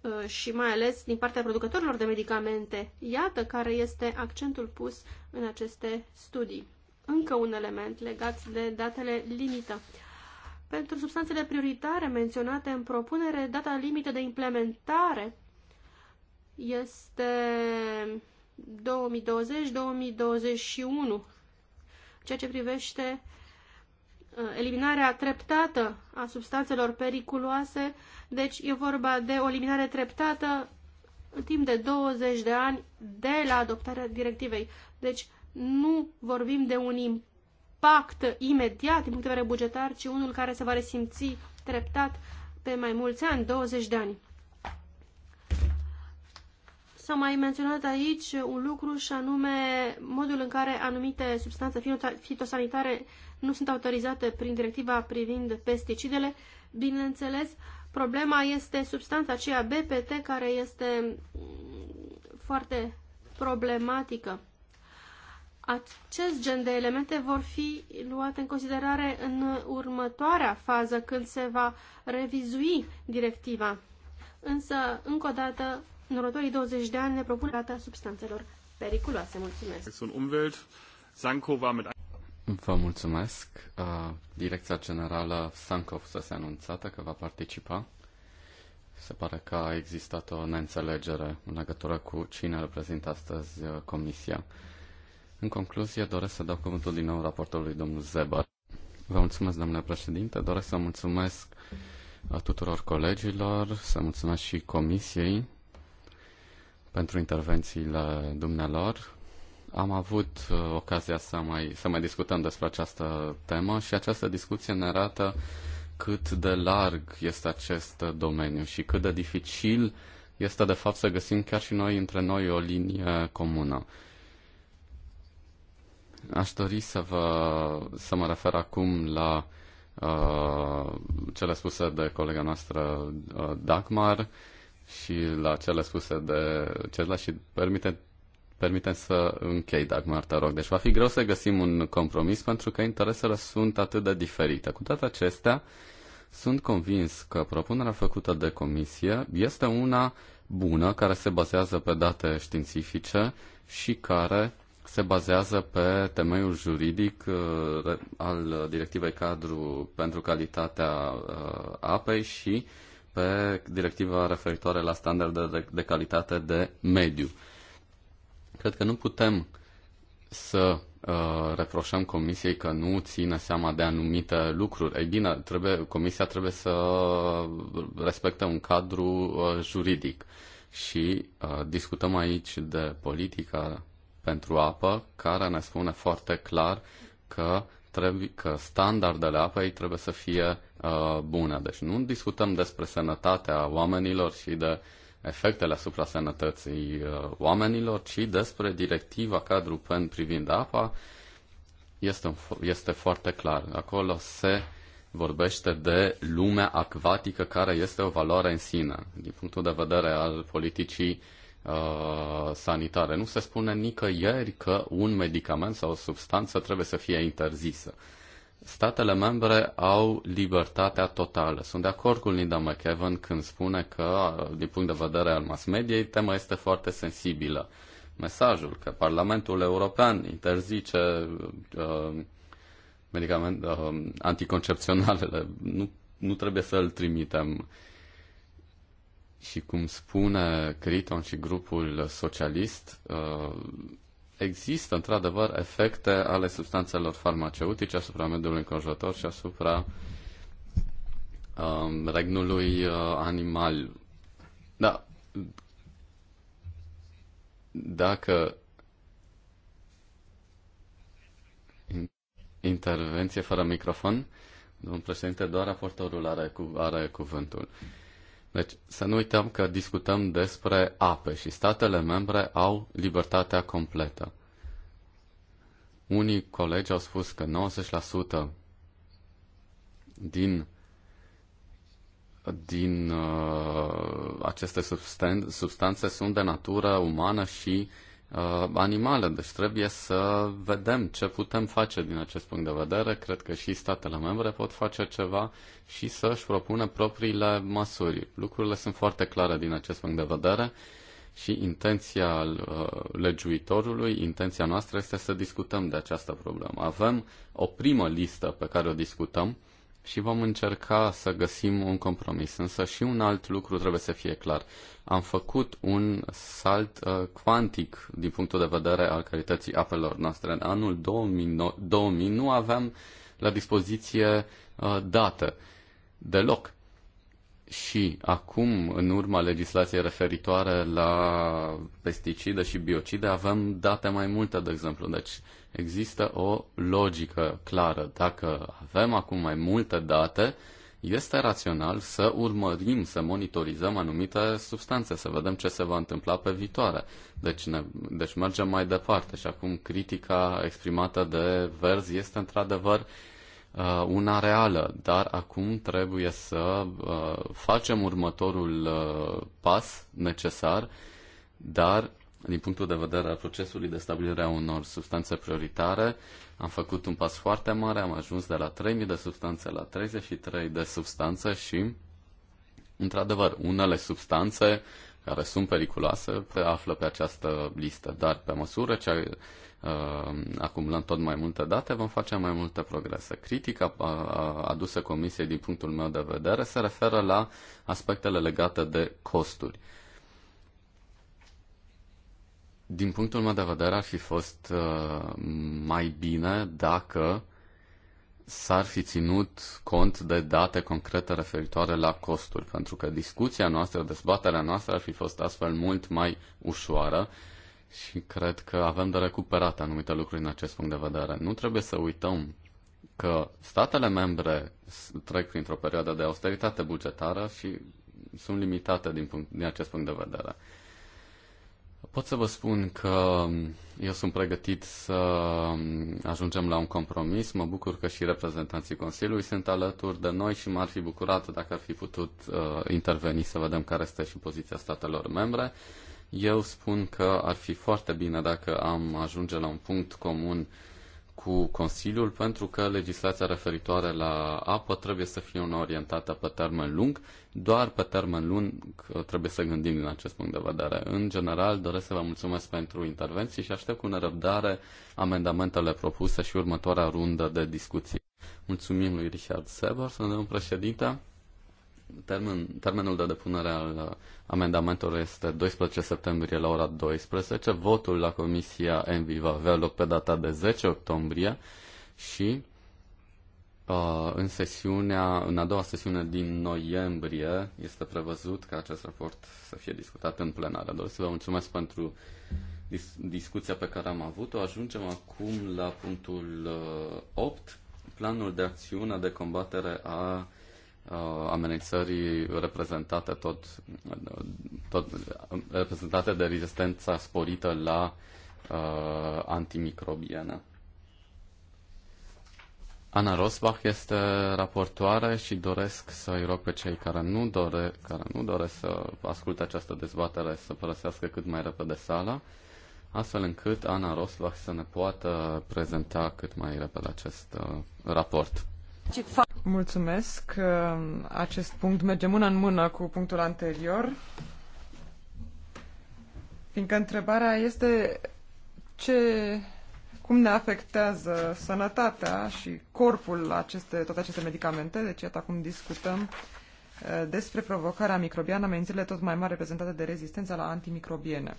uh, și mai ales din partea producătorilor de medicamente. Iată care este accentul pus în aceste studii. Încă un element legat de datele limită. Pentru substanțele prioritare menționate în propunere, data limită de implementare este 2020-2021, ceea ce privește uh, eliminarea treptată a substanțelor periculoase, deci e vorba de o eliminare treptată în timp de 20 de ani de la adoptarea directivei. Deci nu vorbim de un impact imediat din punct de vedere bugetar, ci unul care se va resimți treptat pe mai mulți ani, 20 de ani. S-a mai menționat aici un lucru și anume modul în care anumite substanțe fitosanitare nu sunt autorizate prin directiva privind pesticidele. Bineînțeles, problema este substanța aceea BPT care este mm, foarte problematică. Acest gen de elemente vor fi luate în considerare în următoarea fază când se va revizui directiva. Însă, încă o dată, în următorii 20 de ani ne propun rata substanțelor periculoase. Mulțumesc! Vă mulțumesc! Uh, Direcția Generală Sankov să se anunțată că va participa. Se pare că a existat o neînțelegere în legătură cu cine reprezintă astăzi uh, Comisia. În concluzie, doresc să dau cuvântul din nou raportorului domnul Zebar. Vă mulțumesc, domnule președinte. Doresc să mulțumesc a uh, tuturor colegilor, să mulțumesc și comisiei pentru intervențiile dumnealor. Am avut uh, ocazia să mai, să mai discutăm despre această temă și această discuție ne arată cât de larg este acest domeniu și cât de dificil este de fapt să găsim chiar și noi între noi o linie comună. Aș dori să, vă, să mă refer acum la uh, cele spuse de colega noastră uh, Dagmar. Uh, și la cele spuse de Cezla și permite, permite să închei, dacă mă te rog. Deci va fi greu să găsim un compromis pentru că interesele sunt atât de diferite. Cu toate acestea, sunt convins că propunerea făcută de comisie este una bună, care se bazează pe date științifice și care se bazează pe temeiul juridic uh, al directivei cadru pentru calitatea uh, apei și pe directiva referitoare la standarde de, de calitate de mediu. Cred că nu putem să uh, reproșăm comisiei că nu ține seama de anumite lucruri. Ei bine, trebuie, comisia trebuie să respecte un cadru uh, juridic și uh, discutăm aici de politica pentru apă care ne spune foarte clar că trebuie, că standardele apei trebuie să fie uh, bune. Deci nu discutăm despre sănătatea oamenilor și de efectele asupra sănătății uh, oamenilor, ci despre directiva cadru PEN privind apa. Este, este foarte clar. Acolo se vorbește de lumea acvatică care este o valoare în sine. Din punctul de vedere al politicii uh, Uh, sanitare. Nu se spune nicăieri că un medicament sau o substanță trebuie să fie interzisă. Statele membre au libertatea totală. Sunt de acord cu Linda McEwan când spune că, din punct de vedere al mass mediei, tema este foarte sensibilă. Mesajul că Parlamentul European interzice uh, medicamente uh, anticoncepționalele nu, nu trebuie să îl trimitem uh, și cum spune Criton și grupul socialist, uh, există într-adevăr efecte ale substanțelor farmaceutice asupra mediului înconjurător și asupra um, regnului uh, animal. Da. Dacă intervenție fără microfon, domnul președinte, doar raportorul are, cu, are cuvântul. Uh, deci să nu uităm că discutăm despre ape și statele membre au libertatea completă. Unii colegi au spus că 90% din din uh, aceste substanțe sunt de natură umană și uh, animale, deci trebuie să vedem ce putem face din acest punct de vedere. Cred că și statele membre pot face ceva și să-și propună propriile măsuri. Lucrurile sunt foarte clare din acest punct de vedere și intenția uh, legiuitorului, intenția noastră este să discutăm de această problemă. Avem o primă listă pe care o discutăm și vom încerca să găsim un compromis. Însă și un alt lucru trebuie să fie clar. Am făcut un salt uh, cuantic din punctul de vedere al calității apelor noastre. În anul 2000, 2000 nu aveam la dispoziție uh, date deloc și acum, în urma legislației referitoare la pesticide și biocide, avem date mai multe, de exemplu. Deci există o logică clară. Dacă avem acum mai multe date, este rațional să urmărim, să monitorizăm anumite substanțe, să vedem ce se va întâmpla pe viitoare. Deci, ne, deci mergem mai departe și acum critica exprimată de Verzi este într-adevăr uh, Uh, una reală, dar acum trebuie să uh, facem următorul uh, pas necesar, dar din punctul de vedere al procesului de stabilire a unor substanțe prioritare, am făcut un pas foarte mare, am ajuns de la 3000 de substanțe la 33 de substanțe și, într-adevăr, unele substanțe care sunt periculoase se află pe această listă, dar pe măsură ce Ehm, acumulăm tot mai multe date, vom face mai multe progrese. Critica adusă Comisiei din punctul meu de vedere se referă la aspectele legate de costuri. Din punctul meu de vedere ar fi fost ehm, mai bine dacă s-ar fi ținut cont de date concrete referitoare la costuri, pentru că discuția noastră, dezbaterea noastră ar fi fost astfel mult mai ușoară și cred că avem de recuperat anumite lucruri în acest punct de vedere. Nu trebuie să uităm că statele membre trec printr-o perioadă de austeritate bugetară și sunt limitate din, punct, din acest punct de vedere. Pot să vă spun că eu sunt pregătit să ajungem la un compromis. Mă bucur că și reprezentanții Consiliului sunt alături de noi și m-ar fi bucurat dacă ar fi putut uh, interveni să vedem care este și poziția statelor membre. Uh, eu spun că ar fi foarte bine dacă am ajunge la un punct comun cu Consiliul, pentru că legislația referitoare la apă trebuie să fie una orientată pe termen lung. Doar pe termen lung uh, trebuie să gândim din acest punct de vedere. În general, doresc să vă mulțumesc pentru intervenții și aștept cu nerăbdare amendamentele propuse și următoarea rundă de discuții. Mulțumim lui Richard Seber, să ne președinte. Termen, termenul de depunere al uh, amendamentelor este 12 septembrie la ora 12. Votul la Comisia Envi va avea loc pe data de 10 octombrie și uh, în sesiunea, în a doua sesiune din noiembrie este prevăzut ca acest raport să fie discutat în plenară. Doresc să vă mulțumesc pentru dis- discuția pe care am avut-o. Ajungem acum la punctul uh, 8, planul de acțiune de combatere a Uh, amenințării reprezentate tot, uh, tot reprezentate de rezistența sporită la uh, antimicrobiană. Ana Rosbach este raportoare și doresc să-i rog pe cei care nu, dore, care nu doresc să asculte această dezbatere să părăsească cât mai repede sala, astfel încât Ana Rosbach să ne poată prezenta cât mai repede acest uh, raport. Mulțumesc. Ehm, acest punct merge mână în mână cu punctul anterior. Fiindcă întrebarea este ce, cum ne afectează sănătatea și corpul aceste, toate aceste medicamente. Deci, iată, acum discutăm ehm, despre provocarea microbiană, amenințările tot mai mari reprezentate de rezistența la antimicrobiene.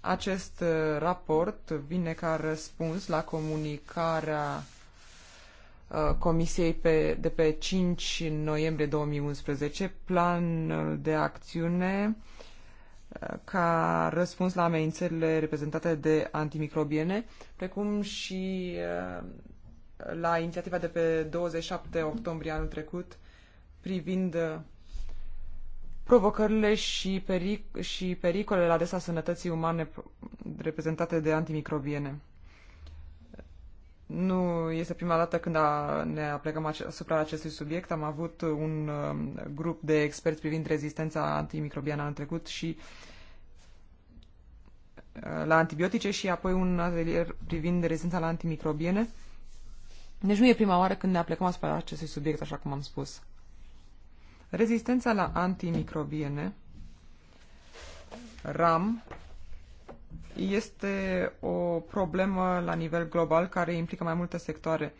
Acest ehm, raport vine ca răspuns la comunicarea Uh, Comisiei pe, de pe 5 noiembrie 2011 planul uh, de acțiune uh, ca răspuns la amenințările reprezentate de antimicrobiene, precum și la inițiativa de pe 27 octombrie anul trecut privind provocările și, peric- și pericolele la adresa sănătății umane reprezentate de antimicrobiene. Nu este prima dată când a, ne aplecăm asupra acestui subiect. Am avut un um, grup de experți privind rezistența antimicrobiană în trecut și uh, la antibiotice și apoi un atelier privind rezistența la antimicrobiene. Deci nu e prima oară când ne aplecăm asupra acestui subiect, așa cum am spus. Rezistența la antimicrobiene, RAM, este o problemă la nivel global care implică mai multe sectoare.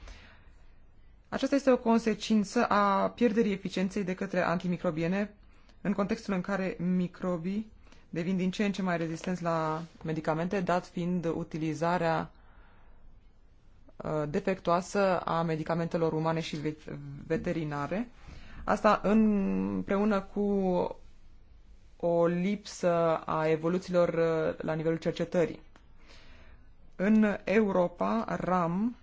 Aceasta este o consecință a pierderii eficienței de către antimicrobiene în contextul în care microbii devin din ce în ce mai rezistenți la medicamente, dat fiind utilizarea uh, defectuoasă a medicamentelor umane și veterinare. Asta împreună cu o lipsă a evoluțiilor uh, la nivelul cercetării. În Europa, RAM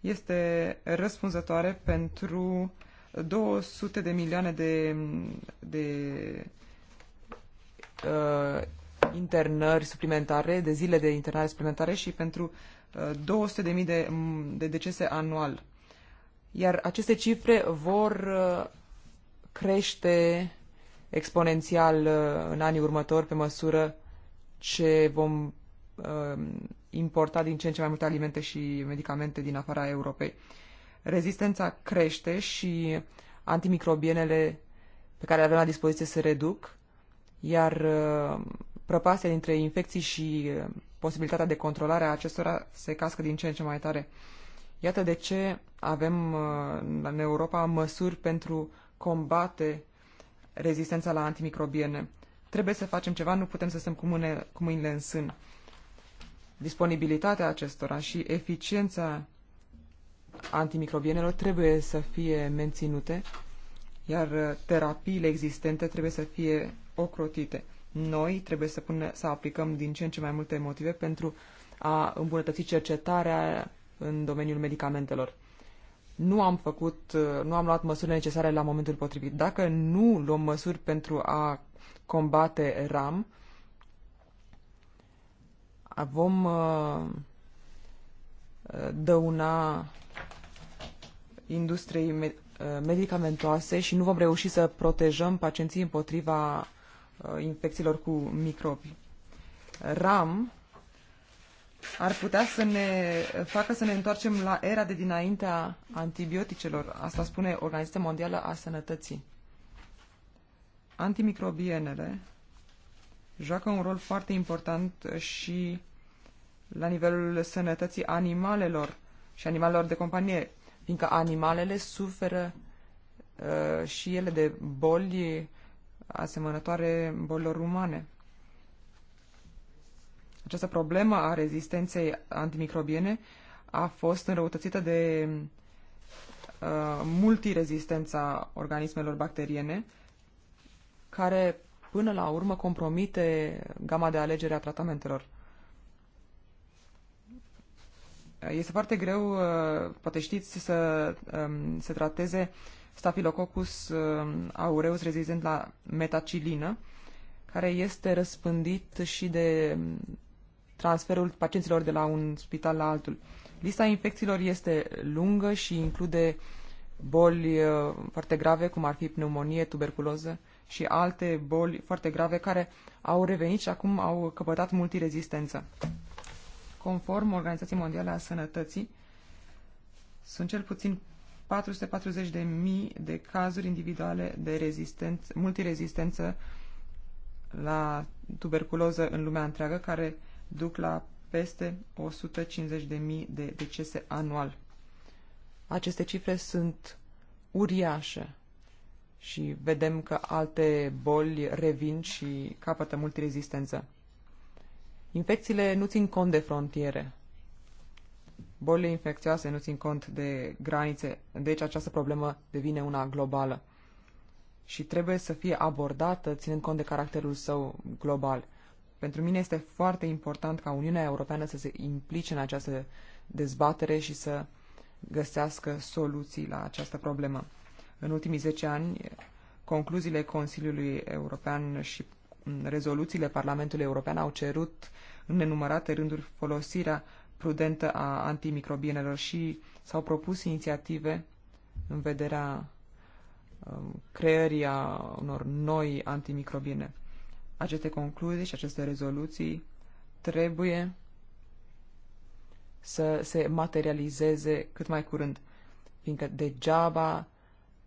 este răspunzătoare pentru 200 de milioane de, de uh, internări suplimentare, de zile de internare suplimentare și pentru uh, mii de, de decese anual. Iar aceste cifre vor uh, crește exponențial uh, în anii următori pe măsură ce vom uh, importa din ce în ce mai multe alimente și medicamente din afara Europei. Rezistența crește și antimicrobienele pe care le avem la dispoziție se reduc, iar uh, prăpastia dintre infecții și posibilitatea de controlare a acestora se cască din ce în ce mai tare. Iată de ce avem în Europa măsuri pentru combate rezistența la antimicrobiene. Trebuie să facem ceva, nu putem să stăm cu, mâne, cu mâinile în sân. Disponibilitatea acestora și eficiența antimicrobienelor trebuie să fie menținute, iar terapiile existente trebuie să fie ocrotite. Noi trebuie să, pune, să aplicăm din ce în ce mai multe motive pentru a îmbunătăți cercetarea în domeniul medicamentelor nu am făcut, uh, nu am luat măsurile necesare la momentul potrivit. Dacă nu luăm măsuri pentru a combate RAM, vom uh, uh, dăuna industriei medicamentoase și nu vom reuși să protejăm pacienții împotriva infecțiilor cu microbi. RAM ar putea să ne facă să ne întoarcem la era de dinaintea antibioticelor. Asta spune Organizația Mondială a Sănătății. Antimicrobienele joacă un rol foarte important și la nivelul sănătății animalelor și animalelor de companie, fiindcă animalele suferă uh, și ele de boli asemănătoare bolilor umane. Această problemă a rezistenței antimicrobiene a fost înrăutățită de uh, multirezistența organismelor bacteriene, care până la urmă compromite gama de alegere a tratamentelor. Este foarte greu, uh, poate știți, să um, se trateze Staphylococcus um, aureus rezistent la metacilină, care este răspândit și de transferul pacienților de la un spital la altul. Lista infecțiilor este lungă și include boli uh, foarte grave, cum ar fi pneumonie, tuberculoză și alte boli foarte grave care au revenit și acum au căpătat multirezistență. Conform Organizației Mondiale a Sănătății, sunt cel puțin 440.000 de, de cazuri individuale de rezistență, multirezistență la tuberculoză în lumea întreagă, care duc la peste 150.000 de decese anual. Aceste cifre sunt uriașe și vedem că alte boli revin și capătă mult rezistență. Infecțiile nu țin cont de frontiere. Bolile infecțioase nu țin cont de granițe, deci această problemă devine una globală și trebuie să fie abordată ținând cont de caracterul său global. Pentru mine este foarte important ca Uniunea Europeană să se implice în această dezbatere și să găsească soluții la această problemă. În ultimii 10 ani, concluziile Consiliului European și rezoluțiile Parlamentului European au cerut în nenumărate rânduri folosirea prudentă a antimicrobienelor și s-au propus inițiative în vederea um, creării a unor noi antimicrobiene. Aceste concluzii și aceste rezoluții trebuie să se materializeze cât mai curând, fiindcă degeaba,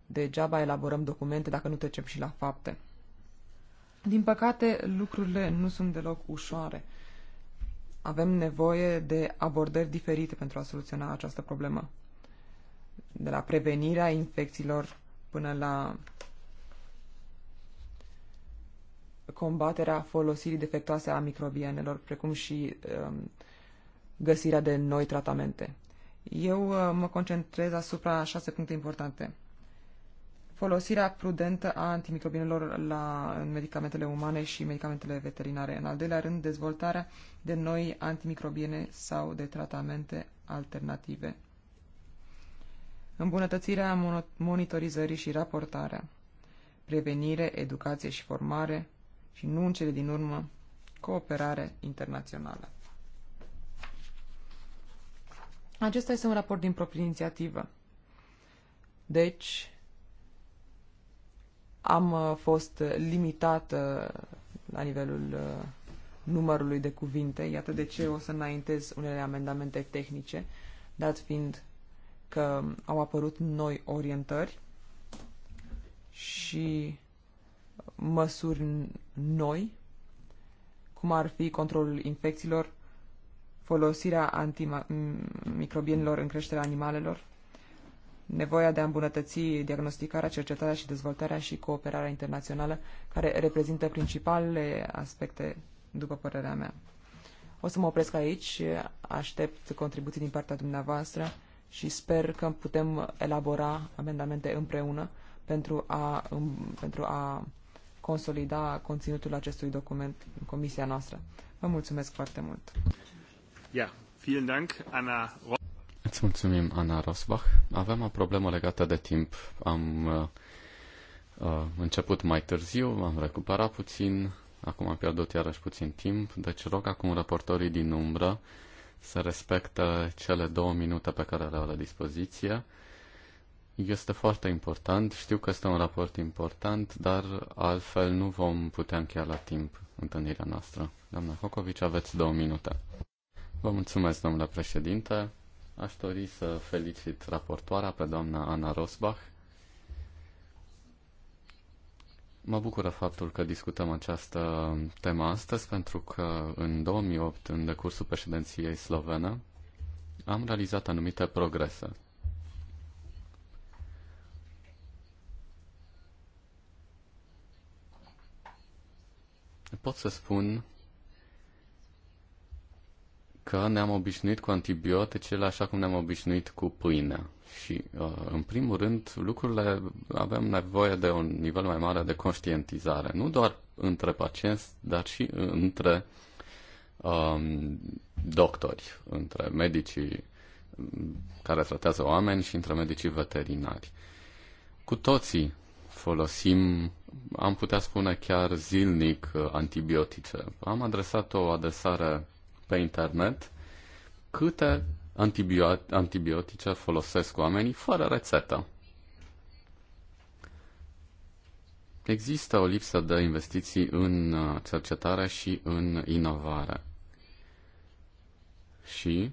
degeaba elaborăm documente dacă nu trecem și la fapte. Din păcate, lucrurile nu sunt deloc ușoare. Avem nevoie de abordări diferite pentru a soluționa această problemă. De la prevenirea infecțiilor până la combaterea folosirii defectoase a microbienelor, precum și um, găsirea de noi tratamente. Eu uh, mă concentrez asupra șase puncte importante. Folosirea prudentă a antimicrobienelor la medicamentele umane și medicamentele veterinare. În al doilea rând, dezvoltarea de noi antimicrobiene sau de tratamente alternative. Îmbunătățirea monitorizării și raportarea. Prevenire, educație și formare și nu în cele din urmă cooperare internațională. Acesta este un raport din proprie inițiativă. Deci, am uh, fost limitată uh, la nivelul uh, numărului de cuvinte. Iată de ce o să înaintez unele amendamente tehnice, dat fiind că au apărut noi orientări și măsuri noi, cum ar fi controlul infecțiilor, folosirea antimicrobienilor în creșterea animalelor, nevoia de a îmbunătăți diagnosticarea, cercetarea și dezvoltarea și cooperarea internațională, care reprezintă principalele aspecte, după părerea mea. O să mă opresc aici, aștept contribuții din partea dumneavoastră și sper că putem elabora amendamente împreună pentru a, pentru a consolida conținutul acestui document în comisia noastră. Vă mulțumesc foarte mult. Ja, vielen Dank, Anna Îți mulțumim, Ana Rosbach. Avem o problemă legată de timp. Am uh, uh, început mai târziu, am recuperat puțin, acum am pierdut iarăși puțin timp, deci rog acum raportorii din umbră să respectă cele două minute pe care le au la dispoziție este foarte important. Știu că este un raport important, dar altfel nu vom putea încheia la timp întâlnirea noastră. Doamna Hocovici, aveți două minute. Vă mulțumesc, domnule președinte. Aș dori să felicit raportoarea pe doamna Ana Rosbach. Mă bucură faptul că discutăm această temă astăzi, pentru că în 2008, în decursul președinției slovene, am realizat anumite progrese pot să spun că ne-am obișnuit cu antibioticele așa cum ne-am obișnuit cu pâinea. Și, uh, în primul rând, lucrurile avem nevoie de un nivel mai mare de conștientizare, nu doar între pacienți, dar și între um, doctori, între medicii care tratează oameni și între medicii veterinari. Cu toții folosim, am putea spune chiar zilnic, uh, antibiotice. Am adresat o adresare pe internet câte antibiotice folosesc oamenii fără rețetă. Există o lipsă de investiții în uh, cercetare și în inovare. Și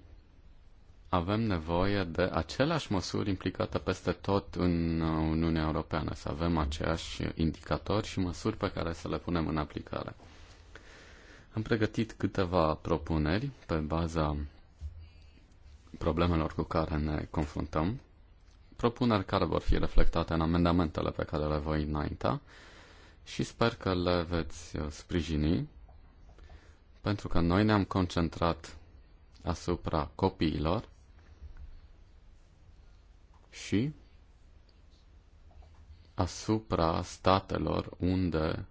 avem nevoie de aceleași măsuri implicate peste tot în uh, Uniunea Europeană, să avem aceiași indicatori și măsuri pe care să le punem în aplicare. Am pregătit câteva propuneri pe baza problemelor cu care ne confruntăm, propuneri care vor fi reflectate în amendamentele pe care le voi înainta și sper că le veți uh, sprijini, pentru că noi ne-am concentrat asupra copiilor și asupra statelor unde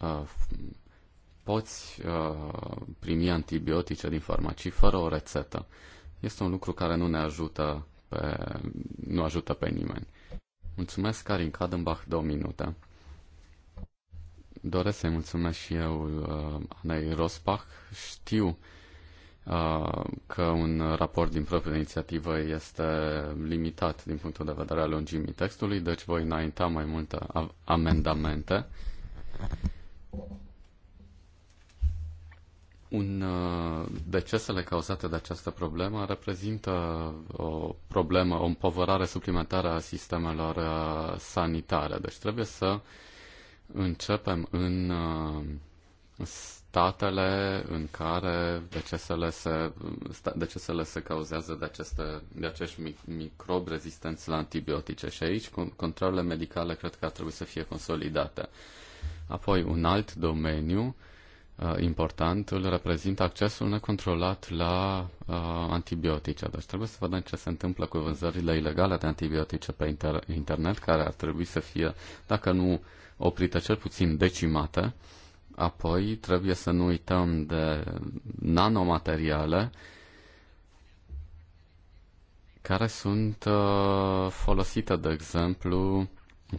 uh, poți uh, primi antibiotice din farmacii fără o rețetă. Este un lucru care nu ne ajută pe, nu ajută pe nimeni. Mulțumesc, Karin Kadenbach, două minute. Doresc să-i mulțumesc și eu uh, Anei Rosbach. Știu Uh, că un raport din proprie inițiativă este limitat din punctul de vedere al lungimii textului, deci voi înainta mai multe amendamente. Un, uh, decesele cauzate de această problemă reprezintă o problemă, o împovărare suplimentară a sistemelor uh, sanitare. Deci trebuie să începem în statele în care decesele se, decesele se cauzează de, aceste, de acești microbi rezistenți la antibiotice. Și aici controlele medicale cred că ar trebui să fie consolidate. Apoi, un alt domeniu uh, important îl reprezintă accesul necontrolat la uh, antibiotice. Deci trebuie să vedem ce se întâmplă cu vânzările ilegale de antibiotice pe inter- internet, care ar trebui să fie, dacă nu oprite, cel puțin decimate. Uh, Apoi trebuie să nu uităm de nanomateriale care sunt uh, folosite, de exemplu,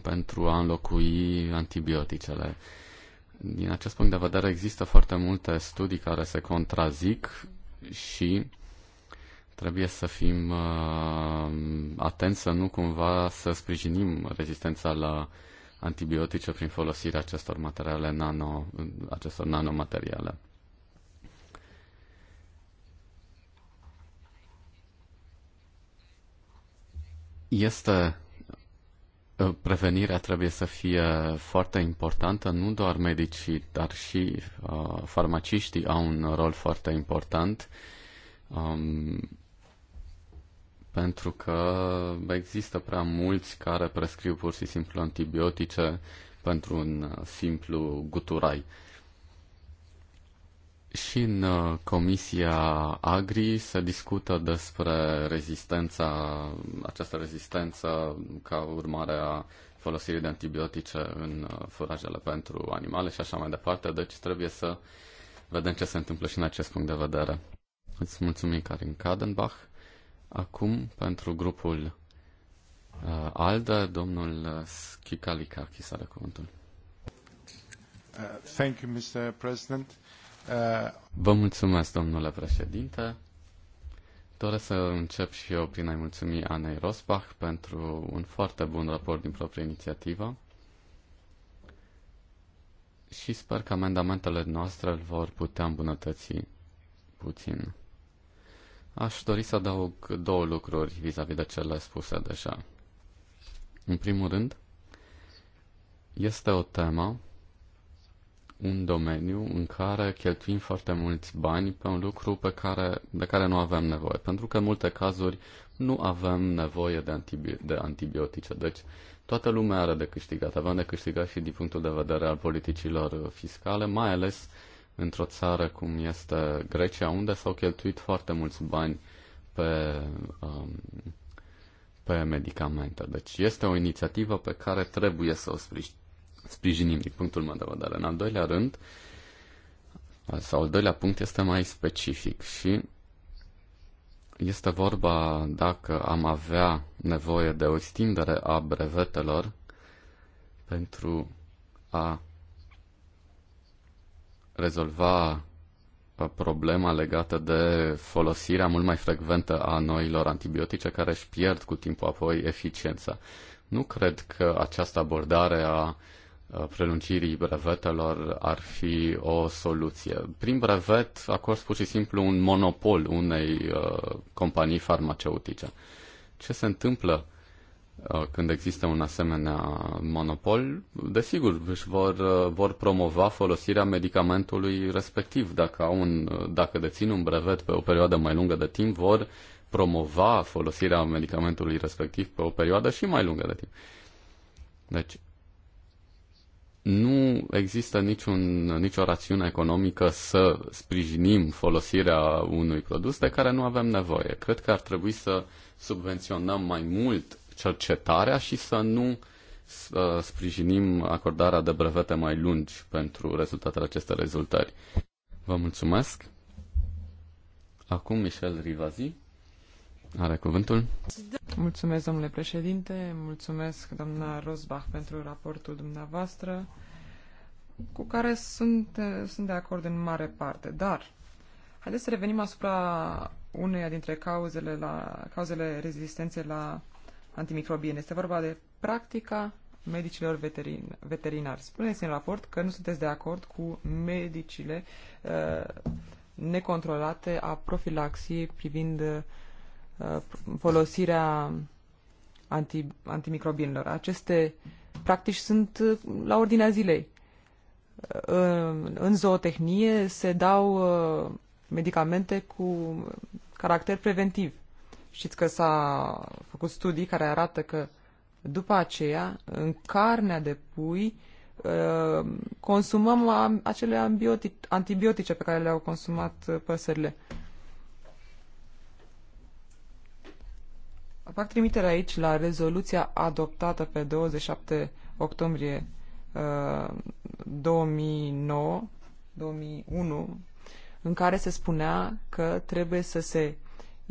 pentru a înlocui antibioticele. Din acest punct de vedere există foarte multe studii care se contrazic și trebuie să fim uh, atenți să nu cumva să sprijinim rezistența la antibiotice prin folosirea acestor materiale nano, acestor nanomateriale. Este ă, prevenirea trebuie să fie foarte importantă, nu doar medicii, dar și uh, farmaciștii au un rol foarte important. Um, pentru că există prea mulți care prescriu pur și simplu antibiotice pentru un uh, simplu guturai. Și în uh, Comisia Agri se discută despre rezistența, această rezistență ca urmare a folosirii de antibiotice în uh, furajele pentru animale și așa mai departe, deci trebuie să vedem ce se întâmplă și în acest punct de vedere. Îți mulțumim, Karin Kadenbach. Acum, pentru grupul uh, ALDA, domnul uh, Skikalikaki are cuvântul. Uh, thank you, Mr. President. Uh... Vă mulțumesc, domnule președinte. Doresc să încep și eu prin a-i mulțumi Anei Rosbach pentru un foarte bun raport din proprie inițiativă și sper că amendamentele noastre îl vor putea îmbunătăți puțin. Aș dori să adaug două lucruri vis-a-vis -vis de cele spuse deja. În primul rând, este o temă, un domeniu în care cheltuim foarte mulți bani pe un lucru pe care, de care nu avem nevoie, pentru că în multe cazuri nu avem nevoie de, antibi- de antibiotice. Deci, toată lumea are de câștigat. Avem de câștigat și din punctul de vedere al politicilor fiscale, mai ales uh, într-o țară cum este Grecia, unde s-au cheltuit foarte mulți bani pe, um, pe medicamente. Deci este o inițiativă pe care trebuie să o sprijinim din punctul meu de vedere. În al doilea rând, sau al doilea punct este mai specific și este vorba dacă am avea nevoie de o extindere a brevetelor pentru a rezolva uh, problema legată de folosirea mult mai frecventă a noilor antibiotice care își pierd cu timpul apoi eficiența. Nu cred că această abordare a uh, prelungirii brevetelor ar fi o soluție. Prin brevet acord pur și simplu un monopol unei uh, companii farmaceutice. Ce se întâmplă Uh, când există un asemenea monopol, desigur, își vor, uh, vor promova folosirea medicamentului respectiv. Dacă, au un, uh, dacă dețin un brevet pe o perioadă mai lungă de timp, vor promova folosirea medicamentului respectiv pe o perioadă și mai lungă de timp. Deci, nu există niciun, nicio rațiune economică să sprijinim folosirea unui produs de care nu avem nevoie. Cred că ar trebui să subvenționăm mai mult cercetarea și să nu să sprijinim acordarea de brevete mai lungi pentru rezultatele acestei rezultări. Vă mulțumesc. Acum Michel Rivazi are cuvântul. Mulțumesc, domnule președinte, mulțumesc, doamna Rosbach, pentru raportul dumneavoastră, cu care sunt, sunt de acord în mare parte, dar haideți să revenim asupra uneia dintre cauzele, la, cauzele rezistenței la antimicrobiene. Este vorba de practica medicilor veterin, veterinari. Spuneți în raport că nu sunteți de acord cu medicile uh, necontrolate a profilaxiei privind uh, folosirea anti, antimicrobienilor. Aceste practici sunt uh, la ordinea zilei. Uh, în zootehnie se dau uh, medicamente cu caracter preventiv. Știți că s-a făcut studii care arată că după aceea, în carnea de pui, uh, consumăm acele antibiotice pe care le-au consumat uh, păsările. Fac trimitere aici la rezoluția adoptată pe 27 octombrie 2009, uh, 2001, în care se spunea că trebuie să se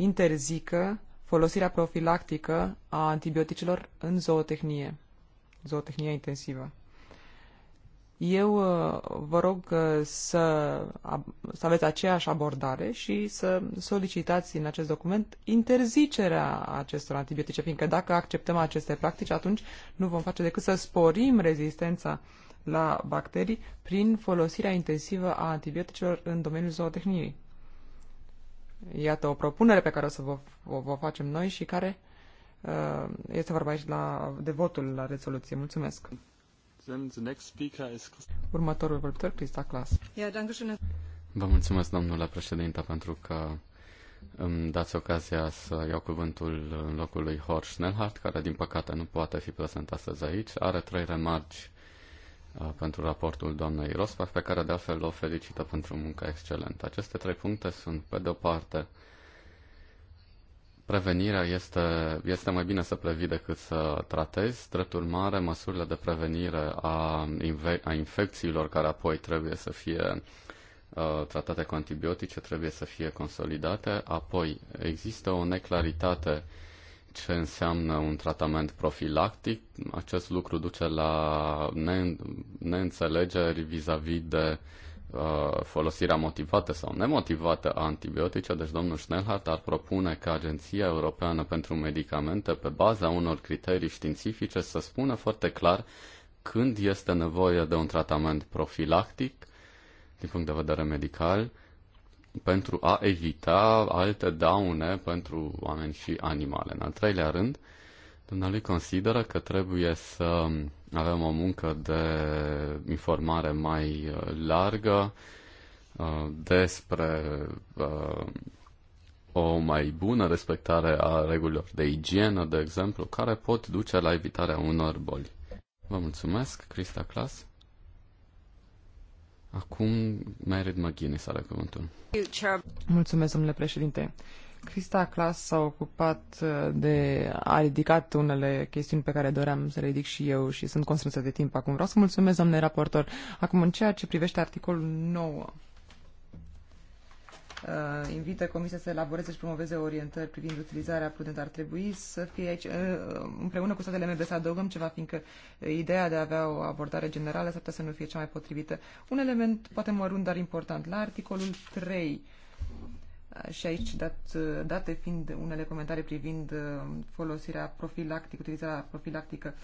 interzică folosirea profilactică a antibioticelor în zootehnie, zootehnia intensivă. Eu uh, vă rog uh, să, să aveți aceeași abordare și să solicitați în acest document interzicerea acestor antibiotice, fiindcă dacă acceptăm aceste practici, atunci nu vom face decât să sporim rezistența la bacterii prin folosirea intensivă a antibioticelor în domeniul zootehniei. Iată o propunere pe care o să vă, o, vă facem noi și care uh, este vorba aici la, de votul la rezoluție. Mulțumesc. Următorul vorbitor, Crista Clas. Da, vă mulțumesc, domnule președinte, pentru că îmi dați ocazia să iau cuvântul în locul lui Horst Schnellhardt, care din păcate nu poate fi prezent astăzi aici. Are trei remarci Uh, pentru raportul doamnei Rosbach, pe care de altfel o felicită pentru munca excelentă. Aceste trei puncte sunt, pe de o parte, prevenirea este, este mai bine să previi decât să tratezi. Drept urmare, măsurile de prevenire a, inve- a infecțiilor care apoi trebuie să fie uh, tratate cu antibiotice trebuie să fie consolidate. Apoi, există o neclaritate uh, ce înseamnă un tratament profilactic. Acest lucru duce la ne- neînțelegeri vis-a-vis de uh, folosirea motivată sau nemotivată a antibiotice. Deci domnul Schnellhardt ar propune ca Agenția Europeană pentru Medicamente, pe baza unor criterii științifice, să spună foarte clar când este nevoie de un tratament profilactic din punct de vedere medical pentru a evita alte daune pentru oameni și animale. În al treilea rând, dumnealui consideră că trebuie să avem o muncă de informare mai uh, largă uh, despre uh, o mai bună respectare a regulilor de igienă, de exemplu, care pot duce la evitarea unor boli. Vă mulțumesc, Crista Clas. Acum mai red McGuinness să cuvântul. Mulțumesc, domnule președinte. Crista Clas s-a ocupat uh, de, a ridicat unele chestiuni pe care doream să le ridic și eu și sunt constrânsă de timp acum. Vreau să mulțumesc, domnule raportor. Acum, în ceea ce privește articolul 9, uh, invită Comisia să elaboreze și promoveze orientări privind utilizarea prudentă. Ar trebui să fie aici, uh, împreună cu statele membre, să adăugăm ceva, fiindcă uh, ideea de a avea o abordare generală s-ar putea să nu fie cea mai potrivită. Un element poate mărunt, dar important. La articolul 3, uh, și aici dat, uh, date fiind unele comentarii privind folosirea profilactică, utilizarea profilactică,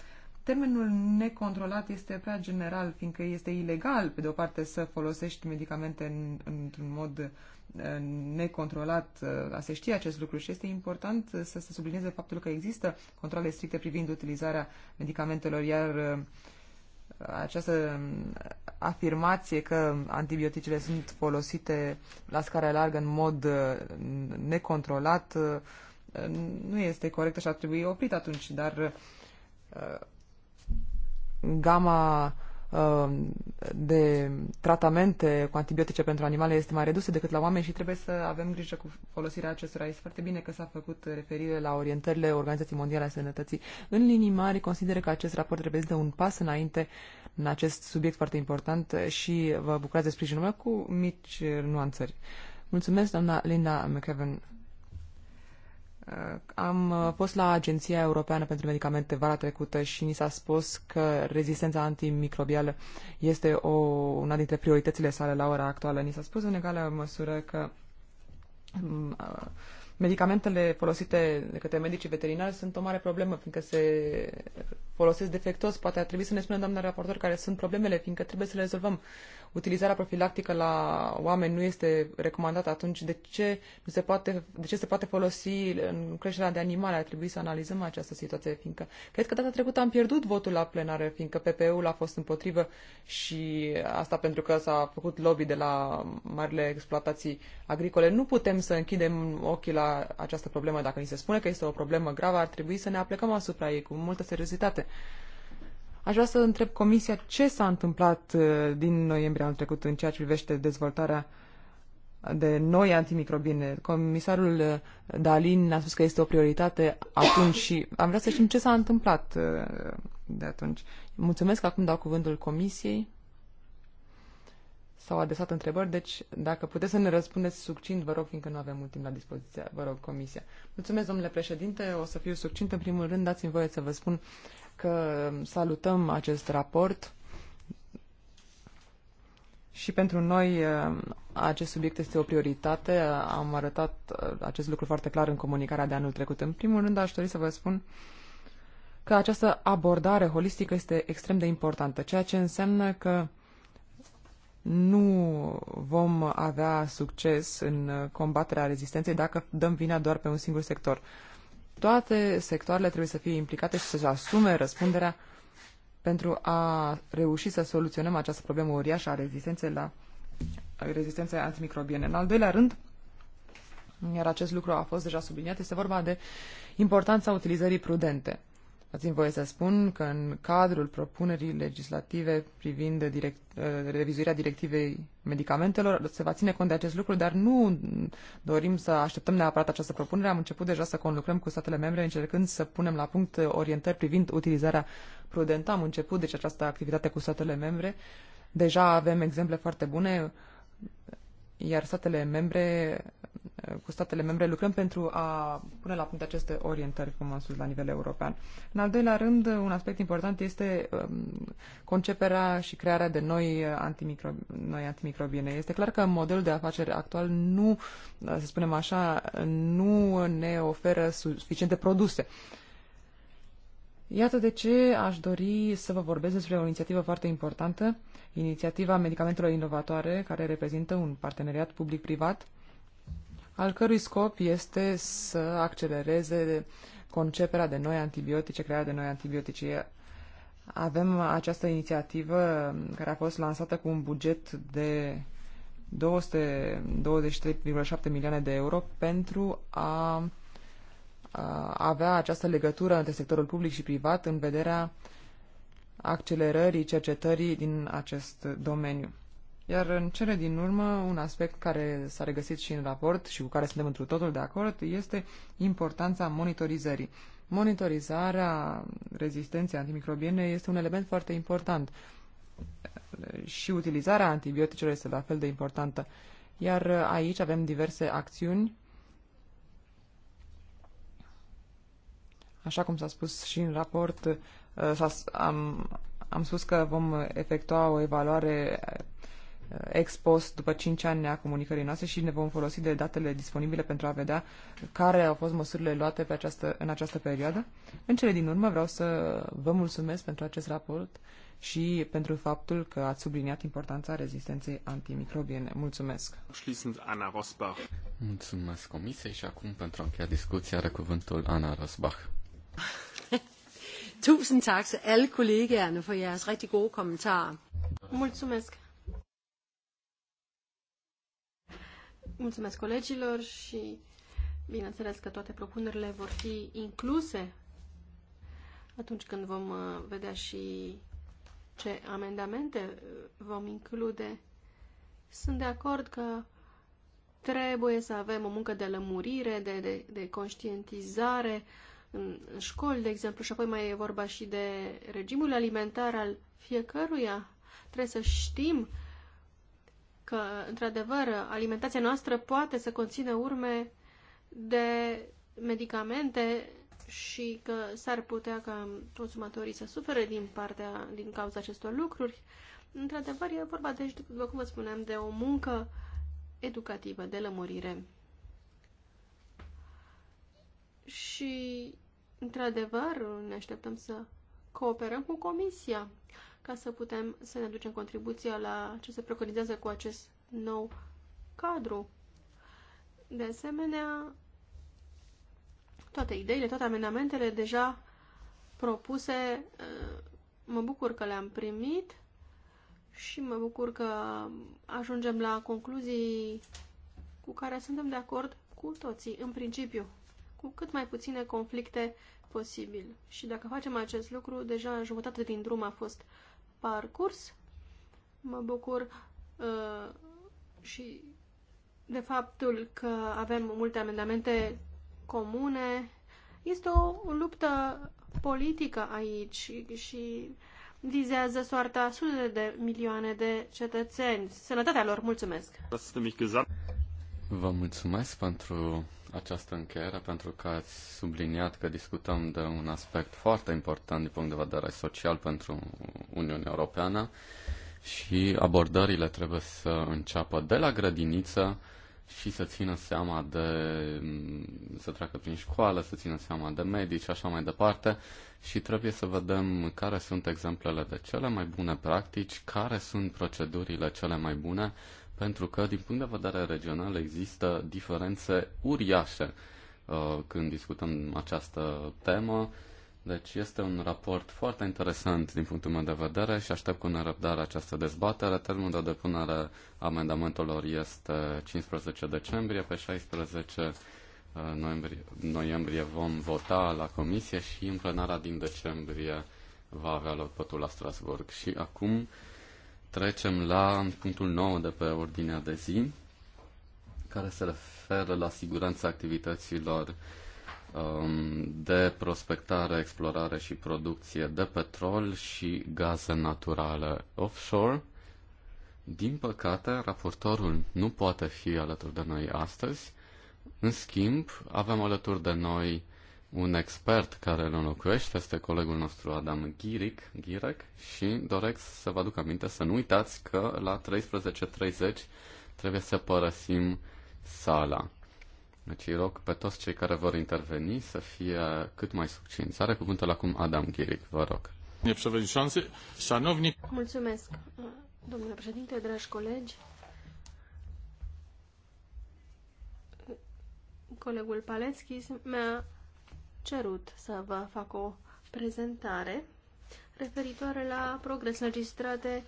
termenul necontrolat este prea general, fiindcă este ilegal, pe de o parte, să folosești medicamente în, într-un mod necontrolat. Uh, a se știe acest lucru și este important uh, să se sublinieze faptul că există controle stricte privind utilizarea medicamentelor, iar uh, această afirmație că antibioticele sunt folosite la scară largă în mod necontrolat nu este corectă și ar trebui oprit atunci, dar gama Uh, de tratamente cu antibiotice pentru animale este mai redusă decât la oameni și trebuie să avem grijă cu folosirea acestora. Este foarte bine că s-a făcut referire la orientările Organizației Mondiale a Sănătății. În linii mari, consider că acest raport reprezintă un pas înainte în acest subiect foarte important și vă bucurați de sprijinul meu cu mici nuanțări. Mulțumesc, doamna Linda McKevin. Uh, am uh, fost la Agenția Europeană pentru Medicamente vara trecută și ni s-a spus că rezistența antimicrobială este o, una dintre prioritățile sale la ora actuală. Ni s-a spus în egală măsură că mm, uh, medicamentele folosite de către medicii veterinari sunt o mare problemă, fiindcă se folosesc defectos. Poate ar trebui să ne spună, doamna raportor, care sunt problemele, fiindcă trebuie să le rezolvăm utilizarea profilactică la oameni nu este recomandată, atunci de ce, nu se poate, de ce se poate folosi în creșterea de animale? Ar trebui să analizăm această situație, fiindcă cred că data trecută am pierdut votul la plenară, fiindcă PPU ul a fost împotrivă și asta pentru că s-a făcut lobby de la marile exploatații agricole. Nu putem să închidem ochii la această problemă. Dacă ni se spune că este o problemă gravă, ar trebui să ne aplecăm asupra ei cu multă seriozitate. Aș vrea să întreb Comisia ce s-a întâmplat uh, din noiembrie anul trecut în ceea ce privește dezvoltarea de noi antimicrobine. Comisarul uh, Dalin a spus că este o prioritate atunci și am vrea să știm ce s-a întâmplat uh, de atunci. Mulțumesc, acum dau cuvântul Comisiei. S-au adresat întrebări, deci dacă puteți să ne răspundeți succint, vă rog, fiindcă nu avem mult timp la dispoziție, vă rog, Comisia. Mulțumesc, domnule președinte, o să fiu succint. În primul rând, dați-mi voie să vă spun uh, că salutăm acest raport și pentru noi uh, acest subiect este o prioritate. Am arătat uh, acest lucru foarte clar în comunicarea de anul trecut. În primul rând, aș dori să vă spun că această abordare holistică este extrem de importantă, ceea ce înseamnă că nu vom avea succes în combaterea rezistenței dacă dăm vina doar pe un singur sector toate sectoarele trebuie să fie implicate și să-și asume răspunderea pentru a reuși să soluționăm această problemă uriașă a rezistenței la rezistenței antimicrobiene. În al doilea rând, iar acest lucru a fost deja subliniat, este vorba de importanța utilizării prudente. Dați-mi voie să spun că în cadrul propunerii legislative privind direct, uh, revizuirea directivei medicamentelor se va ține cont de acest lucru, dar nu dorim să așteptăm neapărat această propunere. Am început deja să conlucrăm cu statele membre încercând să punem la punct orientări privind utilizarea prudentă. Am început deci această activitate cu statele membre. Deja avem exemple foarte bune, iar statele membre cu statele membre lucrăm pentru a pune la punct aceste orientări, cum am spus, la nivel european. În al doilea rând, un aspect important este um, conceperea și crearea de noi, uh, antimicro, noi antimicrobiene. Este clar că modelul de afaceri actual nu, uh, să spunem așa, nu ne oferă suficiente produse. Iată de ce aș dori să vă vorbesc despre o inițiativă foarte importantă, inițiativa medicamentelor inovatoare, care reprezintă un parteneriat public-privat al cărui scop este să accelereze conceperea de noi antibiotice, crearea de noi antibiotice. Avem această inițiativă care a fost lansată cu un buget de 223,7 milioane de euro pentru a, avea această legătură între sectorul public și privat în vederea accelerării cercetării din acest domeniu. Iar în cele din urmă, un aspect care s-a regăsit și în raport și cu care suntem întru totul de acord este importanța monitorizării. Monitorizarea rezistenței antimicrobiene este un element foarte important și utilizarea antibioticelor este la fel de importantă. Iar aici avem diverse acțiuni, așa cum s-a spus și în raport, am, am spus că vom efectua o evaluare Uh, ex post după 5 ani a comunicării noastre și ne vom folosi de datele disponibile pentru a vedea care au fost măsurile luate pe această, în această perioadă. În cele din urmă vreau să vă mulțumesc pentru acest raport și pentru faptul că ați subliniat importanța rezistenței antimicrobiene. Mulțumesc! Ana Rosbach. Mulțumesc Comisiei și acum pentru a încheia discuția are cuvântul Ana Rosbach. (laughs) Tusind tak til alle kollegaerne for jeres rigtig gode kommentarer. Mulțumesc Mulțumesc colegilor și bineînțeles că toate propunerile vor fi incluse atunci când vom uh, vedea și ce amendamente uh, vom include. Sunt de acord că trebuie să avem o muncă de lămurire, de, de, de conștientizare în, în școli, de exemplu, și apoi mai e vorba și de regimul alimentar al fiecăruia. Trebuie să știm uh, că, într-adevăr, alimentația noastră poate să conțină urme de medicamente și că s-ar putea ca consumatorii să sufere din partea, din cauza acestor lucruri. Într-adevăr, e vorba, deci, după cum vă spuneam, de o muncă educativă, de lămurire. Și, într-adevăr, ne așteptăm să cooperăm cu Comisia ca să putem să ne aducem contribuția la ce se preconizează cu acest nou cadru. De asemenea, toate ideile, toate amendamentele deja propuse, uh, mă bucur că le-am primit și mă bucur că ajungem la concluzii cu care suntem de acord cu toții, în principiu, cu cât mai puține conflicte posibil. Și dacă facem acest lucru, deja jumătate din drum a fost parcurs. Mă bucur uh, și de faptul că avem multe amendamente comune. Este o luptă politică aici și vizează soarta sute de milioane de cetățeni. Sănătatea lor, mulțumesc! Vă mulțumesc pentru această încheiere pentru că ați subliniat că discutăm de un aspect foarte important din punct de vedere social pentru Uniunea Europeană și abordările trebuie să înceapă de la grădiniță și să țină seama de, să treacă prin școală, să țină seama de medici și așa mai departe și trebuie să vedem care sunt exemplele de cele mai bune practici, care sunt procedurile cele mai bune pentru că, din punct de vedere regional, există diferențe uriașe uh, când discutăm această temă. Deci este un raport foarte interesant din punctul meu de vedere și aștept cu nerăbdare această dezbatere. Termenul de depunere amendamentelor este 15 decembrie, pe 16 uh, noiembrie, noiembrie vom vota la comisie și în plenara din decembrie va avea loc pătul la Strasburg. Și acum trecem la punctul 9 de pe ordinea de zi, care se referă la siguranța activităților um, de prospectare, explorare și producție de petrol și gaze naturale offshore. Din păcate, raportorul nu poate fi alături de noi astăzi. În schimb, avem alături de noi un expert care îl înlocuiește este colegul nostru Adam Ghiric, Ghirec și doresc să vă aduc aminte să nu uitați că la 13.30 trebuie să părăsim sala. Deci îi rog pe toți cei care vor interveni să fie cât mai succinți. Are cuvântul acum Adam Ghiric, vă rog. Mulțumesc, domnule președinte, dragi colegi. Colegul Palenski mi-a cerut să vă fac o prezentare referitoare la progres înregistrate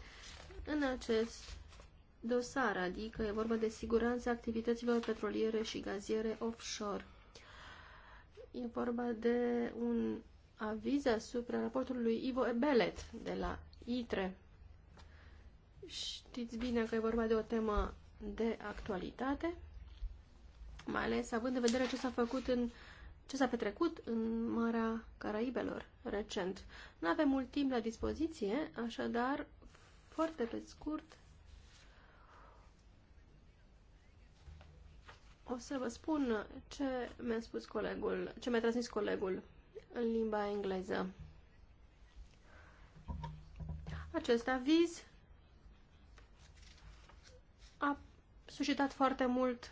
în acest dosar, adică e vorba de siguranța activităților petroliere și gaziere offshore. E vorba de un aviz asupra raportului Ivo Ebelet de la ITRE. Știți bine că e vorba de o temă de actualitate, mai ales având în vedere ce s-a făcut în ce s-a petrecut în Marea Caraibelor recent. Nu avem mult timp la dispoziție, așadar, foarte pe scurt, o să vă spun ce mi-a spus colegul, ce mi-a transmis colegul în limba engleză. Acest aviz a suscitat foarte mult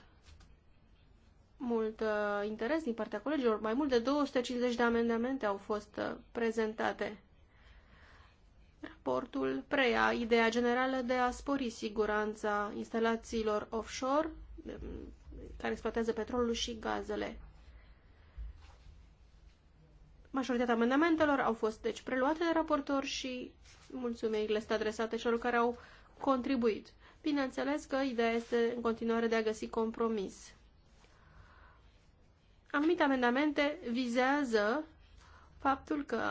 mult uh, interes din partea colegilor. Mai mult de 250 de amendamente au fost uh, prezentate. Raportul preia ideea generală de a spori siguranța instalațiilor offshore um, care exploatează petrolul și gazele. Majoritatea amendamentelor au fost deci preluate de raportor și mulțumiri le sunt adresate celor care au contribuit. Bineînțeles că ideea este în continuare de a găsi compromis. Anumite amendamente vizează faptul că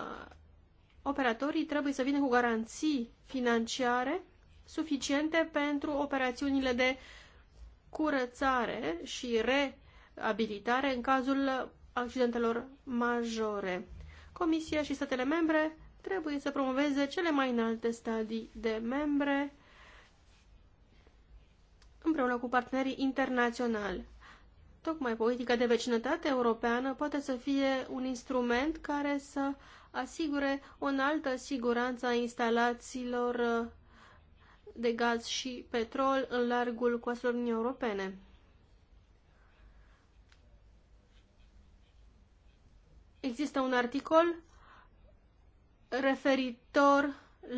operatorii trebuie să vină cu garanții financiare suficiente pentru operațiunile de curățare și reabilitare în cazul accidentelor majore. Comisia și statele membre trebuie să promoveze cele mai înalte stadii de membre împreună cu partenerii internaționali. Tocmai politica de vecinătate europeană poate să fie un instrument care să asigure o înaltă siguranță a instalațiilor uh, de gaz și petrol în largul coastelor Uniunii Europene. Există un articol referitor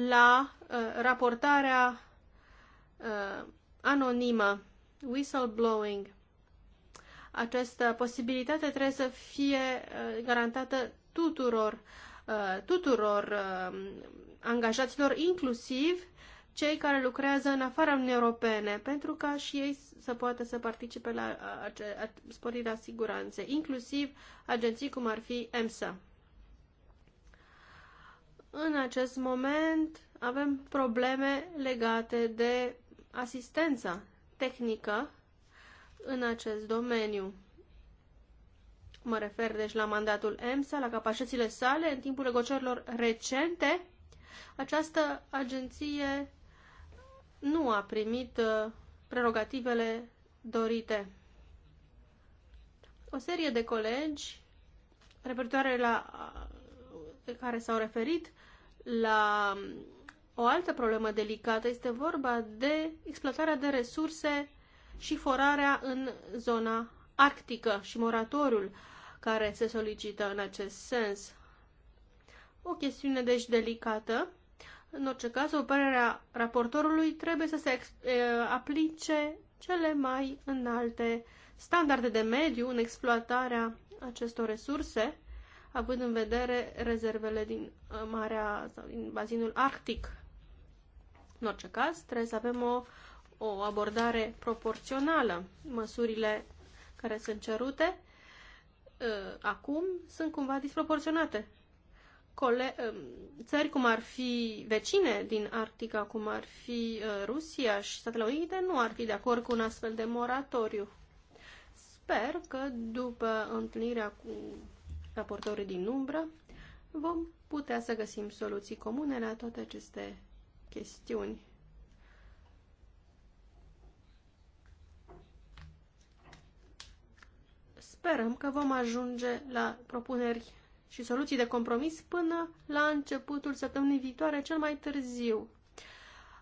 la uh, raportarea uh, anonimă, whistleblowing. Această posibilitate trebuie să fie uh, garantată tuturor, uh, tuturor uh, angajaților, inclusiv cei care lucrează în afara Uniunii Europene, pentru ca și ei să poată să participe la sporirea siguranței, inclusiv agenții cum ar fi EMSA. În acest moment avem probleme legate de asistența tehnică în acest domeniu. Mă refer deci la mandatul EMSA, la capacitățile sale. În timpul negocierilor recente, această agenție nu a primit uh, prerogativele dorite. O serie de colegi referitoare la uh, care s-au referit la um, o altă problemă delicată este vorba de exploatarea de resurse și forarea în zona arctică și moratoriul care se solicită în acest sens. O chestiune deci delicată. În orice caz, opererea raportorului trebuie să se aplice cele mai înalte standarde de mediu în exploatarea acestor resurse, având în vedere rezervele din uh, marea sau din bazinul arctic. În orice caz, trebuie să avem o uh, o abordare proporțională. Măsurile care sunt cerute ă, acum sunt cumva disproporționate. Cole- ă, țări cum ar fi vecine din Arctica, cum ar fi ă, Rusia și Statele Unite, nu ar fi de acord cu un astfel de moratoriu. Sper că după întâlnirea cu raportorii din umbră vom putea să găsim soluții comune la toate aceste chestiuni. sperăm că vom ajunge la propuneri și soluții de compromis până la începutul săptămânii viitoare, cel mai târziu.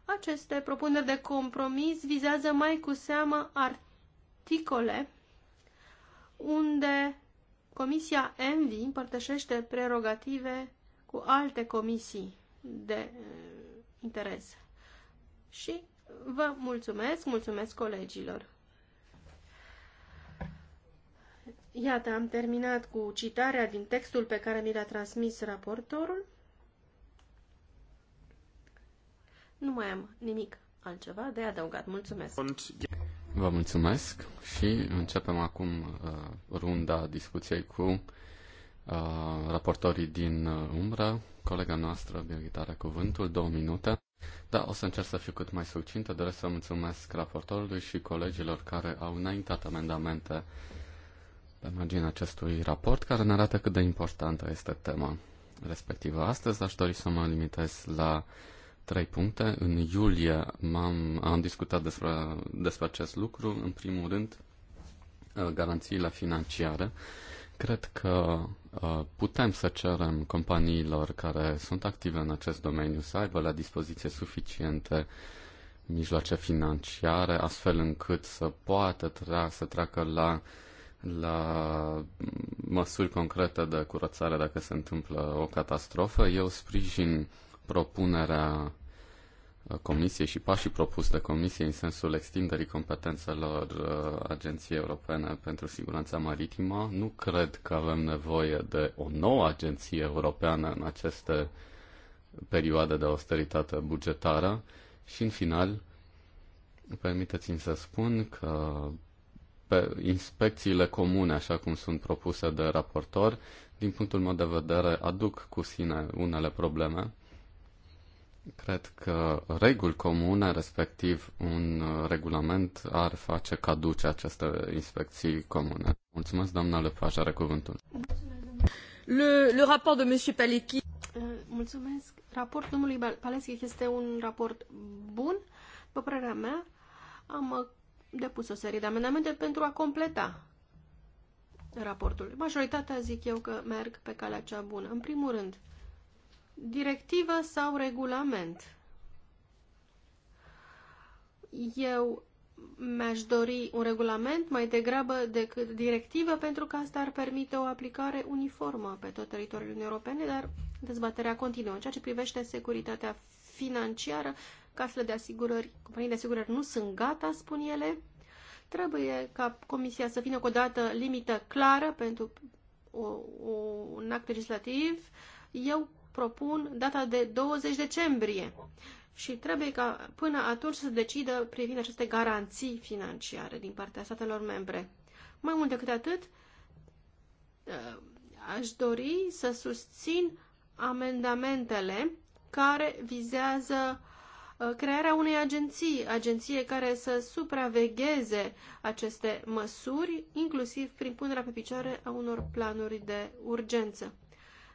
Aceste propuneri de compromis vizează mai cu seamă articole unde Comisia ENVI împărtășește prerogative cu alte comisii de eh, interes. Și vă mulțumesc, mulțumesc colegilor. Iată, am terminat cu citarea din textul pe care mi l-a transmis raportorul. Nu mai am nimic altceva de adăugat. Mulțumesc! Vă mulțumesc și începem acum uh, runda discuției cu uh, raportorii din uh, umbră. Colega noastră, Birgitare cuvântul, două minute. Da, o să încerc să fiu cât mai succintă, doresc să mulțumesc raportorului și colegilor care au înaintat amendamente marginea acestui raport care ne arată cât de importantă este tema respectivă. Astăzi aș dori să mă limitez la trei puncte. În iulie m-am, am discutat despre, despre acest lucru. În primul rând, uh, garanțiile financiare. Cred că uh, putem să cerem companiilor care sunt active în acest domeniu să aibă la dispoziție suficiente mijloace financiare, astfel încât să poată tra- să treacă la uh, la măsuri concrete de curățare dacă se întâmplă o catastrofă. Eu sprijin propunerea Comisiei și pașii propuși de Comisie în sensul extinderii competențelor uh, Agenției Europene pentru Siguranța Maritimă. Nu cred că avem nevoie de o nouă agenție europeană în aceste perioade de austeritate bugetară și, în final, permiteți-mi să spun că pe inspecțiile comune, așa cum sunt propuse de raportor, din punctul meu de vedere, aduc cu sine unele probleme. Cred că reguli comune, respectiv un regulament, ar face caduce aceste inspecții comune. Mulțumesc, doamna Lepaș, are cuvântul. Le, le raport de Monsieur Palechi. Eh, mulțumesc. Raportul domnului Palechi este un raport bun, după părerea mea. Am depus o serie de amendamente pentru a completa raportul. Majoritatea zic eu că merg pe calea cea bună. În primul rând, directivă sau regulament? Eu mi-aș dori un regulament mai degrabă decât directivă, pentru că asta ar permite o aplicare uniformă pe tot teritoriul Uniunii Europene, dar dezbaterea continuă. În ceea ce privește securitatea financiară, casele de asigurări, companiile de asigurări nu sunt gata, spun ele. Trebuie ca Comisia să vină cu o dată limită clară pentru o, o, un act legislativ. Eu propun data de 20 decembrie și trebuie ca până atunci să decidă privind aceste garanții financiare din partea statelor membre. Mai mult decât atât, ă, aș dori să susțin amendamentele care vizează Uh, crearea unei agenții, agenție care să supravegheze aceste măsuri, inclusiv prin punerea pe picioare a unor planuri de urgență.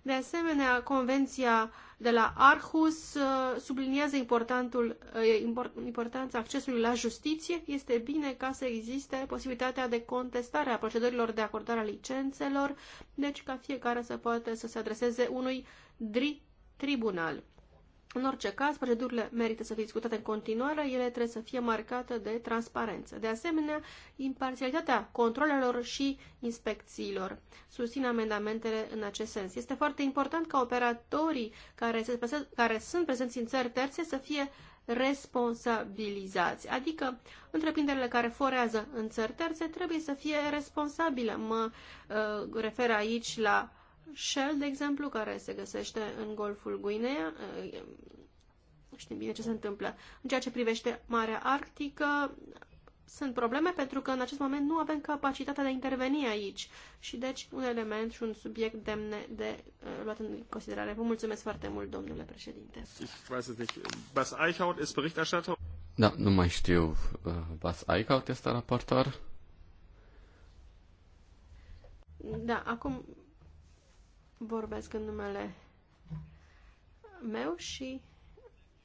De asemenea, Convenția de la Arhus uh, subliniază importantul, uh, importanța accesului la justiție. Este bine ca să existe posibilitatea de contestare a procedurilor de acordare a licențelor, deci ca fiecare să poată să se adreseze unui tribunal. În orice caz, procedurile merită să fie discutate în continuare, ele trebuie să fie marcate de transparență. De asemenea, imparțialitatea controlelor și inspecțiilor. Susțin amendamentele în acest sens. Este foarte important ca operatorii care, se, care sunt prezenți în țări terțe să fie responsabilizați. Adică, întreprinderile care forează în țări terțe trebuie să fie responsabile. Mă uh, refer aici la Shell, de exemplu, care se găsește în Golful Guinea, știm bine ce se întâmplă. În ceea ce privește Marea Arctică, sunt probleme pentru că în acest moment nu avem capacitatea de a interveni aici și deci un element și un subiect demne de uh, luat în considerare. Vă mulțumesc foarte mult, domnule președinte. Bas este Berichterstatter. Da, nu mai știu. Uh, Bas Eichhout este raportor? Da, acum vorbesc în numele meu și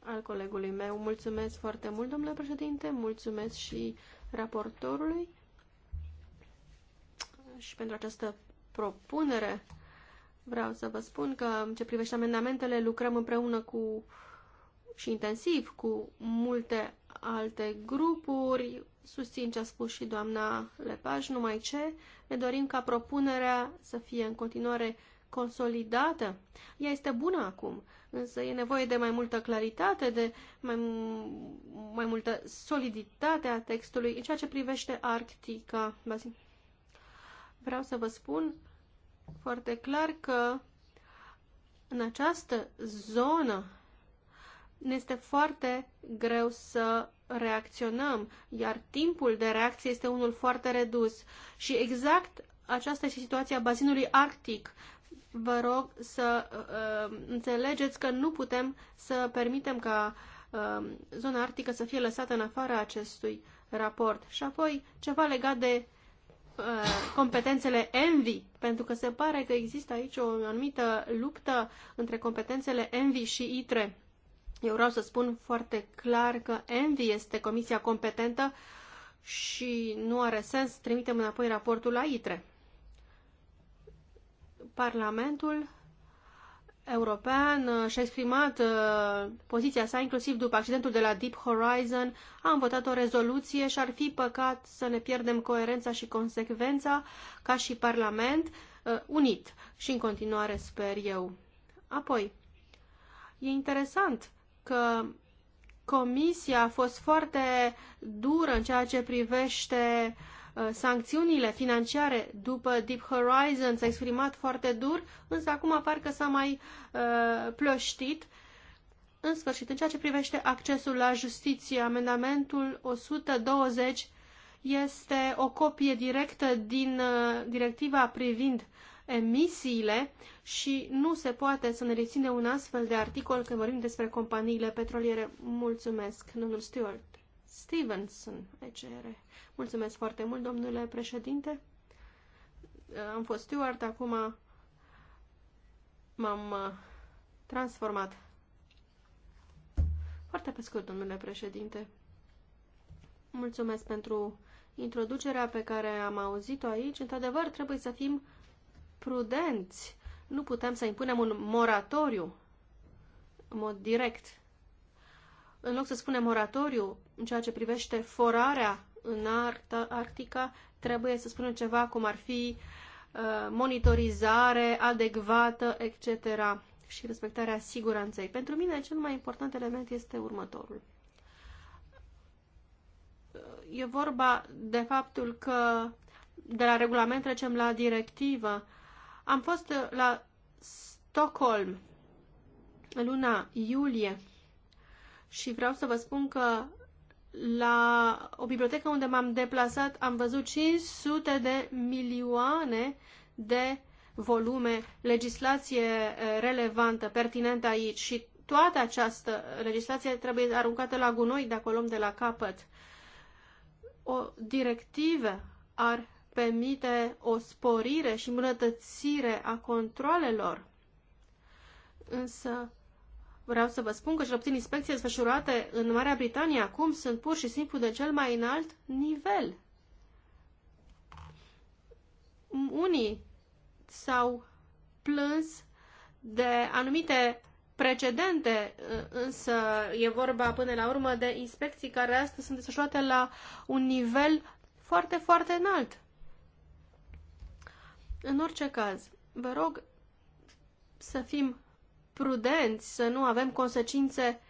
al colegului meu. Mulțumesc foarte mult, domnule președinte, mulțumesc și raportorului și pentru această propunere. Vreau să vă spun că, în ce privește amendamentele, lucrăm împreună cu și intensiv cu multe alte grupuri. Susțin ce a spus și doamna Lepaj, numai ce. Ne dorim ca propunerea să fie în continuare consolidată. Ea este bună acum, însă e nevoie de mai multă claritate, de mai, mai multă soliditate a textului în ceea ce privește Arctica. Vreau să vă spun foarte clar că în această zonă ne este foarte greu să reacționăm, iar timpul de reacție este unul foarte redus. Și exact aceasta este situația bazinului arctic vă rog să uh, uh, înțelegeți că nu putem să permitem ca uh, zona arctică să fie lăsată în afara acestui raport. Și apoi ceva legat de uh, competențele ENVI, pentru că se pare că există aici o anumită luptă între competențele ENVI și ITRE. Eu vreau să spun foarte clar că ENVI este comisia competentă și nu are sens trimitem înapoi raportul la ITRE. Parlamentul European uh, și-a exprimat uh, poziția sa inclusiv după accidentul de la Deep Horizon, am votat o rezoluție și ar fi păcat să ne pierdem coerența și consecvența ca și Parlament uh, unit și în continuare sper eu. Apoi, e interesant că Comisia a fost foarte dură în ceea ce privește uh, Uh, sancțiunile financiare după Deep Horizon, s-a exprimat foarte dur, însă acum apar că s-a mai uh, plăștit. În sfârșit, în ceea ce privește accesul la justiție, amendamentul 120 este o copie directă din uh, directiva privind emisiile și nu se poate să ne reține un astfel de articol când vorbim despre companiile petroliere. Mulțumesc, domnul Stewart. Stevenson, ECR. Mulțumesc foarte mult, domnule președinte. Am fost steward, acum m-am uh, transformat. Foarte pe scurt, domnule președinte. Mulțumesc pentru introducerea pe care am auzit-o aici. Într-adevăr, trebuie să fim prudenți. Nu putem să impunem un moratoriu în mod direct în loc să spunem moratoriu în ceea ce privește forarea în Arctica, trebuie să spunem ceva cum ar fi uh, monitorizare adecvată, etc. și respectarea siguranței. Pentru mine cel mai important element este următorul. E vorba de faptul că de la regulament trecem la directivă. Am fost la Stockholm luna iulie și vreau să vă spun că la o bibliotecă unde m-am deplasat am văzut 500 de milioane de volume, legislație eh, relevantă, pertinentă aici și toată această legislație trebuie aruncată la gunoi dacă o luăm de la capăt. O directivă ar permite o sporire și îmbunătățire a controlelor, însă Vreau să vă spun că cel puțin inspecții desfășurate în Marea Britanie acum sunt pur și simplu de cel mai înalt nivel. Unii s-au plâns de anumite precedente, însă e vorba până la urmă de inspecții care astăzi sunt desfășurate la un nivel foarte, foarte înalt. În orice caz, vă rog să fim prudenți, să nu avem consecințe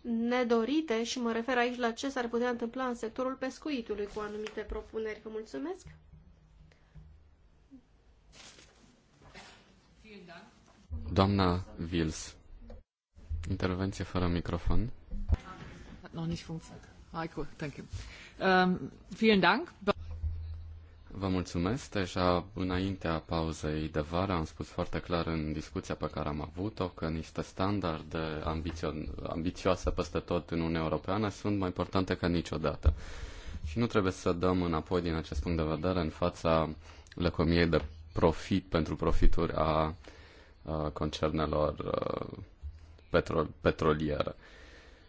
nedorite și mă refer aici la ce s-ar putea întâmpla în sectorul pescuitului cu anumite propuneri. Vă mulțumesc! Doamna Vils, intervenție fără microfon. Nu nici funcție. Hai, ah, cool, thank you. Um, vielen Dank. Vă mulțumesc. Deja înaintea pauzei de vară am spus foarte clar în discuția pe care am avut-o că niște standarde ambițio- ambițioase peste tot în Uniunea Europeană sunt mai importante ca niciodată. Și nu trebuie să dăm înapoi din acest punct de vedere în fața lăcomiei de profit pentru profituri a, a concernelor a, petro- petroliere.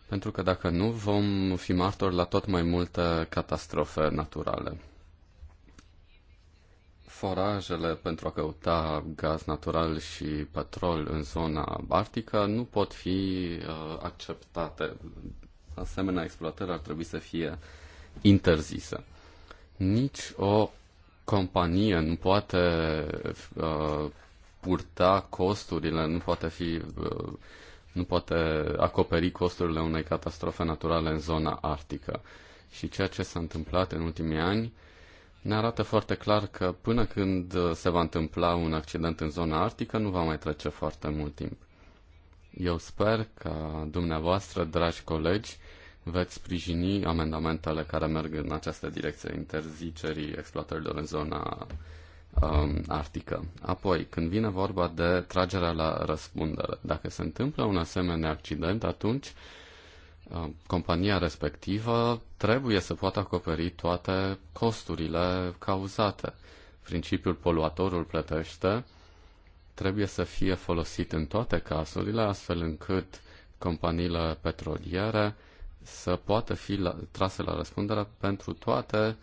Pentru că dacă nu, vom fi martori la tot mai multe catastrofe naturale forajele pentru a căuta gaz natural și petrol în zona arctică nu pot fi uh, acceptate. Asemenea, exploatări ar trebui să fie interzise. Nici o companie nu poate uh, purta costurile, nu poate fi uh, nu poate acoperi costurile unei catastrofe naturale în zona arctică. Și ceea ce s-a întâmplat în ultimii ani uh, ne arată foarte clar că până când uh, se va întâmpla un accident în zona arctică, nu va mai trece foarte mult timp. Eu sper că dumneavoastră, dragi colegi, veți sprijini amendamentele care merg în această direcție, interzicerii exploatărilor în zona um, arctică. Apoi, când vine vorba de tragerea la răspundere, dacă se întâmplă un asemenea accident, atunci uh, Uh, compania respectivă trebuie să poată acoperi toate costurile cauzate. Principiul poluatorul plătește trebuie să fie folosit în toate cazurile, astfel încât companiile petroliere să poată fi la, trase la răspundere pentru toate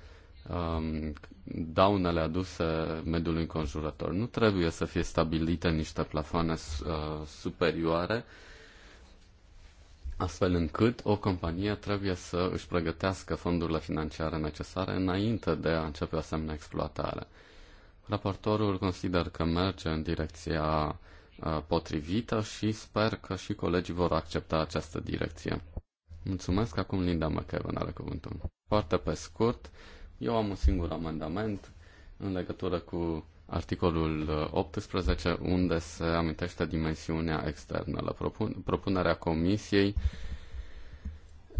um, daunele aduse mediului înconjurător. Nu trebuie să fie stabilite niște plafoane uh, superioare uh, astfel încât o companie trebuie să își pregătească fondurile financiare necesare înainte de a începe o asemenea exploatare. Raportorul consider că merge în direcția uh, potrivită și sper că și colegii vor accepta această direcție. Mulțumesc, acum Linda McEwan are cuvântul. Foarte pe scurt, eu am un singur amendament în legătură cu articolul 18, uh, unde se amintește dimensiunea externă. La propun- propunerea Comisiei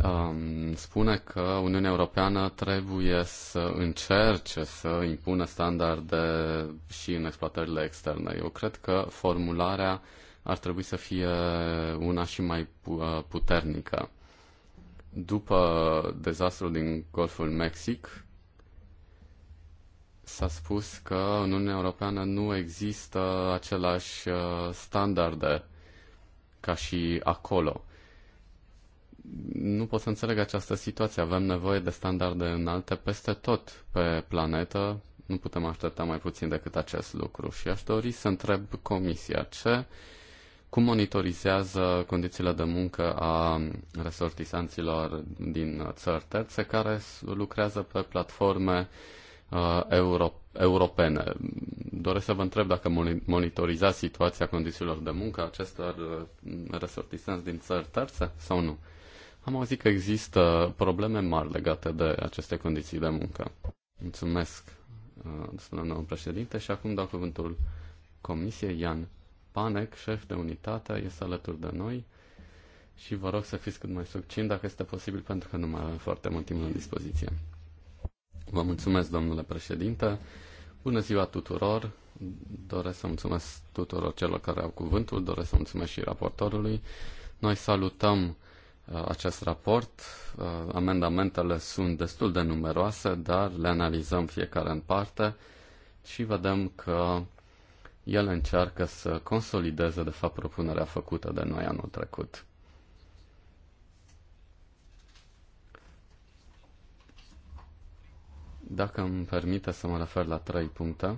um, spune că Uniunea Europeană trebuie să încerce să impună standarde și în exploatările externe. Eu cred că formularea ar trebui să fie una și mai uh, puternică. După dezastrul din Golful Mexic, S-a spus că în Uniunea Europeană nu există același uh, standarde ca și acolo. Nu pot să înțeleg această situație. Avem nevoie de standarde înalte peste tot pe planetă. Nu putem aștepta mai puțin decât acest lucru. Și aș dori să întreb Comisia ce, cum monitorizează condițiile de muncă a resortisanților din țări terțe care lucrează pe platforme uh, uh, euro, europene. Doresc să vă întreb dacă monitorizați situația condițiilor de muncă acestor uh, resortisanți din țări terțe sau nu. Am auzit că există probleme mari legate de aceste condiții de muncă. Mulțumesc, uh, spune domnul președinte, și acum dau cuvântul Comisiei Ian Panec, șef de unitate, este alături de noi și vă rog să fiți cât mai succint dacă este posibil, pentru că nu mai avem foarte mult timp la dispoziție. Vă mulțumesc, domnule președinte. Bună ziua tuturor. Doresc să mulțumesc tuturor celor care au cuvântul, doresc să mulțumesc și raportorului. Noi salutăm uh, acest raport. Uh, amendamentele sunt destul de numeroase, dar le analizăm fiecare în parte și vedem că el încearcă să consolideze, de fapt, propunerea făcută de noi anul trecut. Dacă îmi permite să mă refer la trei puncte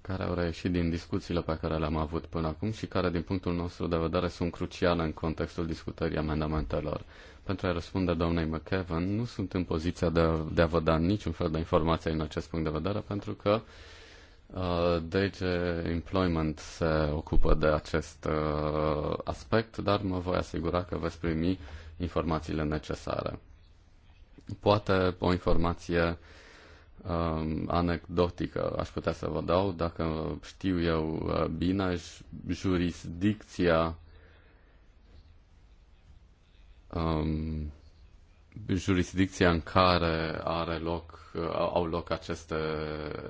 care au reieșit din discuțiile pe care le-am avut până acum și care, din punctul nostru de vedere, sunt cruciale în contextul discutării amendamentelor. Pentru a răspunde doamnei McKevin, nu sunt în poziția de, de a vă da niciun fel de informație în acest punct de vedere, pentru că uh, DG Employment se ocupă de acest uh, aspect, dar mă voi asigura că veți primi informațiile necesare. Poate o informație uh, anecdotică aș putea să vă dau, dacă știu eu uh, bine, jurisdicția um, jurisdicția în care are loc, uh, au loc aceste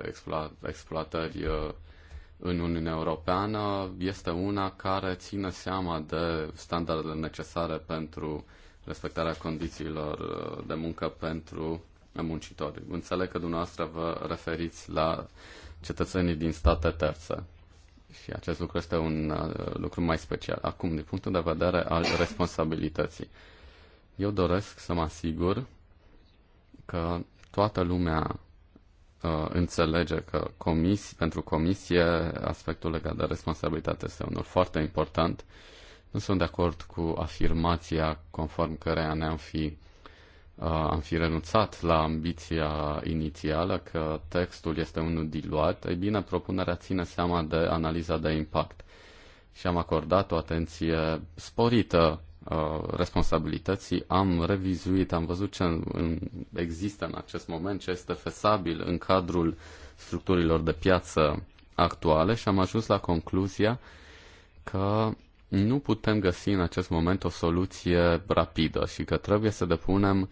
explo- exploatări uh, în Uniunea Europeană este una care ține seama de standardele necesare pentru respectarea condițiilor uh, de muncă pentru muncitori. Înțeleg că dumneavoastră vă referiți la cetățenii din state terțe. Și acest lucru este un uh, lucru mai special. Acum, din punctul de vedere al responsabilității, eu doresc să mă asigur că toată lumea uh, înțelege că comis, pentru comisie aspectul legat de responsabilitate este unul foarte important nu sunt de acord cu afirmația conform căreia ne-am fi, uh, am fi renunțat la ambiția inițială că textul este unul diluat. Ei bine, propunerea ține seama de analiza de impact și am acordat o atenție sporită uh, responsabilității, am revizuit, am văzut ce există în acest moment, ce este fesabil în cadrul structurilor de piață actuale și am ajuns la concluzia că nu putem găsi în acest moment o soluție rapidă și că trebuie să depunem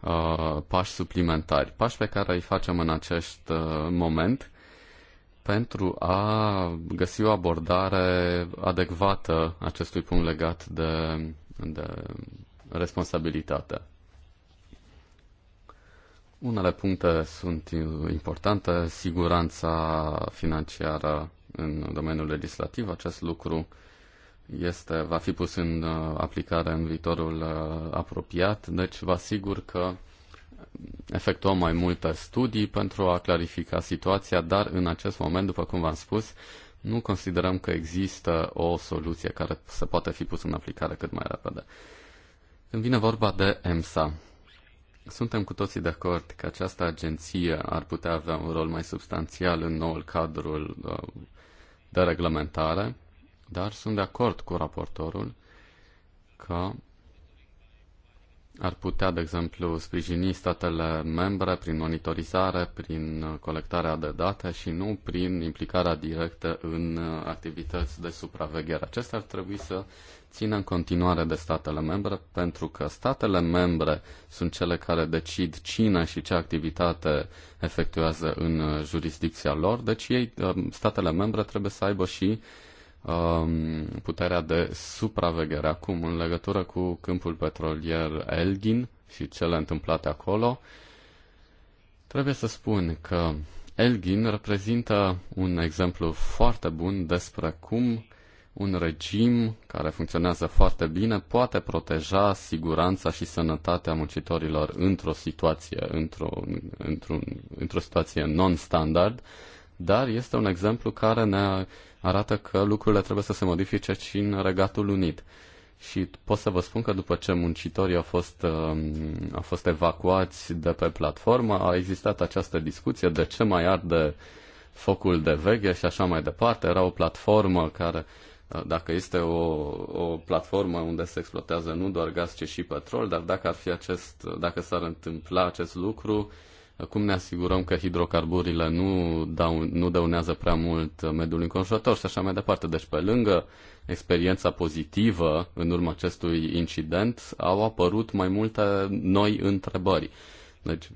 uh, pași suplimentari, pași pe care îi facem în acest uh, moment pentru a găsi o abordare adecvată acestui punct legat de, de responsabilitate. Unele puncte sunt importante, siguranța financiară în domeniul legislativ, acest lucru este, va fi pus în uh, aplicare în viitorul uh, apropiat, deci vă asigur că efectuăm mai multe studii pentru a clarifica situația, dar în acest moment, după cum v-am spus, nu considerăm că există o soluție care să poate fi pusă în aplicare cât mai repede. Când vine vorba de EMSA, suntem cu toții de acord că această agenție ar putea avea un rol mai substanțial în noul cadrul uh, de reglementare dar sunt de acord cu raportorul că ar putea, de exemplu, sprijini statele membre prin monitorizare, prin colectarea de date și nu prin implicarea directă în activități de supraveghere. Acestea ar trebui să țină în continuare de statele membre, pentru că statele membre sunt cele care decid cine și ce activitate efectuează în jurisdicția lor, deci ei, statele membre trebuie să aibă și uh, Um, puterea de supraveghere. Acum, în legătură cu câmpul petrolier Elgin și cele întâmplate acolo, trebuie să spun că Elgin reprezintă un exemplu foarte bun despre cum un regim care funcționează foarte bine poate proteja siguranța și sănătatea muncitorilor într-o situație, într-o, într-un, într-o situație non-standard, dar este un exemplu care ne arată că lucrurile trebuie să se modifice și în Regatul Unit. Și pot să vă spun că după ce muncitorii au fost, um, au fost evacuați de pe platformă, a existat această discuție de ce mai arde focul de veche și așa mai departe. Era o platformă care, da, dacă este o, o platformă unde se exploatează nu doar gaz, ci și petrol, dar dacă ar fi acest, dacă s-ar întâmpla acest lucru, uh, cum ne asigurăm că hidrocarburile nu, dau, nu dăunează prea mult mediul înconjurător și așa mai departe. Deci, pe lângă experiența pozitivă în urma acestui incident, au apărut mai multe noi întrebări. Deci,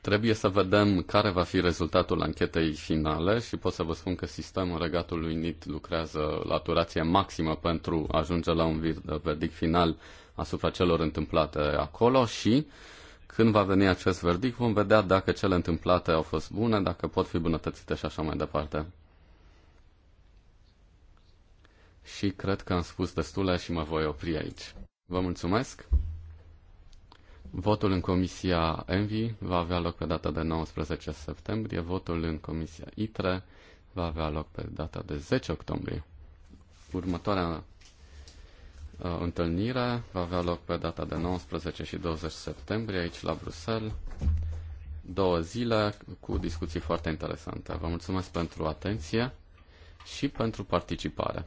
trebuie să vedem care va fi rezultatul anchetei finale și pot să vă spun că sistemul Regatului NIT lucrează la turație maximă pentru a ajunge la un verdict final asupra celor întâmplate acolo și uh, când va veni acest verdict, vom vedea dacă cele întâmplate au fost bune, dacă pot fi bunătățite și așa mai departe. Și cred că am spus destule și mă voi opri aici. Vă mulțumesc! Votul în Comisia Envi va avea loc pe data de 19 septembrie, votul în Comisia ITRE va avea loc pe data de 10 octombrie. Următoarea Uh, întâlnire va avea loc pe data de 19 și 20 septembrie aici la Bruxelles. Două zile cu discuții foarte interesante. Vă mulțumesc pentru atenție și pentru participare.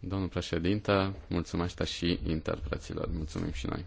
Domnul președinte, mulțumesc și interpreților. Mulțumim și noi.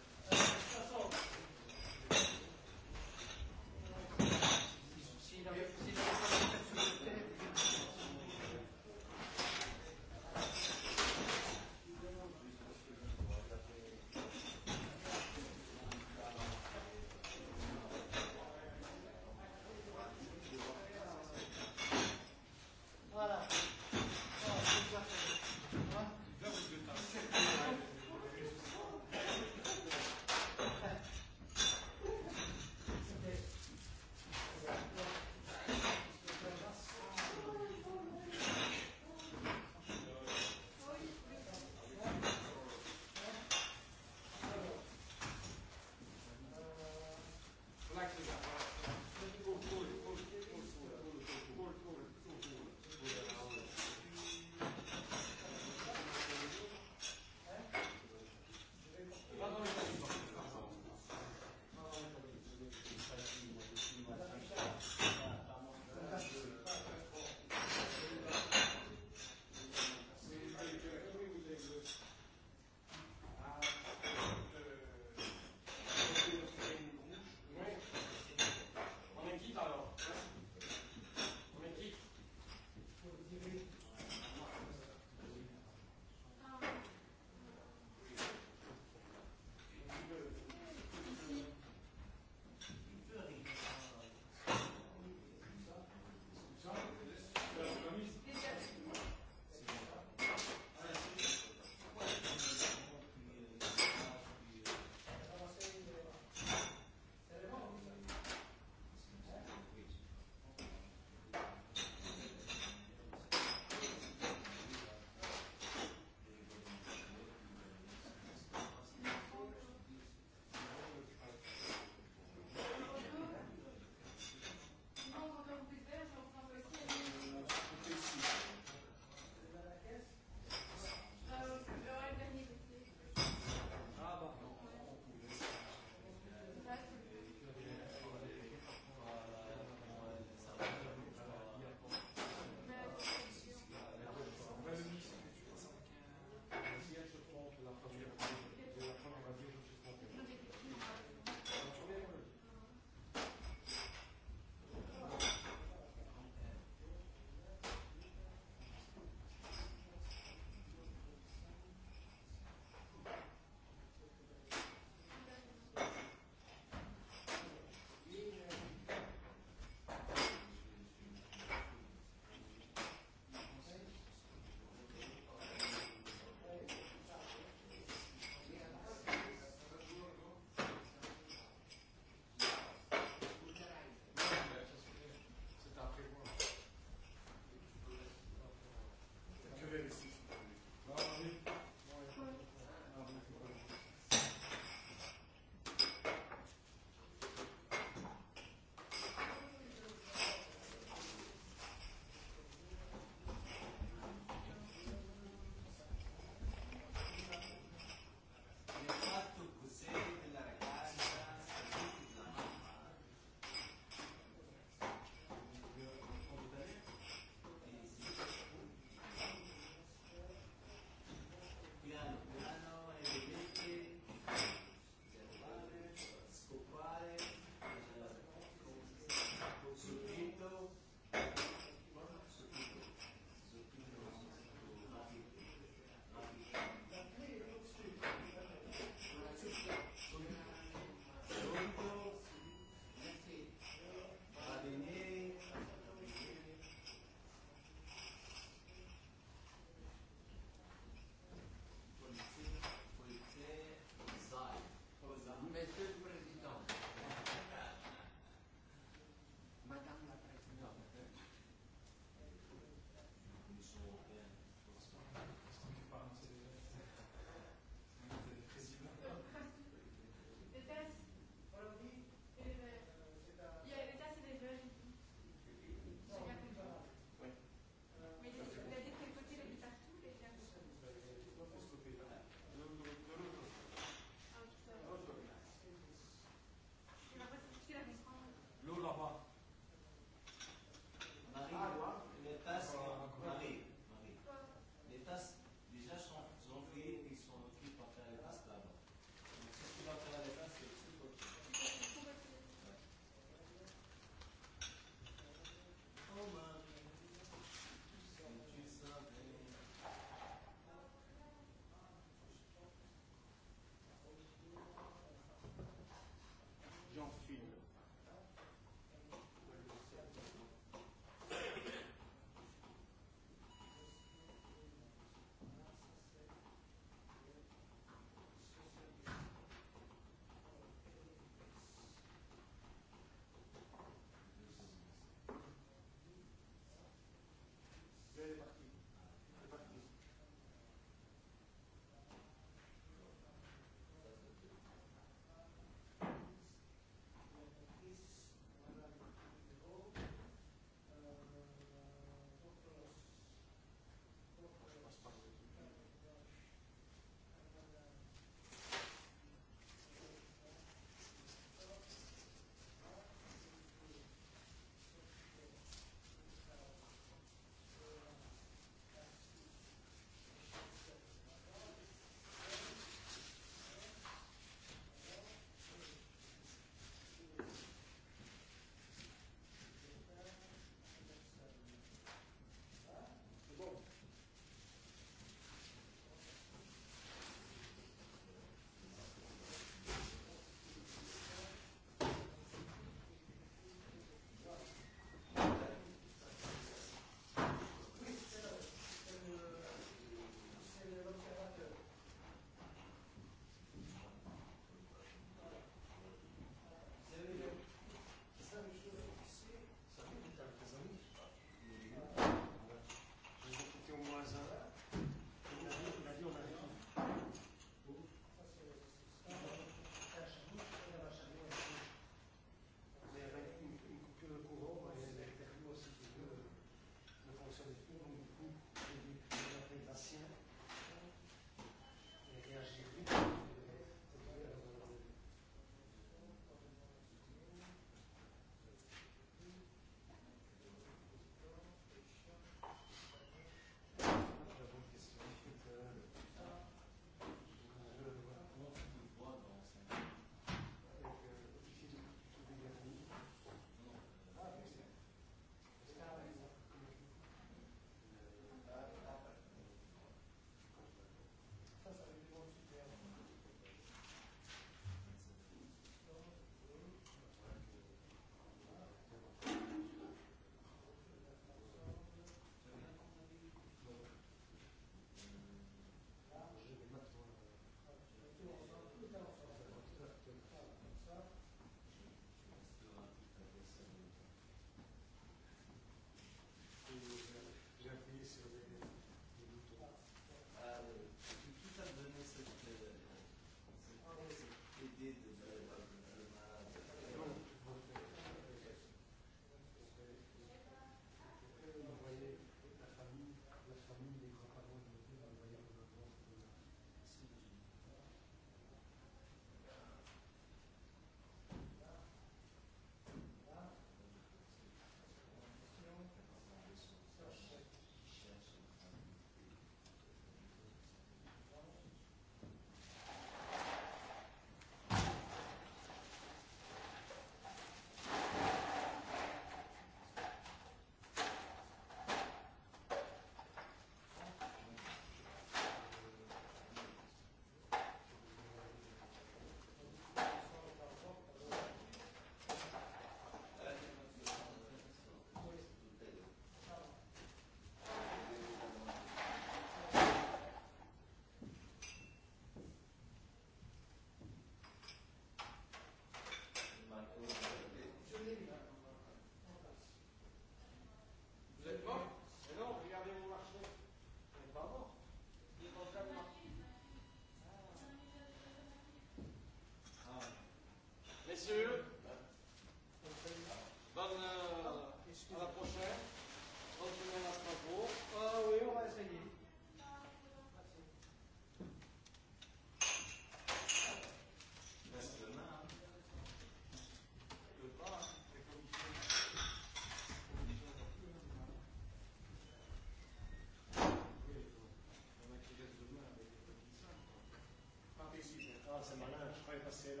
semana, el jueves pasé